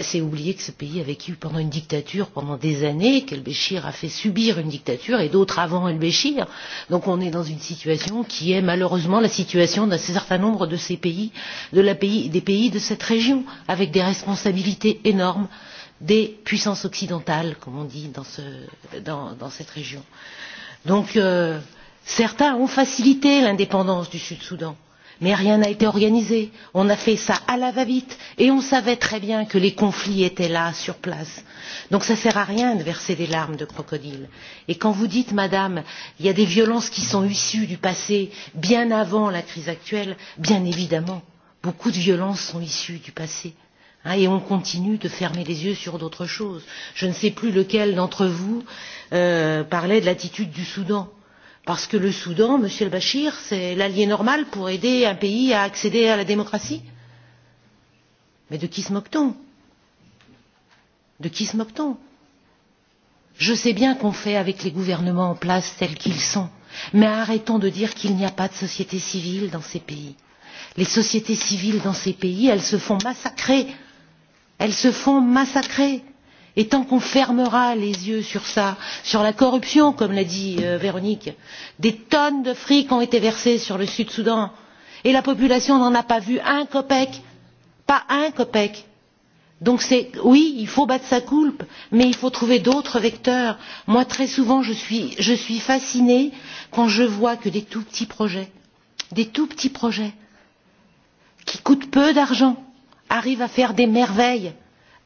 c'est oublier que ce pays a vécu pendant une dictature pendant des années, qu'El-Béchir a fait subir une dictature et d'autres avant El-Béchir. Donc on est dans une situation qui est malheureusement la situation d'un certain nombre de ces pays, de la pays, des pays de cette région, avec des responsabilités énormes des puissances occidentales, comme on dit dans, ce, dans, dans cette région. Donc euh, certains ont facilité l'indépendance du Sud-Soudan mais rien n'a été organisé on a fait cela à la va vite et on savait très bien que les conflits étaient là sur place. donc ça ne sert à rien de verser des larmes de crocodile. et quand vous dites madame il y a des violences qui sont issues du passé bien avant la crise actuelle bien évidemment beaucoup de violences sont issues du passé et on continue de fermer les yeux sur d'autres choses. je ne sais plus lequel d'entre vous euh, parlait de l'attitude du soudan parce que le soudan monsieur el bachir c'est l'allié normal pour aider un pays à accéder à la démocratie? mais de qui se moque t on? de qui se moque t on? je sais bien qu'on fait avec les gouvernements en place tels qu'ils sont mais arrêtons de dire qu'il n'y a pas de société civile dans ces pays. les sociétés civiles dans ces pays elles se font massacrer elles se font massacrer et tant qu'on fermera les yeux sur cela sur la corruption comme l'a dit euh, véronique des tonnes de fric ont été versées sur le sud soudan et la population n'en a pas vu un copec pas un copec. donc oui il faut battre sa coulpe mais il faut trouver d'autres vecteurs. moi très souvent je suis, je suis fascinée quand je vois que des tout petits projets des tout petits projets qui coûtent peu d'argent arrivent à faire des merveilles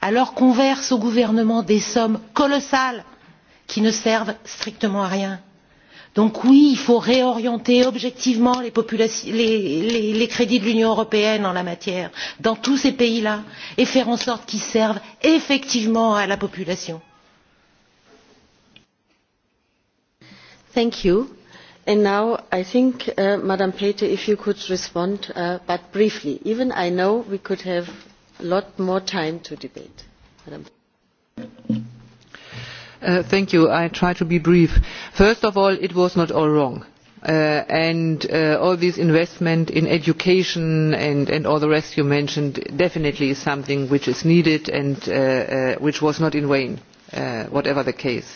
alors qu'on verse au gouvernement des sommes colossales qui ne servent strictement à rien. donc oui il faut réorienter objectivement les, les, crédits de l'union européenne en la matière dans tous ces pays là et faire en sorte qu'ils servent effectivement à la population. Thank you. And now I think, uh, if you could respond, uh, but briefly. Even I know we could have lot more time to debate. Uh, thank you. I try to be brief. First of all, it was not all wrong. Uh, and uh, all this investment in education and, all the rest you mentioned definitely is something which is needed and which was not in vain whatever the case.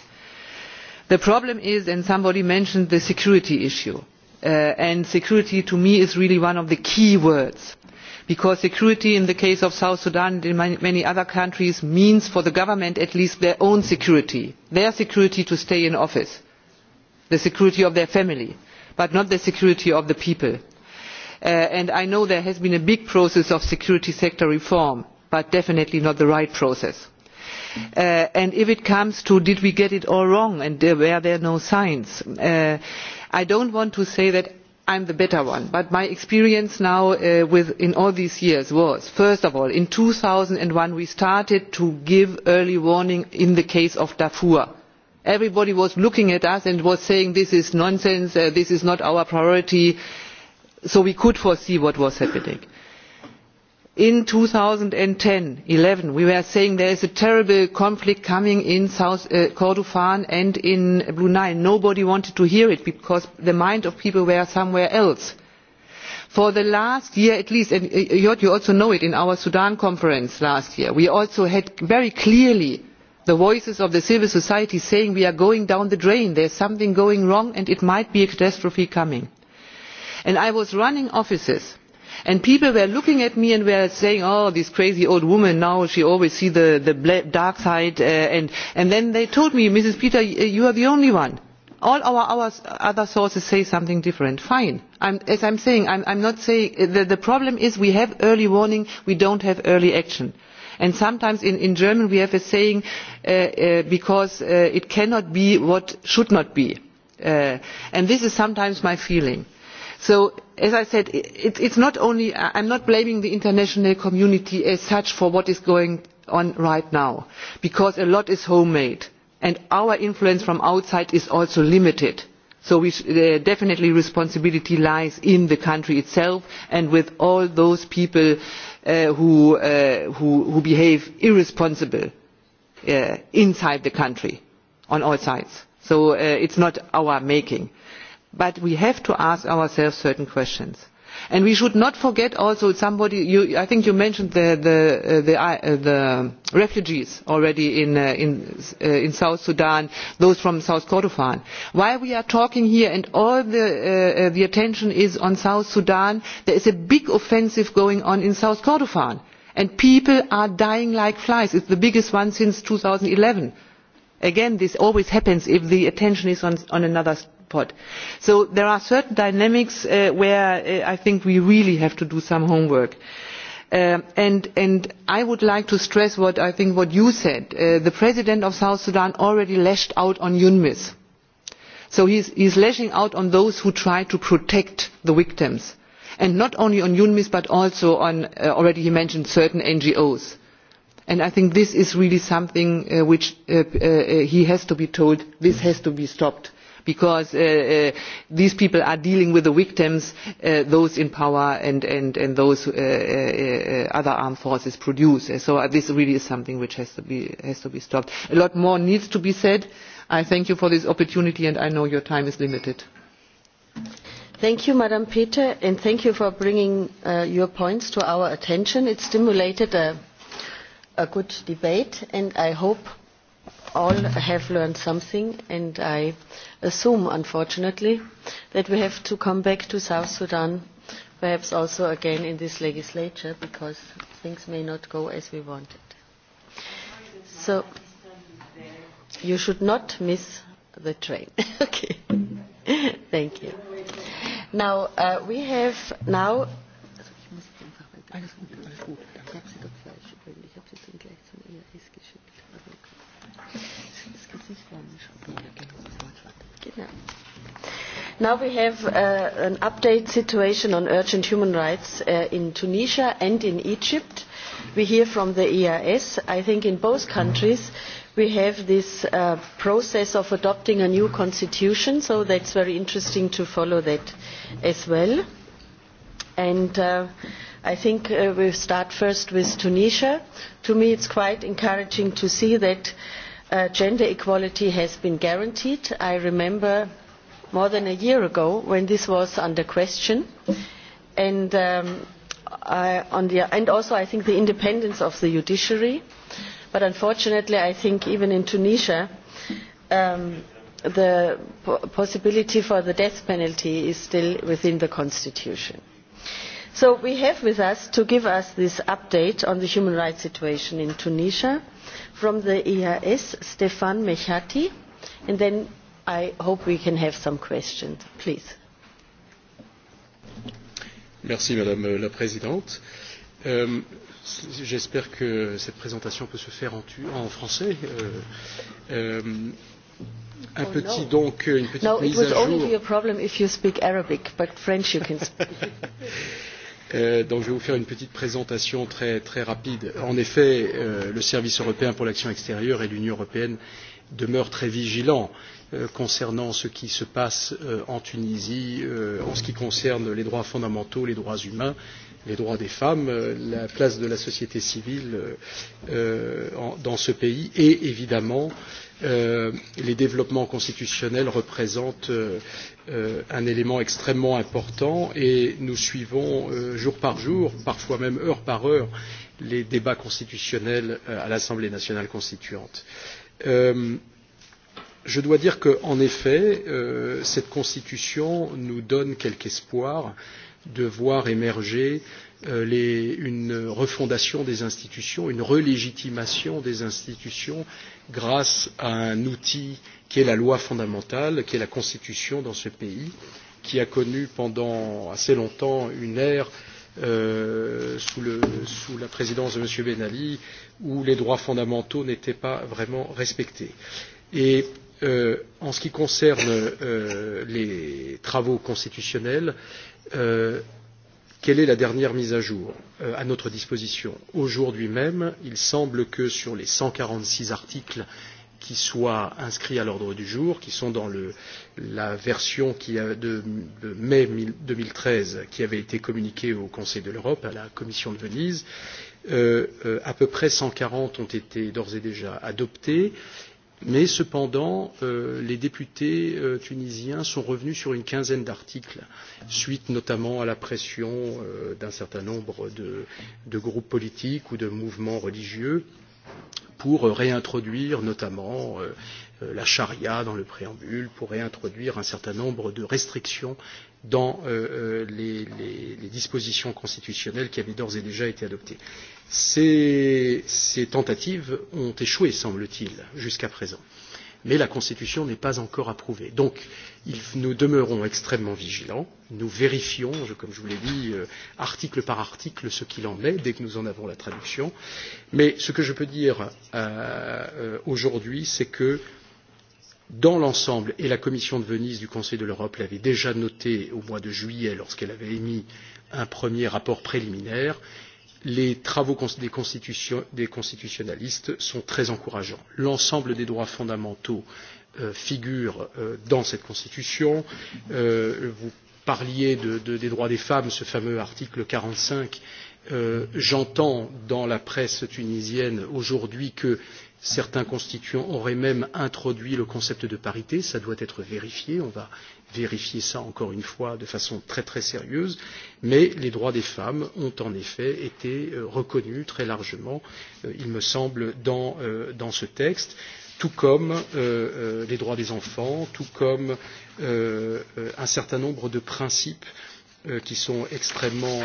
the problem is and somebody mentioned the security issue and security to me is really one of the key words because security in the case of south sudan and in many other countries means for the government at least their own security their security to stay in office the security of their family but not the security of the people. Uh, i know there has been a big process of security sector reform but definitely not the right process. Uh, and if it comes to did we get it all wrong and were there no signs uh, i do not want to say that i am the better one but my experience now uh, in all these years was first of all in two thousand and one we started to give early warning in the case of darfur. everybody was looking at us and was saying this is nonsense uh, this is not our priority' so we could foresee what was happening in two thousand and ten eleven we were saying there is a terrible conflict coming in south uh, kordofan and in brunei. nobody wanted to hear it because the minds of people were somewhere else. for the last year at least and uh, uh, you also know it in our sudan conference last year we also had very clearly the voices of the civil society saying we are going down the drain there is something going wrong and it might be a catastrophe coming. i was running offices and people were looking at me and were saying oh this crazy old woman now she always sees the, dark side uh, and, and then they told me mrs peter you are the only one all our, our other sources say something different. fine as i am saying i not saying uh, the, problem is we have early warning we do not have early action and sometimes in, in german we have a saying uh, because it cannot be what should not be and this is sometimes my feeling. so as i said not only i am not blaming the international community as such for what is going on right now because a lot is homemade and our influence from outside is also limited so definitely responsibility lies in the country itself and with all those people uh, uh, who, behave irresponsibly uh, inside the country on all sides so it is not our making but we have to ask ourselves certain questions and we should not forget also somebody i think you mentioned the, uh, uh, refugees already uh, in, south sudan those from south kordofan. while we are talking here and all the attention is on south sudan there is a big offensive going on in south kordofan and people are dying like flies. it is the biggest one since. two eleven again this always happens if the attention is on, on another pot. so there are certain dynamics uh, where uh, i think we really have to do some homework. Uh, and, i would like to stress what i think what you said the president of south sudan already lashed out on unmiss so he is lashing out on those who try to protect the victims and not only on unmiss but also on already he mentioned certain ngos. i think this is really something which he has to be told this has to be stopped because uh, uh, these people are dealing with the victims uh, those in power and, and, those other armed forces produce. so this really is something which has to, be, stopped. a lot more needs to be said. i thank you for this opportunity and i know your time is limited. Thank you, Madam Peter, and thank you for bringing your points to our attention. It stimulated a, a good debate, and I hope all have learned something, and I assume unfortunately that we have to come back to south sudan perhaps also again in this legislature because things may not go as we wanted. so you should not miss the train. okay. thank you. now uh, we have now Now we have uh, an update situation on urgent human rights uh, in Tunisia and in Egypt. We hear from the EIS. I think in both countries we have this uh, process of adopting a new constitution, so that's very interesting to follow that as well. And uh, I think uh, we'll start first with Tunisia. To me it's quite encouraging to see that Uh, gender equality has been guaranteed. i remember more than a year ago when this was under question and, um, also i think the independence of the judiciary but unfortunately i think even in tunisia um, the possibility for the death penalty is still within the constitution. so we have with us to give us this update on the human rights situation in tunisia From the EAS, Stefan Mechati, and then I hope we can have some questions. Please. Merci Madame la Présidente. Euh, J'espère que cette présentation peut se faire en, en français. Euh, euh, un oh, petit no. donc une petite no, mise à jour. No, it would only be a problem if you speak Arabic, but French you can speak. Euh, donc je vais vous faire une petite présentation très, très rapide. En effet, euh, le service européen pour l'action extérieure et l'Union européenne demeurent très vigilants euh, concernant ce qui se passe en Tunisie en ce qui concerne les droits fondamentaux, les droits humains, les droits des femmes, la place de la société civile dans ce pays et évidemment Euh, les développements constitutionnels représentent euh, euh, un élément extrêmement important et nous suivons jour par jour parfois même heure par heure les débats constitutionnels à l'assemblée nationale constituante. je dois dire qu'en effet cette constitution nous donne quelque espoir de voir émerger Euh, une refondation des institutions, une relégitimation des institutions grâce à un outil qui est la loi fondamentale, qui est la Constitution dans ce pays, qui a connu pendant assez longtemps une ère euh, sous, le, sous la présidence de M. Ben Ali où les droits fondamentaux n'étaient pas vraiment respectés. Et euh, en ce qui concerne les travaux constitutionnels, quelle est la dernière mise à jour euh, à notre disposition aujourd'hui même il semble que sur les 146 articles qui soient inscrits à l'ordre du jour qui sont dans le la version qui mai de, mille mai 2013 qui avait été communiquée au Conseil de l'Europe à la commission de Venise euh, euh, à peu près 140 ont été d'ores et déjà adoptés mais cependant euh, les députés euh, tunisiens sont revenus sur une quinzaine d'articles suite notamment à la pression euh, d'un certain nombre de, de groupes politiques ou de mouvements religieux pour réintroduire notamment la charia dans le préambule pour réintroduire un certain nombre de restrictions dans les, les, les dispositions constitutionnelles qui avaient d'ores et déjà été adoptées. Ces, ces tentatives ont échoué, semble t il, jusqu'à présent, mais la Constitution n'est pas encore approuvée. Donc nous demeurons extrêmement vigilants, nous vérifions, je, comme je vous l'ai dit, euh, article par article, ce qu'il en est dès que nous en avons la traduction, mais ce que je peux dire euh, euh, aujourd'hui, c'est que dans l'ensemble et la commission de venise du conseil de l'europe l'avait déjà noté au mois de juillet lorsqu'elle avait émis un premier rapport préliminaire les travaux des, constitutionnalistes sont très encourageants. l'ensemble des droits fondamentaux euh, figure euh, dans cette constitution. Euh, vous parliez des droits des femmes ce fameux article quarante cinq j'entends dans la presse tunisienne aujourd'hui que certains constituants auraient même introduit le concept de parité cela doit être vérifié on va vérifier cela encore une fois de façon très très sérieuse mais les droits des femmes ont en effet été euh, reconnus très largement euh, il me semble euh, dans, ce texte tout comme les droits des enfants tout comme un certain nombre de principes qui sont extrêmement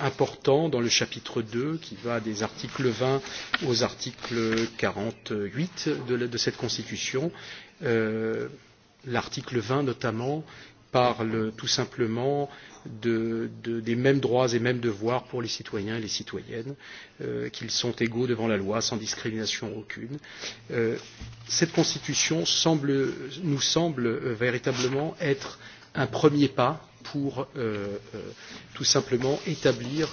importants dans le chapitre 2 qui va des articles vingt aux articles quarante huit de cette constitution l'article 20 notamment parle tout simplement de, des mêmes droits et mêmes devoirs pour les citoyens et les citoyennes, euh, qu'ils sont égaux devant la loi, sans discrimination aucune. Euh, cette Constitution semble, nous semble euh, véritablement être un premier pas pour tout simplement établir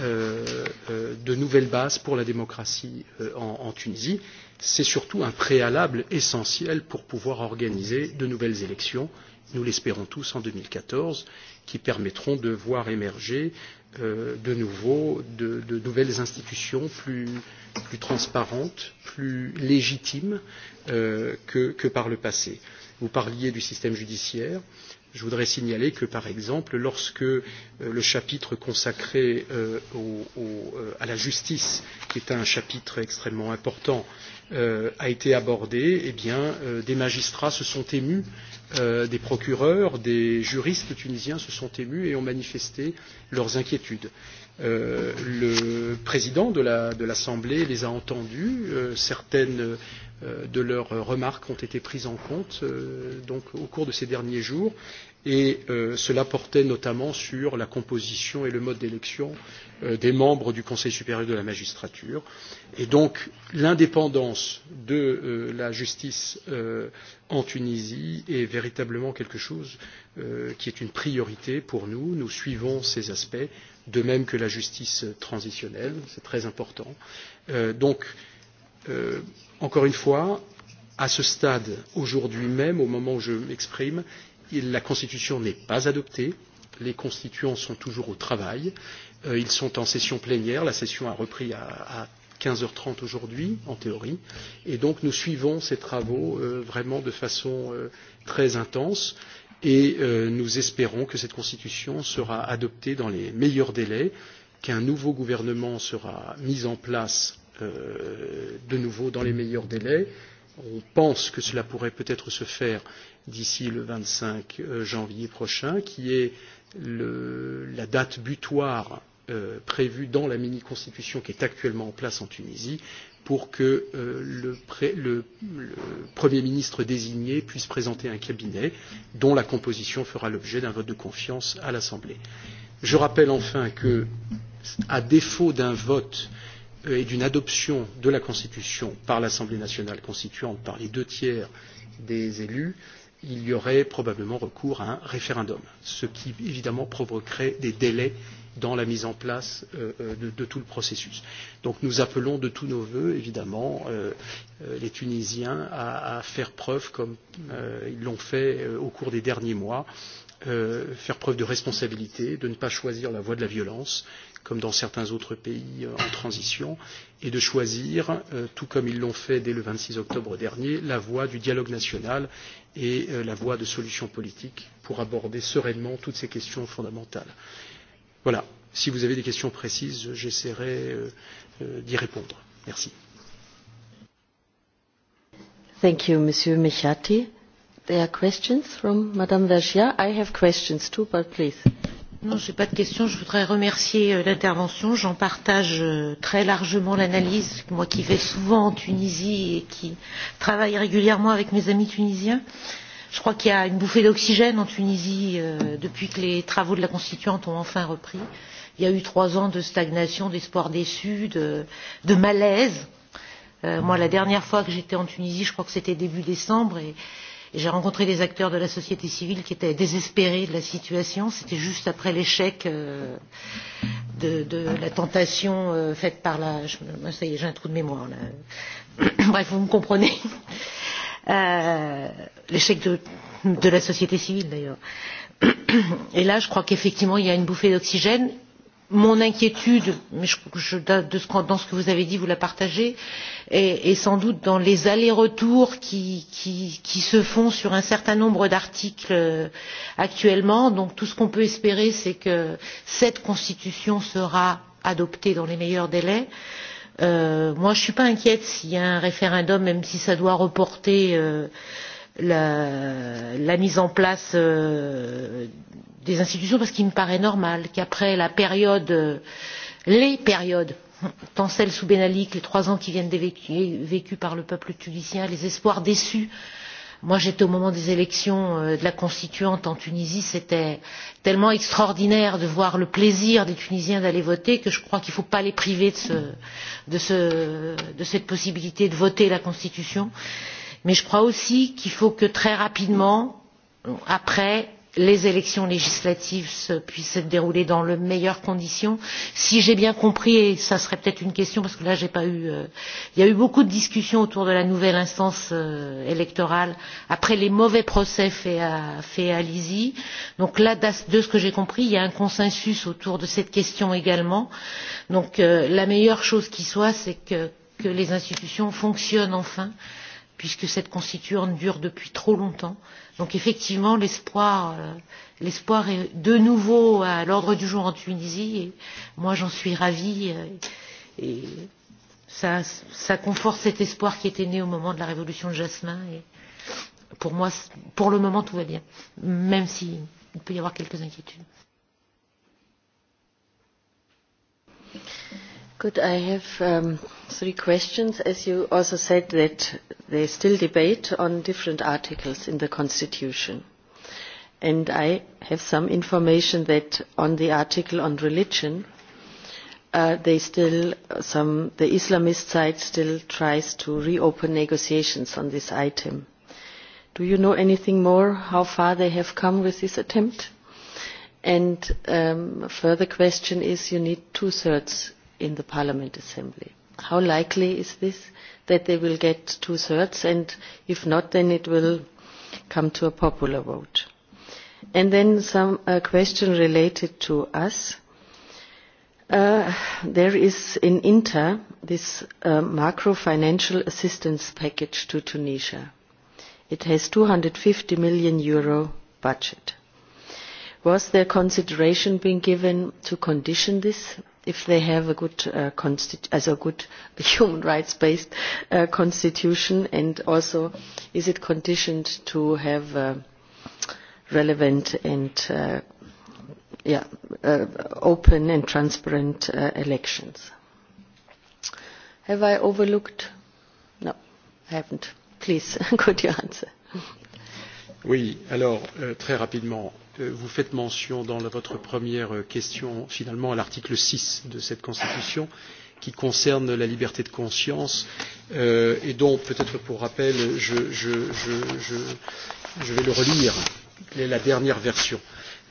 Euh, euh, de nouvelles bases pour la démocratie euh, en, Tunisie. C'est surtout un préalable essentiel pour pouvoir organiser de nouvelles élections, nous l'espérons tous en 2014, qui permettront de voir émerger de nouveau de, de nouvelles institutions plus, plus transparentes, plus légitimes que, que par le passé. Vous parliez du système judiciaire je voudrais signaler que par exemple lorsque euh, le chapitre consacré euh, au, euh, à la justice qui est un chapitre extrêmement important a été abordé eh bien des magistrats se sont émus des procureurs des juristes tunisiens se sont émus et ont manifesté leurs inquiétudes. Euh, le président de l'Assemblée la, les a entendus. Euh, certaines euh, de leurs remarques ont été prises en compte donc, au cours de ces derniers jours et cela portait notamment sur la composition et le mode d'élection Euh, des membres du conseil supérieur de la magistrature et donc l'indépendance de euh, la justice euh, en tunisie est véritablement quelque chose qui est une priorité pour nous nous suivons ces aspects de même que la justice transitionnelle c'est très important donc encore une fois à ce stade aujourd'hui même au moment où je m'exprime la constitution n'est pas adoptée les constituants sont toujours au travail Euh, ils sont en session plénière. La session a repris à, quinze 15h30 aujourd'hui, en théorie. Et donc, nous suivons ces travaux euh, vraiment de façon euh, très intense. Et nous espérons que cette constitution sera adoptée dans les meilleurs délais, qu'un nouveau gouvernement sera mis en place de nouveau dans les meilleurs délais. On pense que cela pourrait peut-être se faire d'ici le 25 janvier prochain, qui est le, la date butoir Euh, prévu dans la mini constitution qui est actuellement en place en Tunisie pour que euh, le, le, premier ministre désigné puisse présenter un cabinet dont la composition fera l'objet d'un vote de confiance à l'Assemblée. Je rappelle enfin que à défaut d'un vote euh, et d'une adoption de la constitution par l'Assemblée nationale constituante par les deux tiers des élus il y aurait probablement recours à un référendum ce qui évidemment provoquerait des délais dans la mise en place euh, euh, de, de tout le processus. Donc nous appelons de tous nos vœux, évidemment, euh, les Tunisiens à, à faire preuve, comme ils l'ont fait au cours des derniers mois, faire preuve de responsabilité, de ne pas choisir la voie de la violence, comme dans certains autres pays en transition, et de choisir, tout comme ils l'ont fait dès le 26 octobre dernier, la voie du dialogue national et la voie de solutions politiques pour aborder sereinement toutes ces questions fondamentales. Voilà, si vous avez des questions précises, j'essaierai euh, euh, d'y répondre. Merci. Thank you, Monsieur Michati. There are questions from Madame Vergia. I have questions too, but please. Non, je n'ai pas de questions. Je voudrais remercier euh, l'intervention. J'en partage très largement l'analyse, moi qui vais souvent en Tunisie et qui travaille régulièrement avec mes amis tunisiens. Euh, je crois qu'il y a une bouffée d'oxygène en tunisie euh, depuis que les travaux de la constituante ont enfin repris. il y a eu trois ans de stagnation d'espoir déçu de, malaise. Euh, moi, la dernière fois que j'étais en tunisie je crois que c'était début décembre et j'ai rencontré des acteurs de la société civile qui étaient désespérés de la situation c'était juste après l'échec euh, de, de la tentation faite par la ça y est j'ai un trou de mémoire là bref vous me comprenez Euh, l'échec de, la société civile d'ailleurs. et là je crois qu'effectivement il y a une bouffée d'oxygène. mon inquiétude mais je, dans ce que vous avez dit vous la partagez est, sans doute dans les allers retours qui se font sur un certain nombre d'articles euh, actuellement. donc tout ce qu'on peut espérer c'est que cette constitution sera adoptée dans les meilleurs délais. Euh, moi je ne suis pas inquiète s'il y a un référendum même si ça doit reporter euh, la, la mise en place euh, des institutions parce qu'il me paraît normal qu'après la période les périodes tant celle sous ben ali que les trois ans qui viennent vécus par le peuple tunisien les espoirs déçus moi j'étais au moment des élections euh, de la constituante en tunisie c'était tellement extraordinaire de voir le plaisir des tunisiens d'aller voter que je crois qu'il ne faut pas les priver de, ce, de, ce, de cette possibilité de voter la constitution mais je crois aussi qu'il faut que très rapidement après les élections législatives puissent se dérouler dans les meilleures conditions. si j'ai bien compris et ce serait peut être une question parce que là j'ai pas eu euh, il y a eu beaucoup de discussions autour de la nouvelle instance euh, électorale après les mauvais procès faits à, fait à lisi donc là de ce que j'ai compris il y a un consensus autour de cette question également. donc euh, la meilleure chose qui soit c'est que, que les institutions fonctionnent enfin puisque cette constituante dure depuis trop longtemps Donc effectivement, l'espoir euh, l'espoir est de nouveau à l'ordre du jour en Tunisie. Et moi, j'en suis ravie. Euh, et ça, ça conforte cet espoir qui était né au moment de la révolution de Jasmin. Et pour moi, pour le moment, tout va bien, même s'il si peut y avoir quelques inquiétudes. Good. I have um, three questions. As you also said that there is still debate on different articles in the Constitution. And I have some information that on the article on religion, uh, they still some the Islamist side still tries to reopen negotiations on this item. Do you know anything more how far they have come with this attempt? And um, a further question is you need two thirds in the Parliament Assembly. How likely is this that they will get two thirds and if not then it will come to a popular vote? And then some a question related to us. Uh, there is in Inter this uh, macro financial assistance package to Tunisia. It has 250 million euro budget. Was there consideration being given to condition this if they have a good uh, as a good human rights based uh, constitution and also is it conditioned to have uh, relevant and uh, yeah, uh, open and transparent uh, elections have i overlooked no i haven't please could you answer Oui, alors euh, très rapidement, euh, vous faites mention dans votre première euh, question finalement à l'article 6 de cette Constitution qui concerne la liberté de conscience et dont, peut-être pour rappel, je, je, je, je, je vais le relire, la dernière version.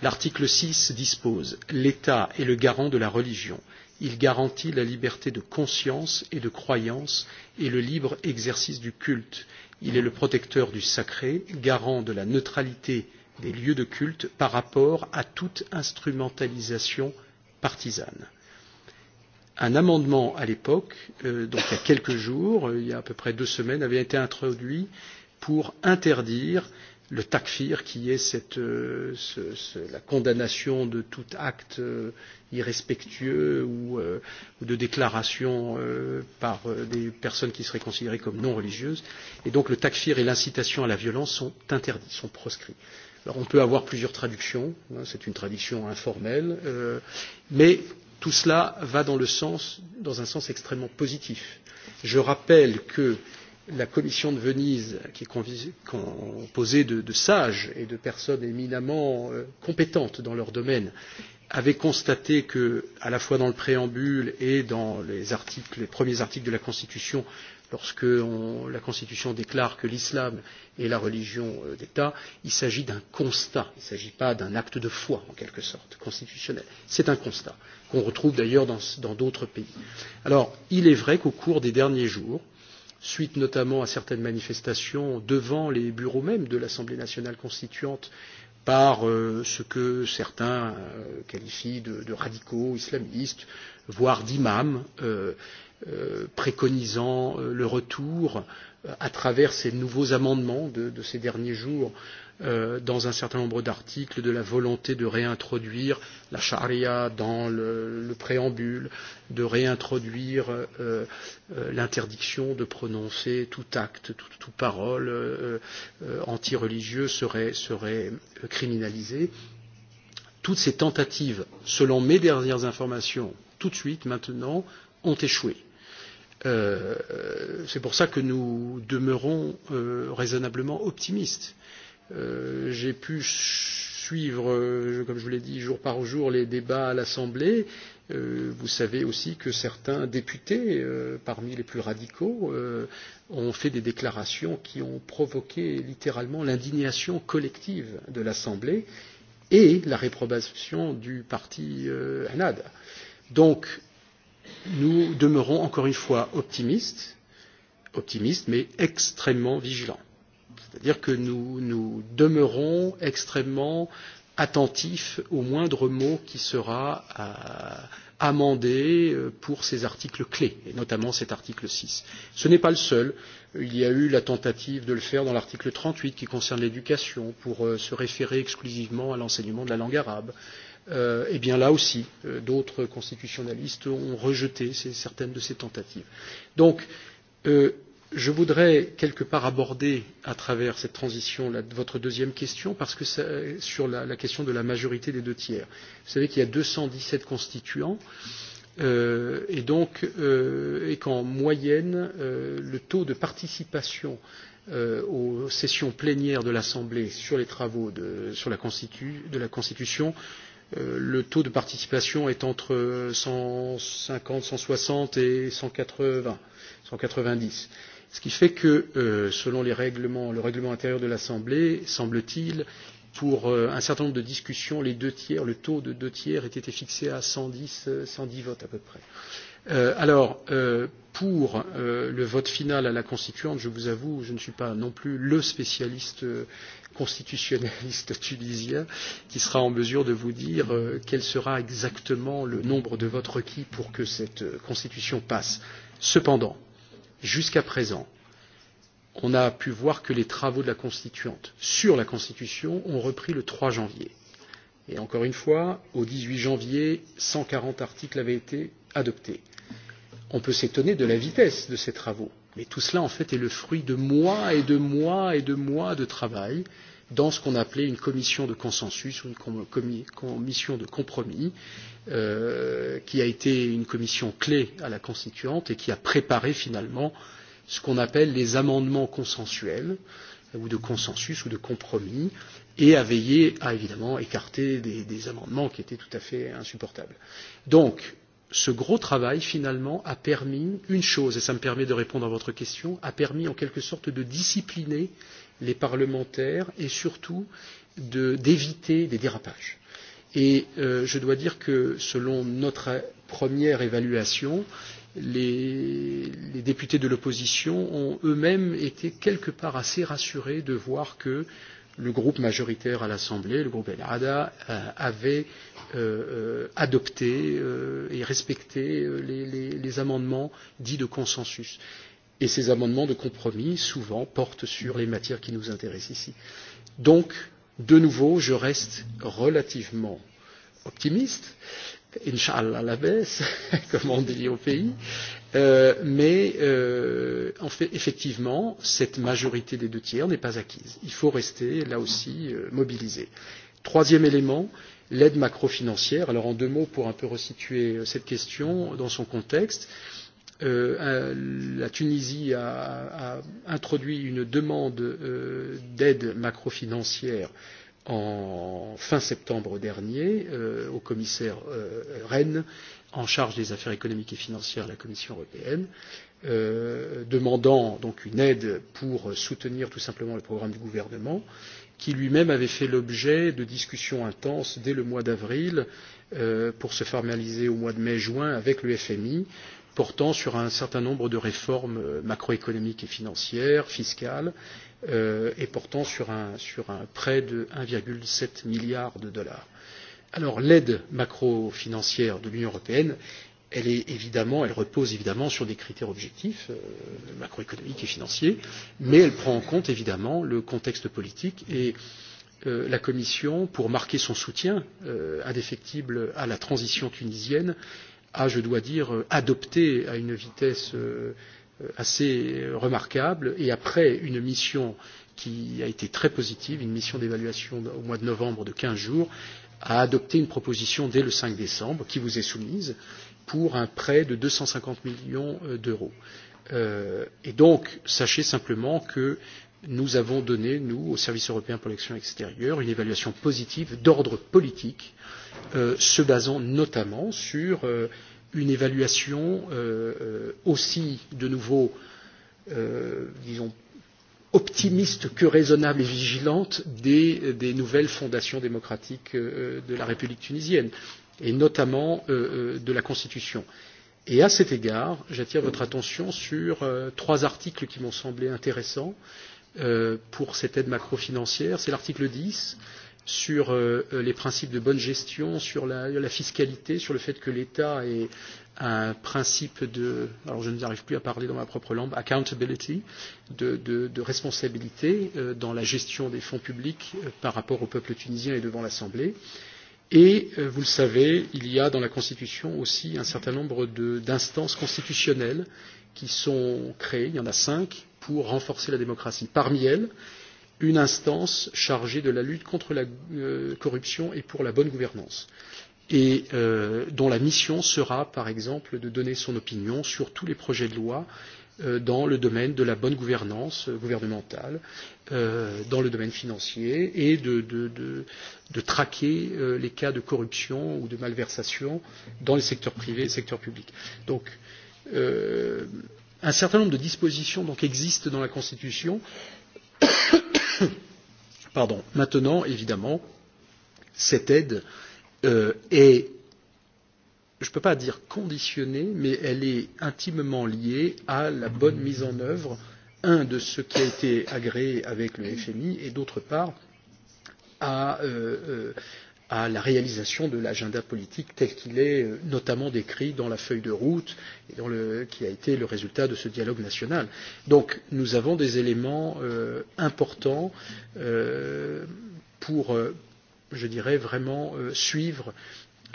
L'article 6 dispose « L'État est le garant de la religion il garantit la liberté de conscience et de croyance et le libre exercice du culte il est le protecteur du sacré garant de la neutralité des lieux de culte par rapport à toute instrumentalisation partisane un amendement à l'époque euh, donc il y a quelques jours euh, il y a à peu près deux semaines avait été introduit pour interdire le takfir qui est cette, euh, ce, la condamnation de tout acte euh, irrespectueux euh, ou, de déclaration par des personnes qui seraient considérées comme non religieuses. Et donc le takfir et l'incitation à la violence sont interdits, sont proscrits. Alors on peut avoir plusieurs traductions, c'est une traduction informelle, mais tout cela va dans, le sens, dans un sens extrêmement positif. Je rappelle que la commission de Venise, qui est composée de, sages et de personnes éminemment euh, compétentes dans leur domaine, avait constaté que, à la fois dans le préambule et dans les, articles, les premiers articles de la Constitution, lorsque la Constitution déclare que l'islam est la religion euh, d'État, il s'agit d'un constat, il ne s'agit pas d'un acte de foi, en quelque sorte, constitutionnel. C'est un constat, qu'on retrouve d'ailleurs dans d'autres pays. Alors, il est vrai qu'au cours des derniers jours, suite notamment à certaines manifestations devant les bureaux même de l'Assemblée nationale constituante par euh, ce que certains euh, qualifient de, radicaux islamistes, voire d'imams, euh, préconisant le retour à travers ces nouveaux amendements de, de ces derniers jours Euh, dans un certain nombre d'articles de la volonté de réintroduire la charia dans le, préambule, de réintroduire euh, euh, l'interdiction de prononcer tout acte, toute parole euh, antireligieux serait, serait criminalisée. Toutes ces tentatives, selon mes dernières informations, tout de suite, maintenant, ont échoué. C'est pour ça que nous demeurons raisonnablement optimistes Euh, j'ai pu suivre euh, comme je vous l'ai dit jour par jour les débats à l'assemblée euh, vous savez aussi que certains députés parmi les plus radicaux ont fait des déclarations qui ont provoqué littéralement l'indignation collective de l'assemblée et la réprobation du parti Anad. donc nous demeurons encore une fois optimistes optimistes mais extrêmement vigilants C'est-à-dire que nous, nous demeurons extrêmement attentifs au moindre mot qui sera euh, amendé euh, pour ces articles clés, et notamment cet article six. Ce n'est pas le seul. Il y a eu la tentative de le faire dans l'article trente huit qui concerne l'éducation pour euh, se référer exclusivement à l'enseignement de la langue arabe. et bien là aussi, d'autres constitutionnalistes ont rejeté certaines de ces tentatives. Donc, je voudrais quelque part aborder à travers cette transition votre deuxième question parce que sur la, question de la majorité des deux tiers. Vous savez qu'il y a 217 constituants euh, et donc euh, et qu'en moyenne euh, le taux de participation euh, aux sessions plénières de l'Assemblée sur les travaux de, sur la, de la Constitution le taux de participation est entre 150, 160 et vingt 190 ce qui fait que euh, selon le règlement intérieur de l'assemblée semble-t-il pour euh, un certain nombre de discussions les deux tiers le taux de deux tiers été fixé à 110 euh, dix votes à peu près alors pour le vote final à la constituante je vous avoue je ne suis pas non plus le spécialiste constitutionnaliste tunisien qui sera en mesure de vous dire quel sera exactement le nombre de votes requis pour que cette constitution passe cependant jusqu'à présent on a pu voir que les travaux de la constituante sur la constitution ont repris le 3 janvier et encore une fois au 18 janvier 140 articles avaient été adoptés on peut s'étonner de la vitesse de ces travaux mais tout cela en fait est le fruit de mois et de mois et de mois de travail dans ce qu'on appelait une commission de consensus ou une commission de compromis euh, qui a été une commission clé à la constituante et qui a préparé finalement ce qu'on appelle les amendements consensuels euh, ou de consensus ou de compromis et a veillé à évidemment écarter des, des amendements qui étaient tout à fait insupportables. Donc, ce gros travail finalement a permis une chose et ça me permet de répondre à votre question a permis en quelque sorte de discipliner les parlementaires et surtout d'éviter des dérapages. Et euh, je dois dire que selon notre première évaluation, les, les députés de l'opposition ont eux-mêmes été quelque part assez rassurés de voir que le groupe majoritaire à l'Assemblée, le groupe El Hada, euh, avait euh, adopté et respecté les, les, les amendements dits de consensus et ces amendements de compromis souvent portent sur les matières qui nous intéressent ici. donc de nouveau je reste relativement optimiste Inch'Allah la baisse, comme on dit au pays, euh, mais euh, en fait, effectivement, cette majorité des deux tiers n'est pas acquise. Il faut rester là aussi euh, mobilisé. Troisième élément, l'aide macrofinancière. Alors en deux mots, pour un peu resituer cette question dans son contexte, Euh, la Tunisie a, introduit une demande euh, d'aide macrofinancière en fin septembre dernier euh, au commissaire Rehn, en charge des affaires économiques et financières de la Commission européenne demandant donc une aide pour soutenir tout simplement le programme du gouvernement qui lui-même avait fait l'objet de discussions intenses dès le mois d'avril pour se formaliser au mois de mai juin avec le FMI portant sur un certain nombre de réformes euh, macroéconomiques et financières, fiscales, euh, et portant sur un, sur un prêt de 1,7 milliard de dollars. Alors l'aide macro-financière de l'Union européenne, elle, est évidemment, elle repose évidemment sur des critères objectifs euh, macroéconomiques et financiers, mais elle prend en compte évidemment le contexte politique et la Commission, pour marquer son soutien indéfectible à la transition tunisienne, a je dois dire adopté à une vitesse euh, assez remarquable et après une mission qui a été très positive une mission d'évaluation au mois de novembre de quinze jours a adopté une proposition dès le cinq décembre qui vous est soumise pour un prêt de deux cent cinquante millions euh, d'euros. Euh, et donc sachez simplement que nous avons donné nous au service européen pour l'action extérieure une évaluation positive d'ordre politique Euh, se basant notamment sur euh, une évaluation euh, aussi de nouveau disons optimiste que raisonnable et vigilante des, des nouvelles fondations démocratiques de la République tunisienne et notamment de la Constitution. Et à cet égard, j'attire votre attention sur trois articles qui m'ont semblé intéressants pour cette aide macrofinancière. C'est l'article 10 sur euh, euh, les principes de bonne gestion, sur la, fiscalité, sur le fait que l'État ait un principe de, alors je n'arrive plus à parler dans ma propre langue, accountability, de, de, de responsabilité euh, dans la gestion des fonds publics par rapport au peuple tunisien et devant l'Assemblée. Et, vous le savez, il y a dans la Constitution aussi un certain nombre d'instances constitutionnelles qui sont créées, il y en a cinq, pour renforcer la démocratie. Parmi elles, une instance chargée de la lutte contre la euh, corruption et pour la bonne gouvernance et euh, dont la mission sera par exemple de donner son opinion sur tous les projets de loi euh, dans le domaine de la bonne gouvernance gouvernementale dans le domaine financier et de, de, de, traquer les cas de corruption ou de malversation dans les secteurs privés et secteurs publics. donc un certain nombre de dispositions donc, existent dans la constitution Pardon. Maintenant, évidemment, cette aide euh, est, je ne peux pas dire conditionnée, mais elle est intimement liée à la bonne mise en œuvre, un, de ce qui a été agréé avec le FMI, et d'autre part, à euh, euh à la réalisation de l'agenda politique tel qu'il est euh, notamment décrit dans la feuille de route et dans le, qui a été le résultat de ce dialogue national. Donc nous avons des éléments euh, importants euh, pour, je dirais, vraiment suivre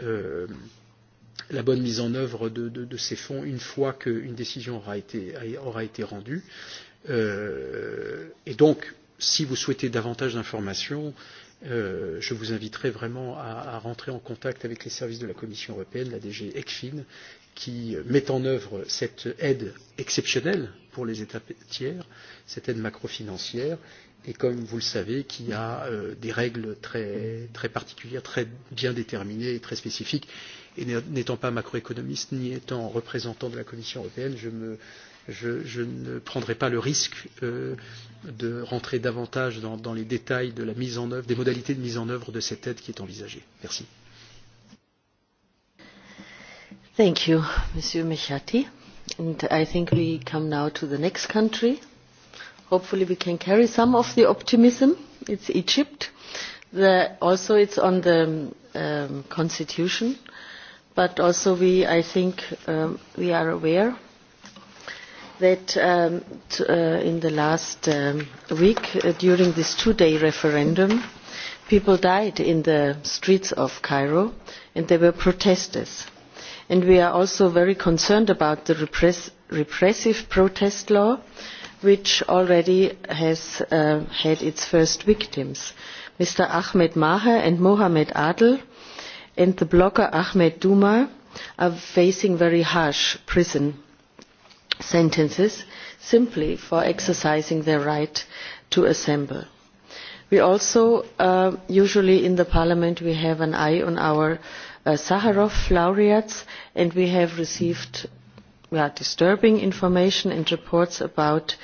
la bonne mise en œuvre de, de, ces fonds une fois qu'une décision aura été, aura été rendue. Et donc, si vous souhaitez davantage d'informations, Euh, je vous inviterai vraiment à, à rentrer en contact avec les services de la Commission européenne, la DG ECFIN, qui met en œuvre cette aide exceptionnelle pour les États tiers, cette aide macrofinancière, et comme vous le savez, qui a euh, des règles très, très particulières, très bien déterminées et très spécifiques. Et n'étant pas macroéconomiste, ni étant représentant de la Commission européenne, je me je, je ne prendrai pas le risque euh, de rentrer davantage dans, dans les détails de la mise en œuvre, des modalités de mise en œuvre de cette aide qui est envisagée. Merci. Thank you, Monsieur Mechati. And I think we come now to the next country. Hopefully we can carry some of the optimism. It's Egypt. The, also it's on the um, constitution. But also we, I think, um, we are aware that um, t, uh, in the last um, week, uh, during this two-day referendum, people died in the streets of Cairo, and they were protesters. And we are also very concerned about the repress repressive protest law, which already has uh, had its first victims. Mr. Ahmed Maher and Mohamed Adel and the blogger Ahmed Duma are facing very harsh prison sentences simply for exercising their right to assemble. We also uh, usually in the Parliament we have an eye on our uh, Sakharov laureates and we have received disturbing information and reports about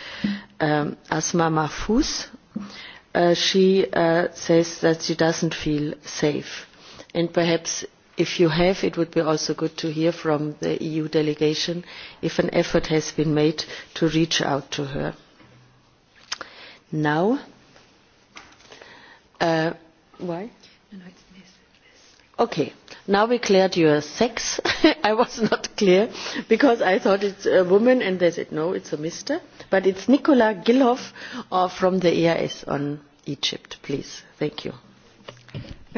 um, Asma Mahfouz. Uh, she uh, says that she doesn't feel safe and perhaps if you have it would be also good to hear from the eu delegation if an effort has been made to reach out to her. now uh, now we cleared your sex i was not clear because i thought it's a woman and they said no it's a mister but it's nicola gilhoff uh, from the eas on egypt please thank you.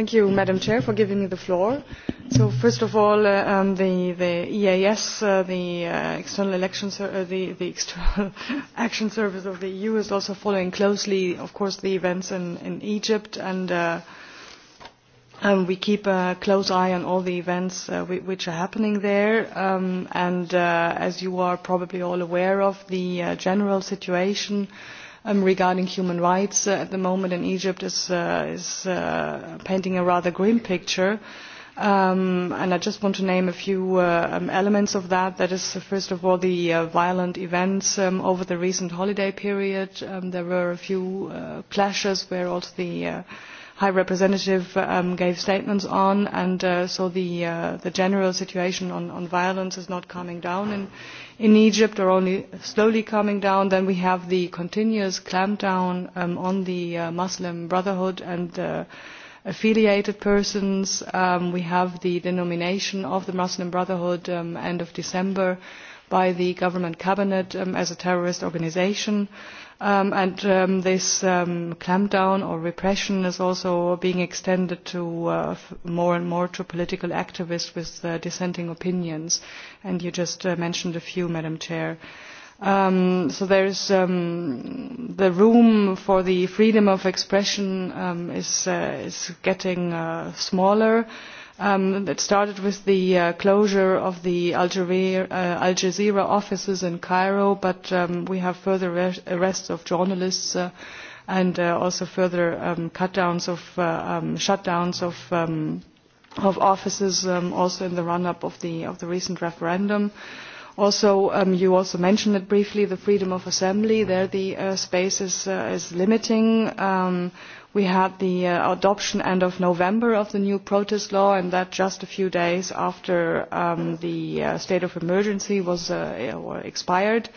Thank you, Madam Chair, for giving me the floor. So, first of all, uh, um, the, the EAS, uh, the uh, External Election, uh, the, the External Action Service of the EU, is also following closely, of course, the events in, in Egypt, and uh, um, we keep a close eye on all the events uh, which are happening there. Um, and uh, as you are probably all aware of, the uh, general situation um, regarding human rights uh, at the moment in Egypt is, uh, is uh, painting a rather grim picture. Um, and I just want to name a few uh, um, elements of that. That is, first of all, the uh, violent events um, over the recent holiday period. Um, there were a few uh, clashes where also the uh, High Representative um, gave statements on, and uh, so the, uh, the general situation on, on violence is not coming down in, in Egypt or only slowly coming down. Then we have the continuous clampdown um, on the uh, Muslim Brotherhood and uh, affiliated persons. Um, we have the denomination of the Muslim Brotherhood um, end of December by the government cabinet um, as a terrorist organization. Um, and um, this um, clampdown or repression is also being extended to uh, more and more to political activists with uh, dissenting opinions. And you just uh, mentioned a few, Madam Chair. so there is the room for the freedom of expression is, is getting smaller It um, started with the uh, closure of the Al Jazeera uh, offices in Cairo, but um, we have further arrests of journalists uh, and also further um, cut downs of um, shutdowns of of offices also in the run up of the of the recent referendum. Also, you also mentioned briefly, the freedom of assembly. There the space is, limiting we had the uh, adoption end of november of the new protest law and that just a few days after um, the uh, state of emergency was uh, expired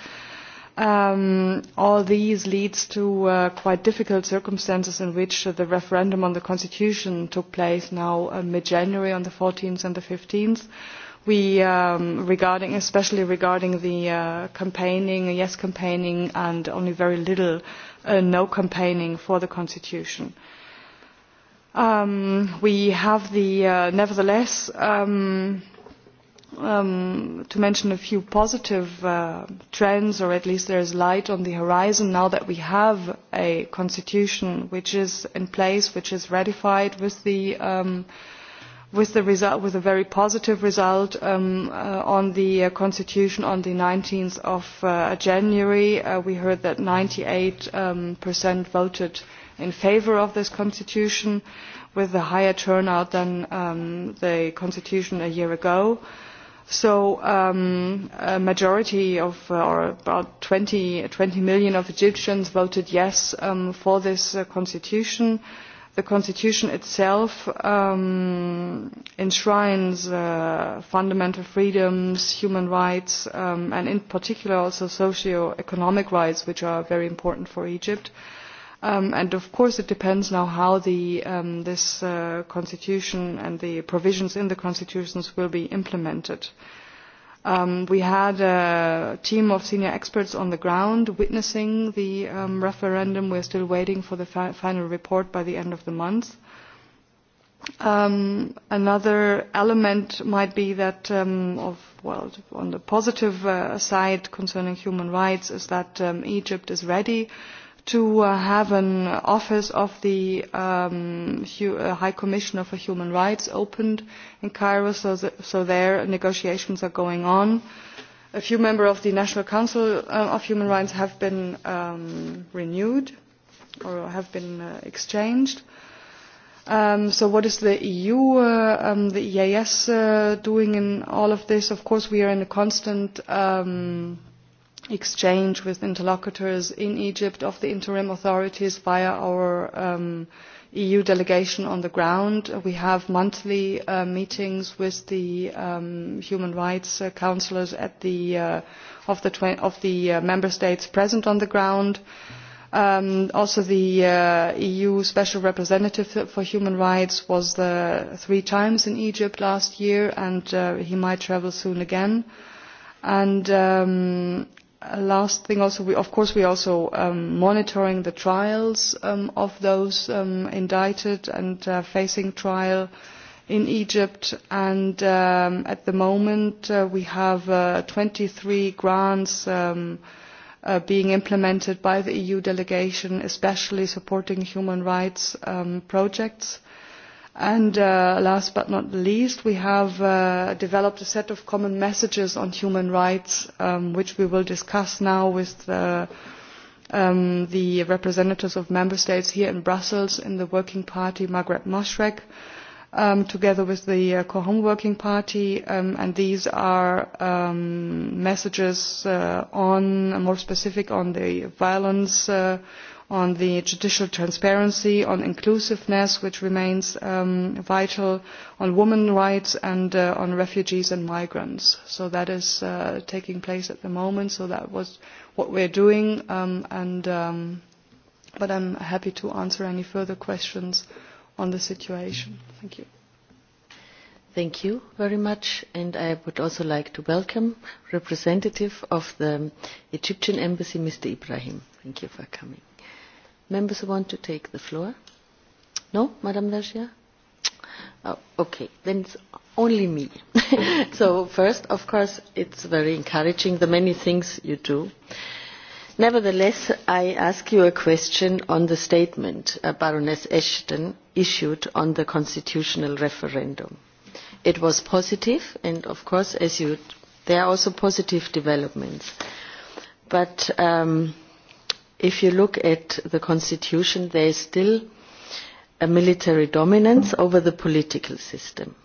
um, all these leads to quite difficult circumstances in which the referendum on the constitution took place now mid january on the 14 and the 15th we um, regarding especially regarding the campaigning yes campaigning and only very little Uh, no campaigning for the constitution. Um, we have the uh, nevertheless um, um, to mention a few positive uh, trends or at least there is light on the horizon now that we have a constitution which is in place which is ratified with the um, with the result with a very positive result um, uh, on the uh, constitution on the 19th of uh, January we heard that 98% um, voted in favor of this constitution with a higher turnout than um, the constitution a year ago so um, a majority of or about 20 20 million of Egyptians voted yes um, for this constitution the constitution itself um, enshrines uh, fundamental freedoms human rights um, and in particular also socio economic rights which are very important for egypt um, and of course it depends now how the um, this uh, constitution and the provisions in the constitutions will be implemented. Um, we had a team of senior experts on the ground witnessing the um, referendum. We're still waiting for the final report by the end of the month. Um, another element might be that um, of well on the positive uh, side concerning human rights is that um, Egypt is ready to uh, have an office of the um, uh, High Commissioner for Human Rights opened in Cairo, so, there negotiations are going on. A few members of the National Council uh, of Human Rights have been um, renewed or have been exchanged. Um, so what is the EU, the EAS uh, doing in all of this? Of course, we are in a constant exchange with interlocutors in Egypt of the interim authorities via our um, EU delegation on the ground. We have monthly uh, meetings with the um, human rights uh, at the, uh, of the, of the uh, member states present on the ground. Um, also the uh, EU special representative for human rights was there uh, three times in Egypt last year and he might travel soon again. And um, last thing also we of course we also um, monitoring the trials um, of those um, indicted and uh, facing trial in Egypt and at the moment uh, we have uh, twenty 23 grants being implemented by the EU delegation especially supporting human rights projects And uh, last but not least, we have uh, developed a set of common messages on human rights, um, which we will discuss now with um, the, representatives of member states here in Brussels in the Working Party, Maghreb Mashrek, um, together with the Cohom uh, Working Party. and these are messages on, more specific on the violence on the judicial transparency, on inclusiveness, which remains um, vital, on women's rights and uh, on refugees and migrants. So that is uh, taking place at the moment. So that was what we're doing. Um, and, um, but I'm happy to answer any further questions on the situation. Thank you. Thank you very much. And I would also like to welcome representative of the Egyptian embassy, Mr. Ibrahim. Thank you for coming. Members who want to take the floor? No, Madame Vergia? Oh, okay, then it's only me. so first, of course, it's very encouraging, the many things you do. Nevertheless, I ask you a question on the statement uh, Baroness Ashton issued on the constitutional referendum. It was positive, and of course, as you, there are also positive developments. But... Um, if you look at the constitution there is still a military dominance over the political system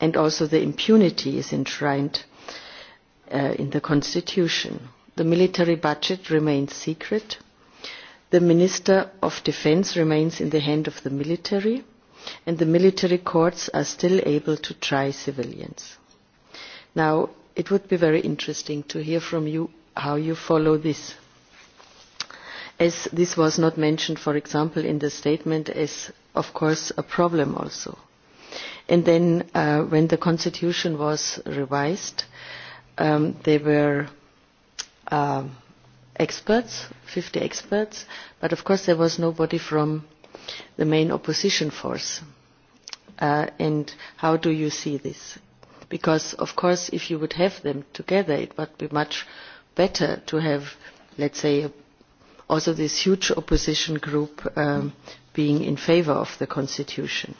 and also the impunity is enshrined uh, in the constitution the military budget remains secret the minister of defence remains in the hand of the military and the military courts are still able to try civilians now it would be very interesting to hear from you how you follow this as this was not mentioned for example in the statement as, of course a problem also and then uh, when the constitution was revised um, there were uh, experts 50 experts but of course there was nobody from the main opposition force uh, and how do you see this because of course if you would have them together it would be much better to have let's say a also this huge opposition group um, being in favour of the constitution.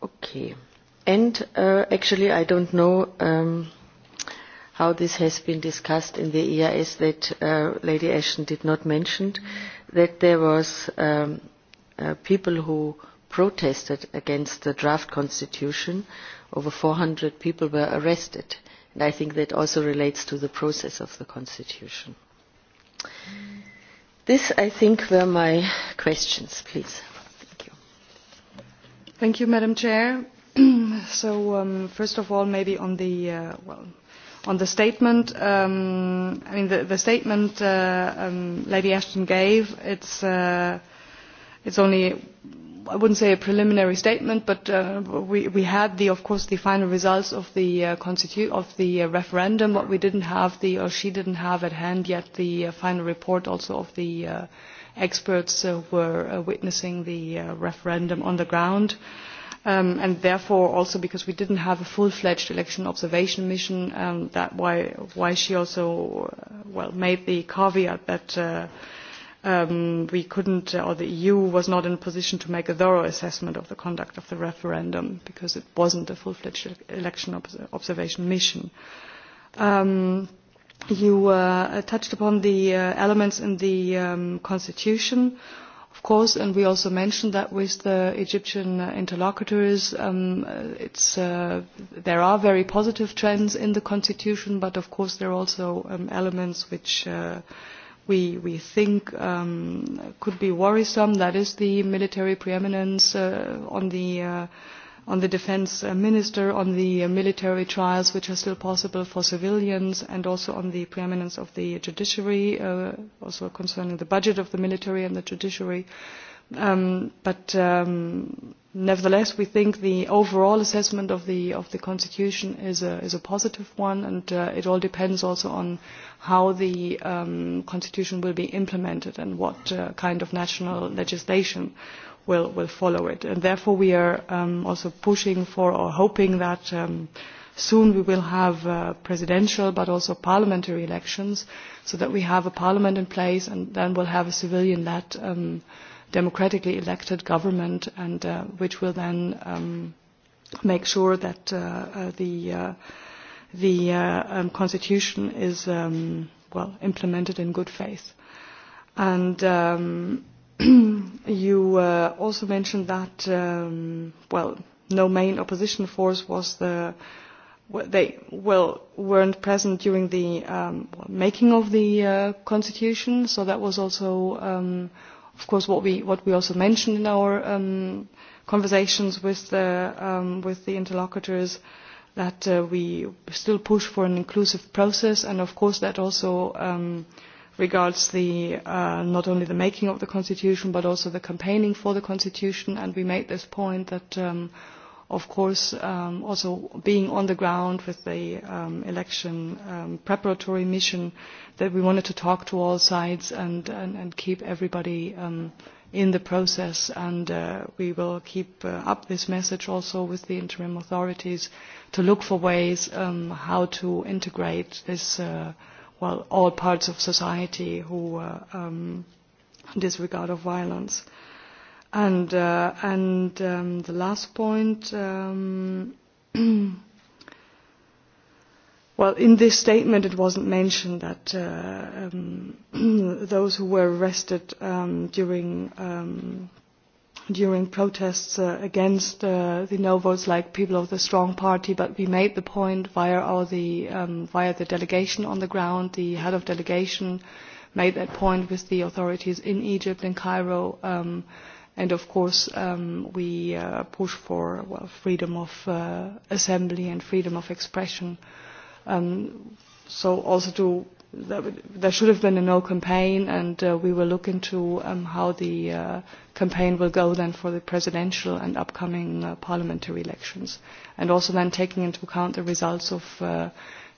Okay. And uh, actually I don't know um, how this has been discussed in the EIS that uh, Lady Ashton did not mention, that there was um, uh, people who protested against the draft constitution. Over 400 people were arrested and i think that also relates to the process of the constitution this i think were my questions please thank you thank you madam chair so um, first of all maybe on the uh, well on the statement um, i mean the, the statement uh, um, lady ashton gave it's uh, it's only i wouldn't say a preliminary statement, but uh, we, we had, the, of course, the final results of the, uh, constitu of the uh, referendum. What we didn't have, the, or she didn't have at hand yet, the uh, final report also of the uh, experts who uh, were uh, witnessing the uh, referendum on the ground. Um, and therefore, also because we didn't have a full-fledged election observation mission, um, that why, why she also, uh, well, made the caveat that... Uh, um, we couldn't, uh, or the EU was not in a position to make a thorough assessment of the conduct of the referendum because it wasn't a full-fledged election observation mission. Um, you uh, touched upon the uh, elements in the um, constitution, of course, and we also mentioned that with the Egyptian uh, interlocutors, um, uh, it's, uh, there are very positive trends in the constitution, but of course there are also um, elements which uh, we, we think um, could be worrisome, that is the military preeminence uh, on the uh, on the defense uh, minister, on the military trials which are still possible for civilians, and also on the preeminence of the judiciary, uh, also concerning the budget of the military and the judiciary. Um, but um, nevertheless we think the overall assessment of the of the constitution is a is a positive one and uh, it all depends also on how the um, constitution will be implemented and what uh, kind of national legislation will will follow it and therefore we are um, also pushing for or hoping that um, soon we will have uh, presidential but also parliamentary elections so that we have a parliament in place and then will have a civilian led democratically elected government and uh, which will then um, make sure that uh, uh the uh, the uh, um, constitution is um, well implemented in good faith and um, you also mentioned that um, well no main opposition force was the they well weren't present during the um, making of the uh, constitution so that was also um, of course what we what we also mentioned in our um, conversations with the um, with the interlocutors that uh, we still push for an inclusive process and of course that also um, regards the uh, not only the making of the constitution but also the campaigning for the constitution and we made this point that um, of course um, also being on the ground with the um, election um, preparatory mission that we wanted to talk to all sides and, and, keep everybody in the process and uh, we will keep uh, up this message also with the interim authorities to look for ways how to integrate this uh, well all parts of society who disregard of violence. And, uh, and um, the last point, um, well, in this statement it wasn't mentioned that uh, um, those who were arrested um, during, um, during protests uh, against uh, the no votes like people of the strong party, but we made the point via, all the, um, via the delegation on the ground, the head of delegation made that point with the authorities in Egypt and Cairo. Um, and of course um, we uh, push for well, freedom of uh, assembly and freedom of expression. Um, so also to there should have been a no campaign and uh, we will look into um, how the campaign will go then for the presidential and upcoming parliamentary elections and also then taking into account the results of the,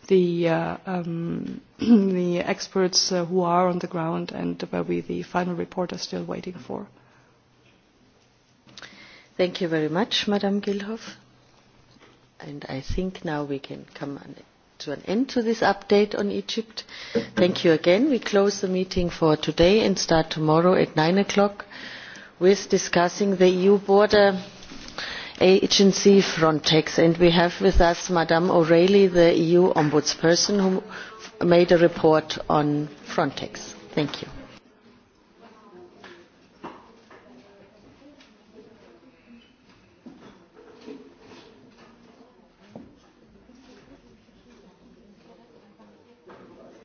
the experts who are on the ground and where we the final report are still waiting for. Thank you very much, Madam Gilhoff. And I think now we can come to an end to this update on Egypt. Thank you again. We close the meeting for today and start tomorrow at 9 o'clock with discussing the EU border agency Frontex. And we have with us Madame O'Reilly, the EU ombudsperson, who made a report on Frontex. Thank you.